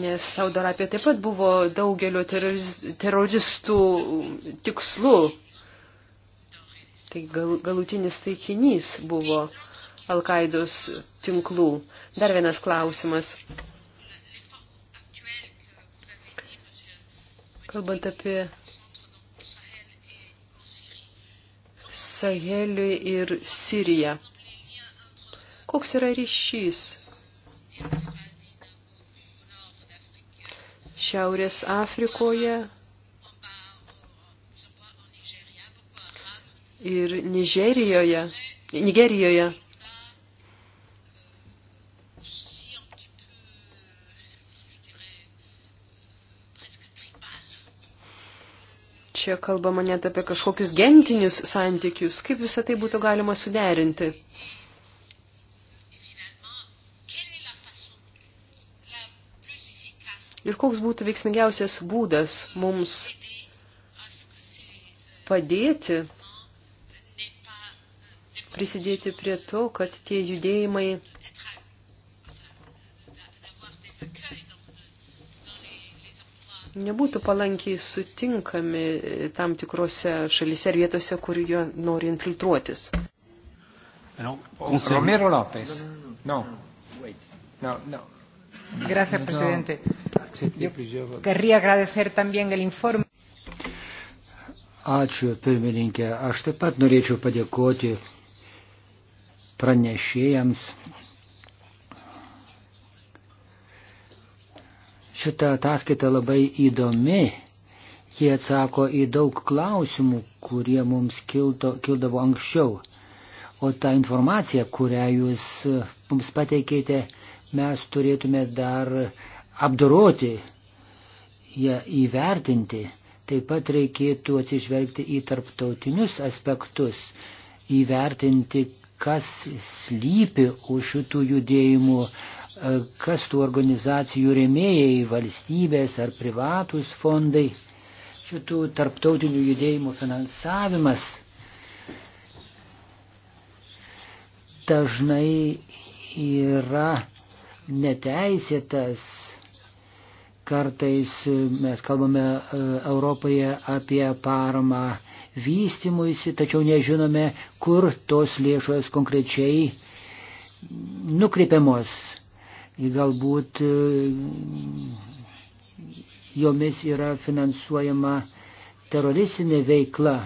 Nes Saudo Arabija taip pat buvo daugelio teroriz, teroristų tikslu, tai gal, galutinis taikinys buvo Alkaidos tinklų. Dar vienas klausimas. Kalbant apie Sahelį ir Siriją. Koks yra ryšys Šiaurės Afrikoje ir Nigerijoje, Nigerijoje. Čia kalbama net apie kažkokius gentinius santykius, kaip visą tai būtų galima suderinti. Ir koks būtų veiksmingiausias būdas mums padėti prisidėti prie to, kad tie judėjimai nebūtų palankiai sutinkami tam tikrose šalise ir vietose, kur jo nori infiltruotis. No. Oh, Romero López. No. No, no. Gracias, presidente. Yo querría agradecer también el informe. Ačiū, pirmininkė. Aš taip pat norėčiau padėkoti pranešėjams. Šita ataskaita labai įdomi. Jie atsako į daug klausimų, kurie mums kilto, kildavo anksčiau. O tą informaciją, kurią jūs eh, mums pateikėte, mes turėtume dar apdoroti, ją įvertinti. Taip pat reikėtų atsižvelgti į tarptautinius aspektus, įvertinti, kas slypi už šitų judėjimų, e, kas tų organizacijų rėmėjai, valstybės ar privatus fondai. Šitų tarptautinių judėjimų finansavimas dažnai yra neteisėtas. Kartais mes kalbame e, Europoje apie paramą vystimuisi, tačiau nežinome, kur tos lėšos konkrečiai nukreipiamos. Galbūt e, jomis yra finansuojama teroristinė veikla.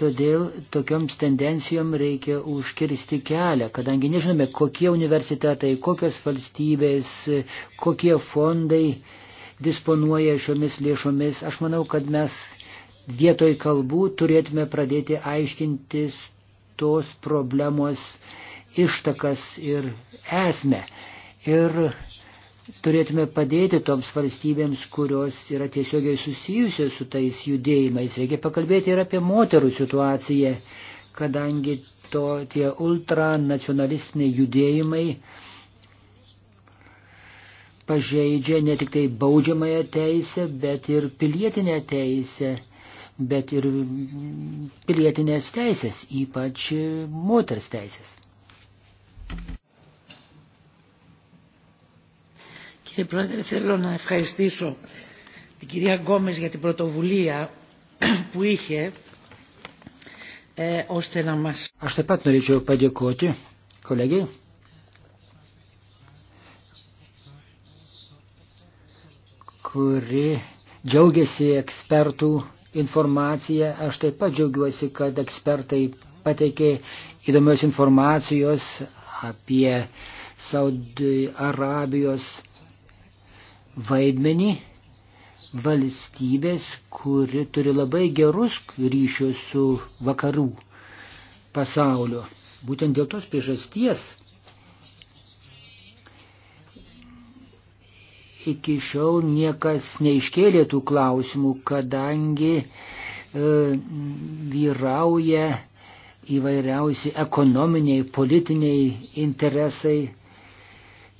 Todėl tokioms tendencijom reikia užkirsti kelią, kadangi nežinome, kokie universitetai, kokios valstybės, kokie fondai disponuoja šiomis lėšomis. Aš manau, kad mes vietoj kalbų turėtume pradėti aiškintis tos problemos ištakas ir esmę. Ir turėtume padėti toms valstybėms, kurios yra tiesiogiai susijusios su tais judėjimais. Reikia pakalbėti ir apie moterų situaciją, kadangi to, tie ultranacionalistiniai judėjimai pažeidžia ne tik tai baudžiamąją teisę, bet ir pilietinę teisę bet ir pilietinės teisės, ypač moters teisės. Κύριε Πρόεδρε, θέλω να ευχαριστήσω την κυρία Γκόμες για την πρωτοβουλία που είχε ε, ώστε να μας... Aš taip pat norėčiau padėkoti kolegiai. kuri džiaugiasi ekspertų informaciją. Aš taip pat džiaugiuosi, kad ekspertai pateikė įdomios informacijos apie Saudi Arabijos vaidmenį valstybės, kuri turi labai gerus ryšius su vakarų pasauliu. Būtent dėl tos priežasties iki šiol niekas neiškėlė tų klausimų, kadangi e, vyrauja įvairiausi ekonominiai, politiniai interesai.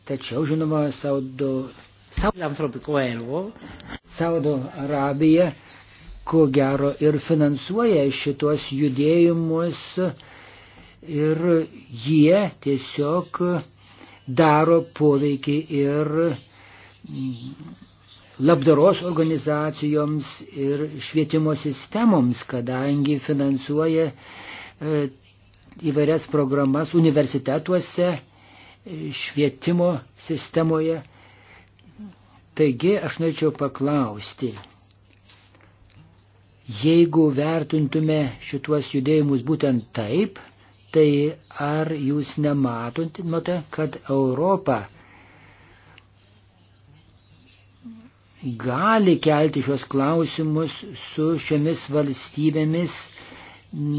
Tačiau, žinoma, Saudo, Saudo Arabija, ko gero, ir finansuoja šitos judėjimus ir jie tiesiog daro poveikį ir labdaros organizacijoms ir švietimo sistemoms, kadangi finansuoja e, įvairias programas universitetuose, e, švietimo sistemoje. Taigi aš norėčiau paklausti, jeigu vertintume šituos judėjimus būtent taip, tai ar jūs nematot, matote, kad Europa gali kelti šios klausimus su šiomis valstybėmis,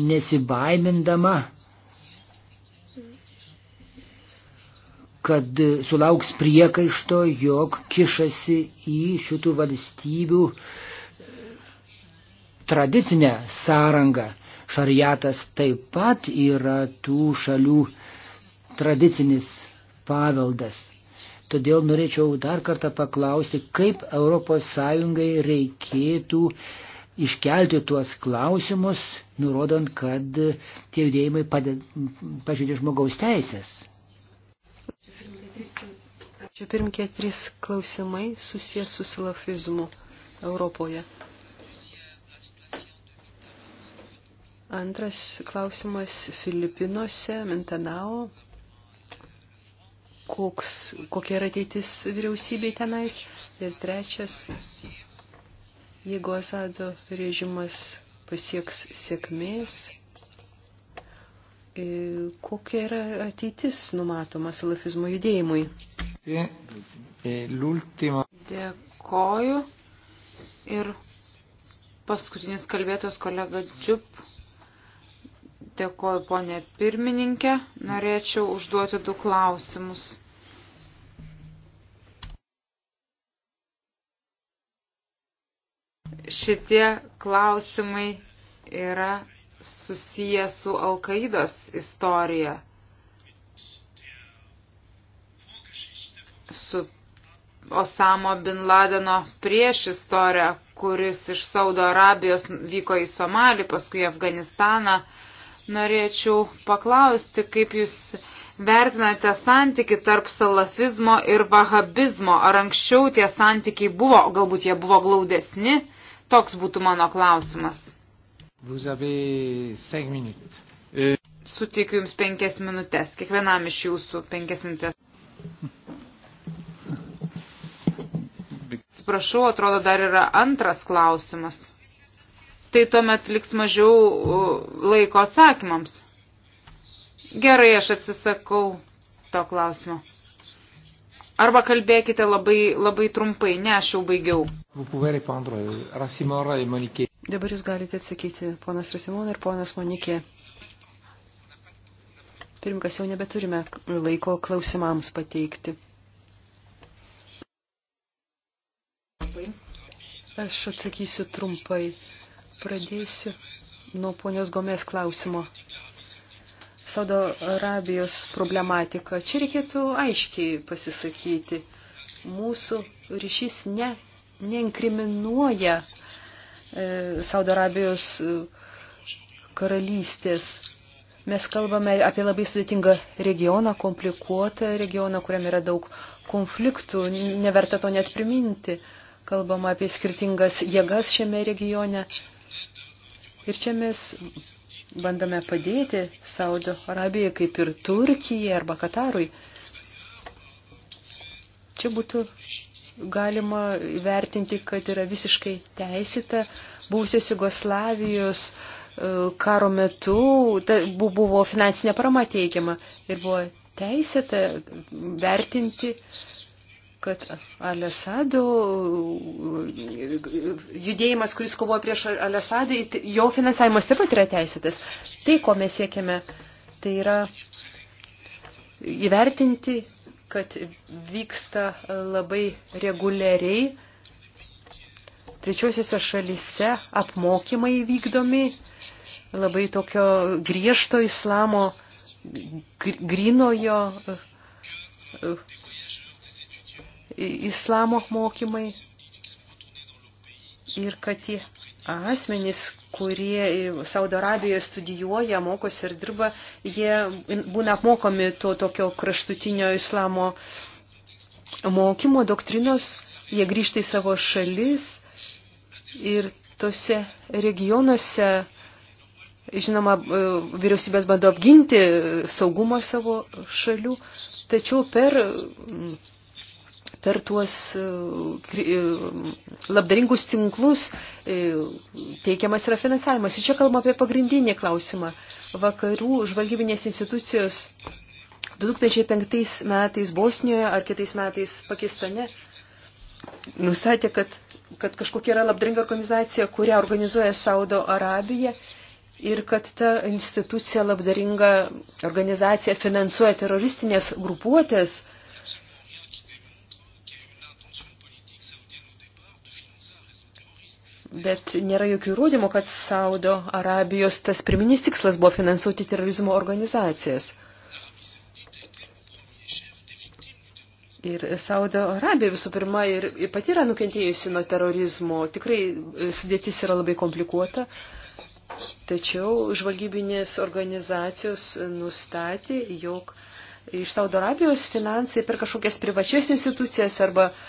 nesibaimindama, kad sulauks priekaišto, jog kišasi į šitų valstybių e, tradicinę sąrangą. Šariatas taip pat yra tų šalių tradicinis paveldas. Todėl norėčiau dar kartą paklausti, kaip ES reikėtų iškelti tuos klausimus, nurodant, kad tie judėjimai pažydė žmogaus teisės. Čia pirmkie trys klausimai susijęs su silafizmu Europoje. Antras klausimas Filipinuose, Mintanao, koks, kokia yra ateitis vyriausybei tenais. Ir trečias, jeigu Asado režimas pasieks sėkmės, e, kokia yra ateitis numatoma salafizmo judėjimui. E, e, Dėkoju. Ir paskutinis kalbėtos kolega Džiup. Dėkuoju, ponė pirmininkė. Norėčiau užduoti du klausimus. Šitie klausimai yra susiję su Alkaidos istorija, su Osamo Bin Ladeno prieš istoriją, kuris iš Saudo Arabijos vyko į Somalį, paskui Afganistaną norėčiau paklausti, kaip jūs vertinate santyki tarp salafizmo ir vahabizmo. Ar anksčiau tie santykiai buvo, galbūt jie buvo glaudesni? Toks būtų mano klausimas. Sutikiu Jums penkias minutės, kiekvienam iš Jūsų penkias minutės. Sprašau, atrodo, dar yra antras klausimas tai tuomet liks mažiau laiko atsakymams. Gerai, aš atsisakau to klausimo. Arba kalbėkite labai, labai trumpai, ne, aš jau baigiau. Euh, Dabar jūs galite atsakyti, ponas Rasimona ir ponas Monikė. Pirmkas, jau nebeturime laiko klausimams pateikti. Aš atsakysiu trumpai. Pradėsiu nuo ponios Gomės klausimo. Saudo Arabijos problematika. Čia reikėtų aiškiai pasisakyti. Mūsų ryšys ne, neinkriminuoja e, Saudo Arabijos e, karalystės. Mes kalbame apie labai sudėtingą regioną, komplikuotą regioną, kuriam yra daug konfliktų. Neverta to net priminti. Kalbama apie skirtingas jėgas šiame regione. Ir čia mes bandome padėti Saudo Arabijai, kaip ir Turkijai arba Katarui. Čia būtų galima vertinti, kad yra visiškai teisėta buvusios Jugoslavijos e, karo metu ta, buvo finansinė parama teikiama ir buvo teisėta vertinti kad Alesado judėjimas, kuris kovoja prieš Alesadą, jo finansavimas taip pat yra teisėtas. Tai, ko mes siekiame, tai yra įvertinti, kad vyksta labai reguliariai trečiosiuose šalise apmokymai vykdomi, labai tokio griežto islamo, grinojo islamo mokymai ir kad tie asmenys, kurie Saudo Arabijoje studijuoja, mokosi ir dirba, jie būna apmokomi to tokio kraštutinio islamo mokymo doktrinos, jie grįžta į savo šalis ir tose regionuose Žinoma, e, vyriausybės bando apginti saugumą savo šalių, tačiau per per tuos e, e, labdaringus tinklus e, teikiamas yra finansavimas. Ir čia kalbam apie pagrindinį klausimą. Vakarų žvalgybinės institucijos 2005 metais Bosnijoje ar kitais metais Pakistane nustatė, kad, kad kažkokia yra labdaringa organizacija, kurią organizuoja Saudo Arabija ir kad ta institucija labdaringa organizacija finansuoja teroristinės grupuotės Bet nėra jokių įrodymų, kad Saudo Arabijos tas pirminis tikslas buvo finansuoti terorizmo organizacijas. Ir Saudo Arabija visų pirma ir pati yra nukentėjusi nuo terorizmo. Tikrai e, sudėtis yra labai komplikuota. Tačiau žvalgybinės organizacijos nustatė, jog iš Saudo Arabijos finansai per kažkokias privačias institucijas arba uh,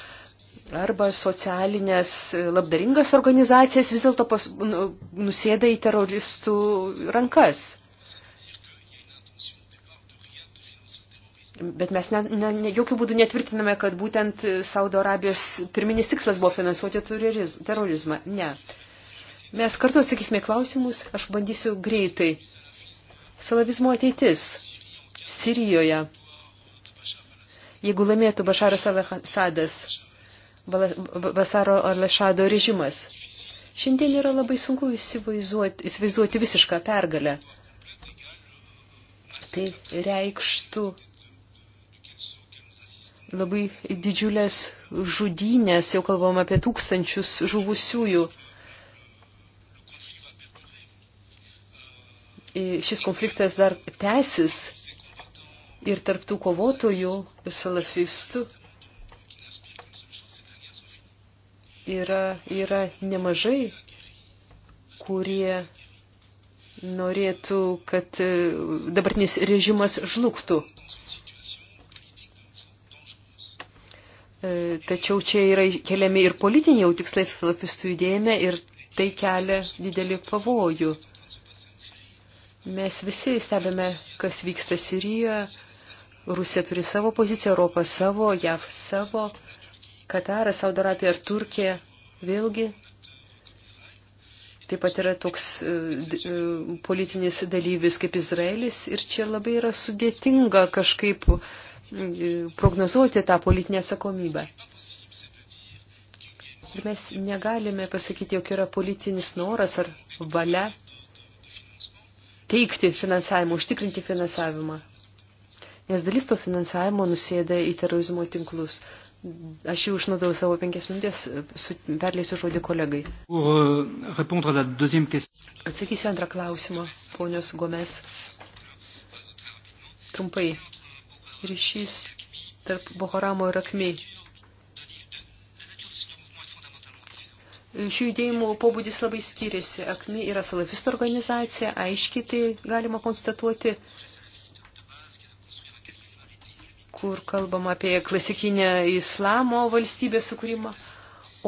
arba socialinės labdaringas organizacijas vis dėlto pas, nu, nusėda į teroristų rankas. Bet mes ne, ne, ne, jokių būdų netvirtiname, kad būtent Saudo Arabijos pirminis tikslas buvo finansuoti terorizmą. Ne. Mes kartu atsakysime klausimus, aš bandysiu greitai. Salavizmo ateitis Sirijoje. Jeigu laimėtų Bašaras Alasadas, Basaro Alešado režimas. Šiandien yra labai sunku įsivaizduoti, įsivaizduoti visišką pergalę. Tai reikštų labai didžiulės žudynės, jau kalbam apie tūkstančius žuvusiųjų. Šis konfliktas dar tęsis ir tarptų kovotojų ir salafistų yra, yra nemažai, kurie norėtų, kad e, dabartinis režimas žlugtų. E, tačiau čia yra keliami ir politiniai jau tikslai salapistų judėjime ir tai kelia didelį pavojų. Mes visi stebime, kas vyksta Sirijoje. Rusija turi savo poziciją, Europą savo, JAV savo. Kataras, Saudarapija ir Turkija vėlgi taip pat yra toks e, e, politinis dalyvis kaip Izraelis ir čia labai yra sudėtinga kažkaip e, prognozuoti tą politinę atsakomybę. Ir mes negalime pasakyti, jog yra politinis noras ar valia teikti finansavimą, užtikrinti finansavimą. Nes dalis to finansavimo nusėda į terorizmo tinklus. Aš jau išnaudau savo penkias minutės, perleisiu žodį kolegai. Euh, Atsakysiu antrą klausimą, ponios Gomes. Trumpai. Ryšys tarp Bohoramo ir Akmi. Šių judėjimų pobūdis labai skiriasi. Akmi yra salafistų organizacija, aiškiai tai galima konstatuoti kur kalbam apie klasikinę islamo valstybės sukūrimą,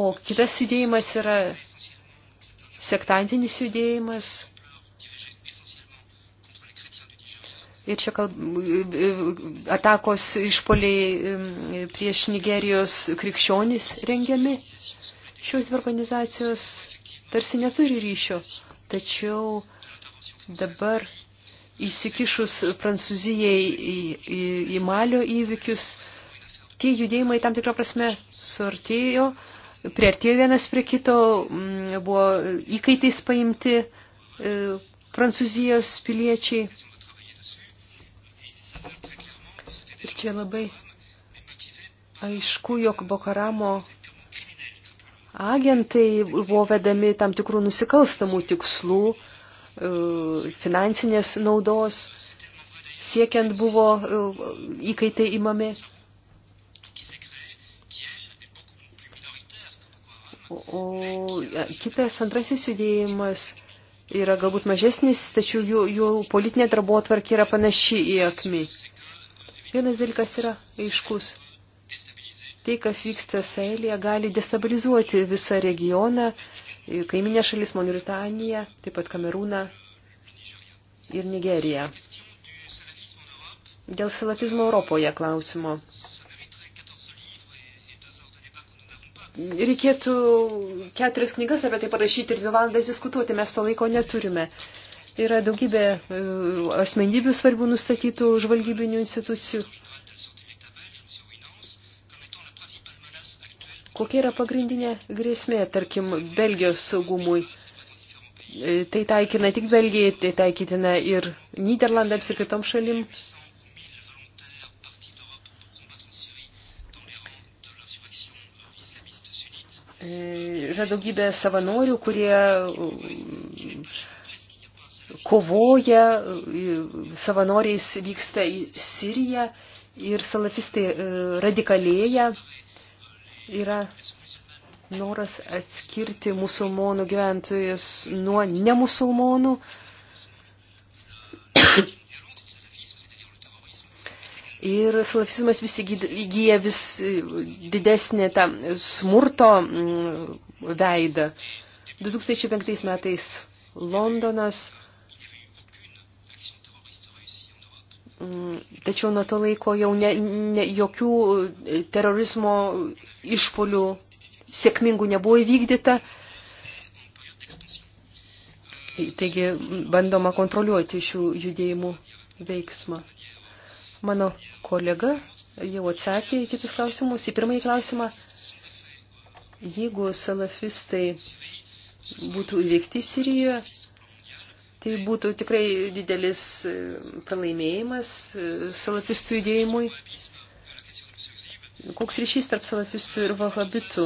o kitas judėjimas yra sektantinis judėjimas. Ir čia kalb... atakos išpoliai mm, prieš Nigerijos krikščionys rengiami. Šios dvi organizacijos tarsi neturi ryšio, tačiau dabar įsikišus Prancūzijai į, į, į Malio įvykius, tie judėjimai tam tikrą prasme suartėjo, priartėjo vienas prie kito, mm, buvo įkaitais paimti e, Prancūzijos piliečiai. Ir čia labai aišku, jog Bokaramo agentai buvo vedami tam tikrų nusikalstamų tikslų E, finansinės naudos, siekiant buvo e, įkaitai imami. O e, kitas antrasis judėjimas yra galbūt mažesnis, tačiau jų, jų politinė darbotvarkė yra panaši į akmi. Vienas dalykas yra aiškus. Tai, kas vyksta Sahelėje, gali destabilizuoti visą regioną, uh, kaiminė šalis Mauritanija, taip pat Kamerūną ir Nigeriją. Dėl salafizmo Europoje klausimo. Reikėtų keturias knygas apie tai parašyti ir dvi valandas diskutuoti, mes to laiko neturime. Yra daugybė e, asmenybių svarbių nustatytų žvalgybinių institucijų. Kokia yra pagrindinė grėsmė, tarkim, Belgijos saugumui? E, tai taikina tik Belgijai, tai taikytina ir Niderlandams ir kitom šalim. E, yra daugybė savanorių, kurie e, kovoja, savanoriais vyksta į Siriją ir salafistai radikalėja yra noras atskirti musulmonų gyventojus nuo nemusulmonų. Ir slavizmas vis įgyja vis didesnį tą smurto mm, veidą. 2005 metais Londonas Mm, tačiau nuo to laiko jau ne, ne, jokių e, terorizmo išpolių sėkmingų nebuvo įvykdyta. Taigi bandoma kontroliuoti šių judėjimų veiksmą. Mano kolega jau atsakė į kitus klausimus. Į pirmąjį klausimą, jeigu salafistai būtų įveikti Sirijoje, Tai būtų tikrai didelis e, pralaimėjimas e, salapistų judėjimui. Koks ryšys tarp salapistų ir vahabitų?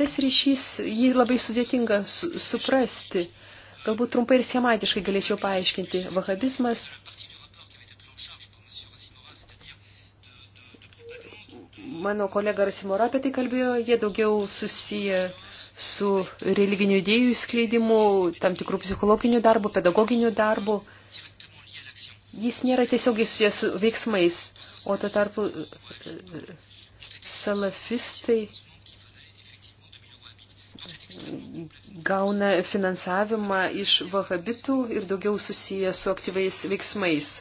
Tas ryšys, jį labai sudėtinga su, suprasti. Galbūt trumpai ir schematiškai galėčiau paaiškinti. Vahabizmas mano kolega Rasimora apie tai kalbėjo, jie daugiau susiję su religinių idėjų skleidimu, tam tikrų psichologinių darbų, pedagoginių darbų. Jis nėra tiesiogiai susijęs su veiksmais, o ta tarpu salafistai gauna finansavimą iš vahabitų ir daugiau susiję su aktyviais veiksmais.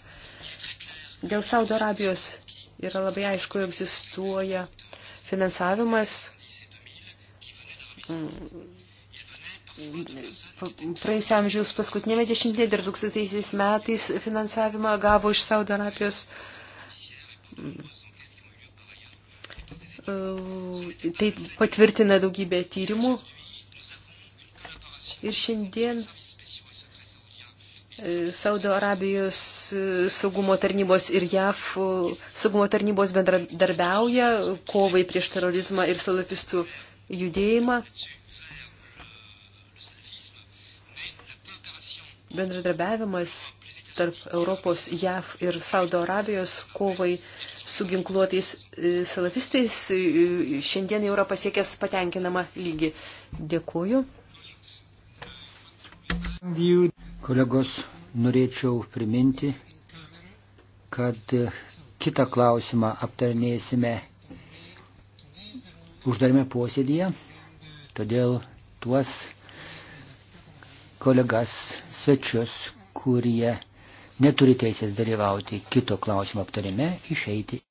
Dėl Saudo Arabijos yra labai aišku, egzistuoja finansavimas praėjusio amžiaus paskutinėme dešimtmetyje ir 2000 metais finansavimą gavo iš Saudo Arabijos tai patvirtina daugybė tyrimų. Ir šiandien e, Saudo Arabijos e, saugumo tarnybos ir JAF e, saugumo tarnybos bendradarbiauja kovai prieš terorizmą ir salapistų judėjimą, bendradarbiavimas tarp Europos, JAV ir Saudo Arabijos kovai su ginkluotais e, salafistais e, šiandien jau yra pasiekęs patenkinamą lygį. Dėkuoju. Kolegos, norėčiau priminti, kad kitą klausimą aptarnėsime uždarime posėdėje, todėl tuos kolegas svečius, kurie neturi teisės dalyvauti kito klausimo aptarime, išeiti.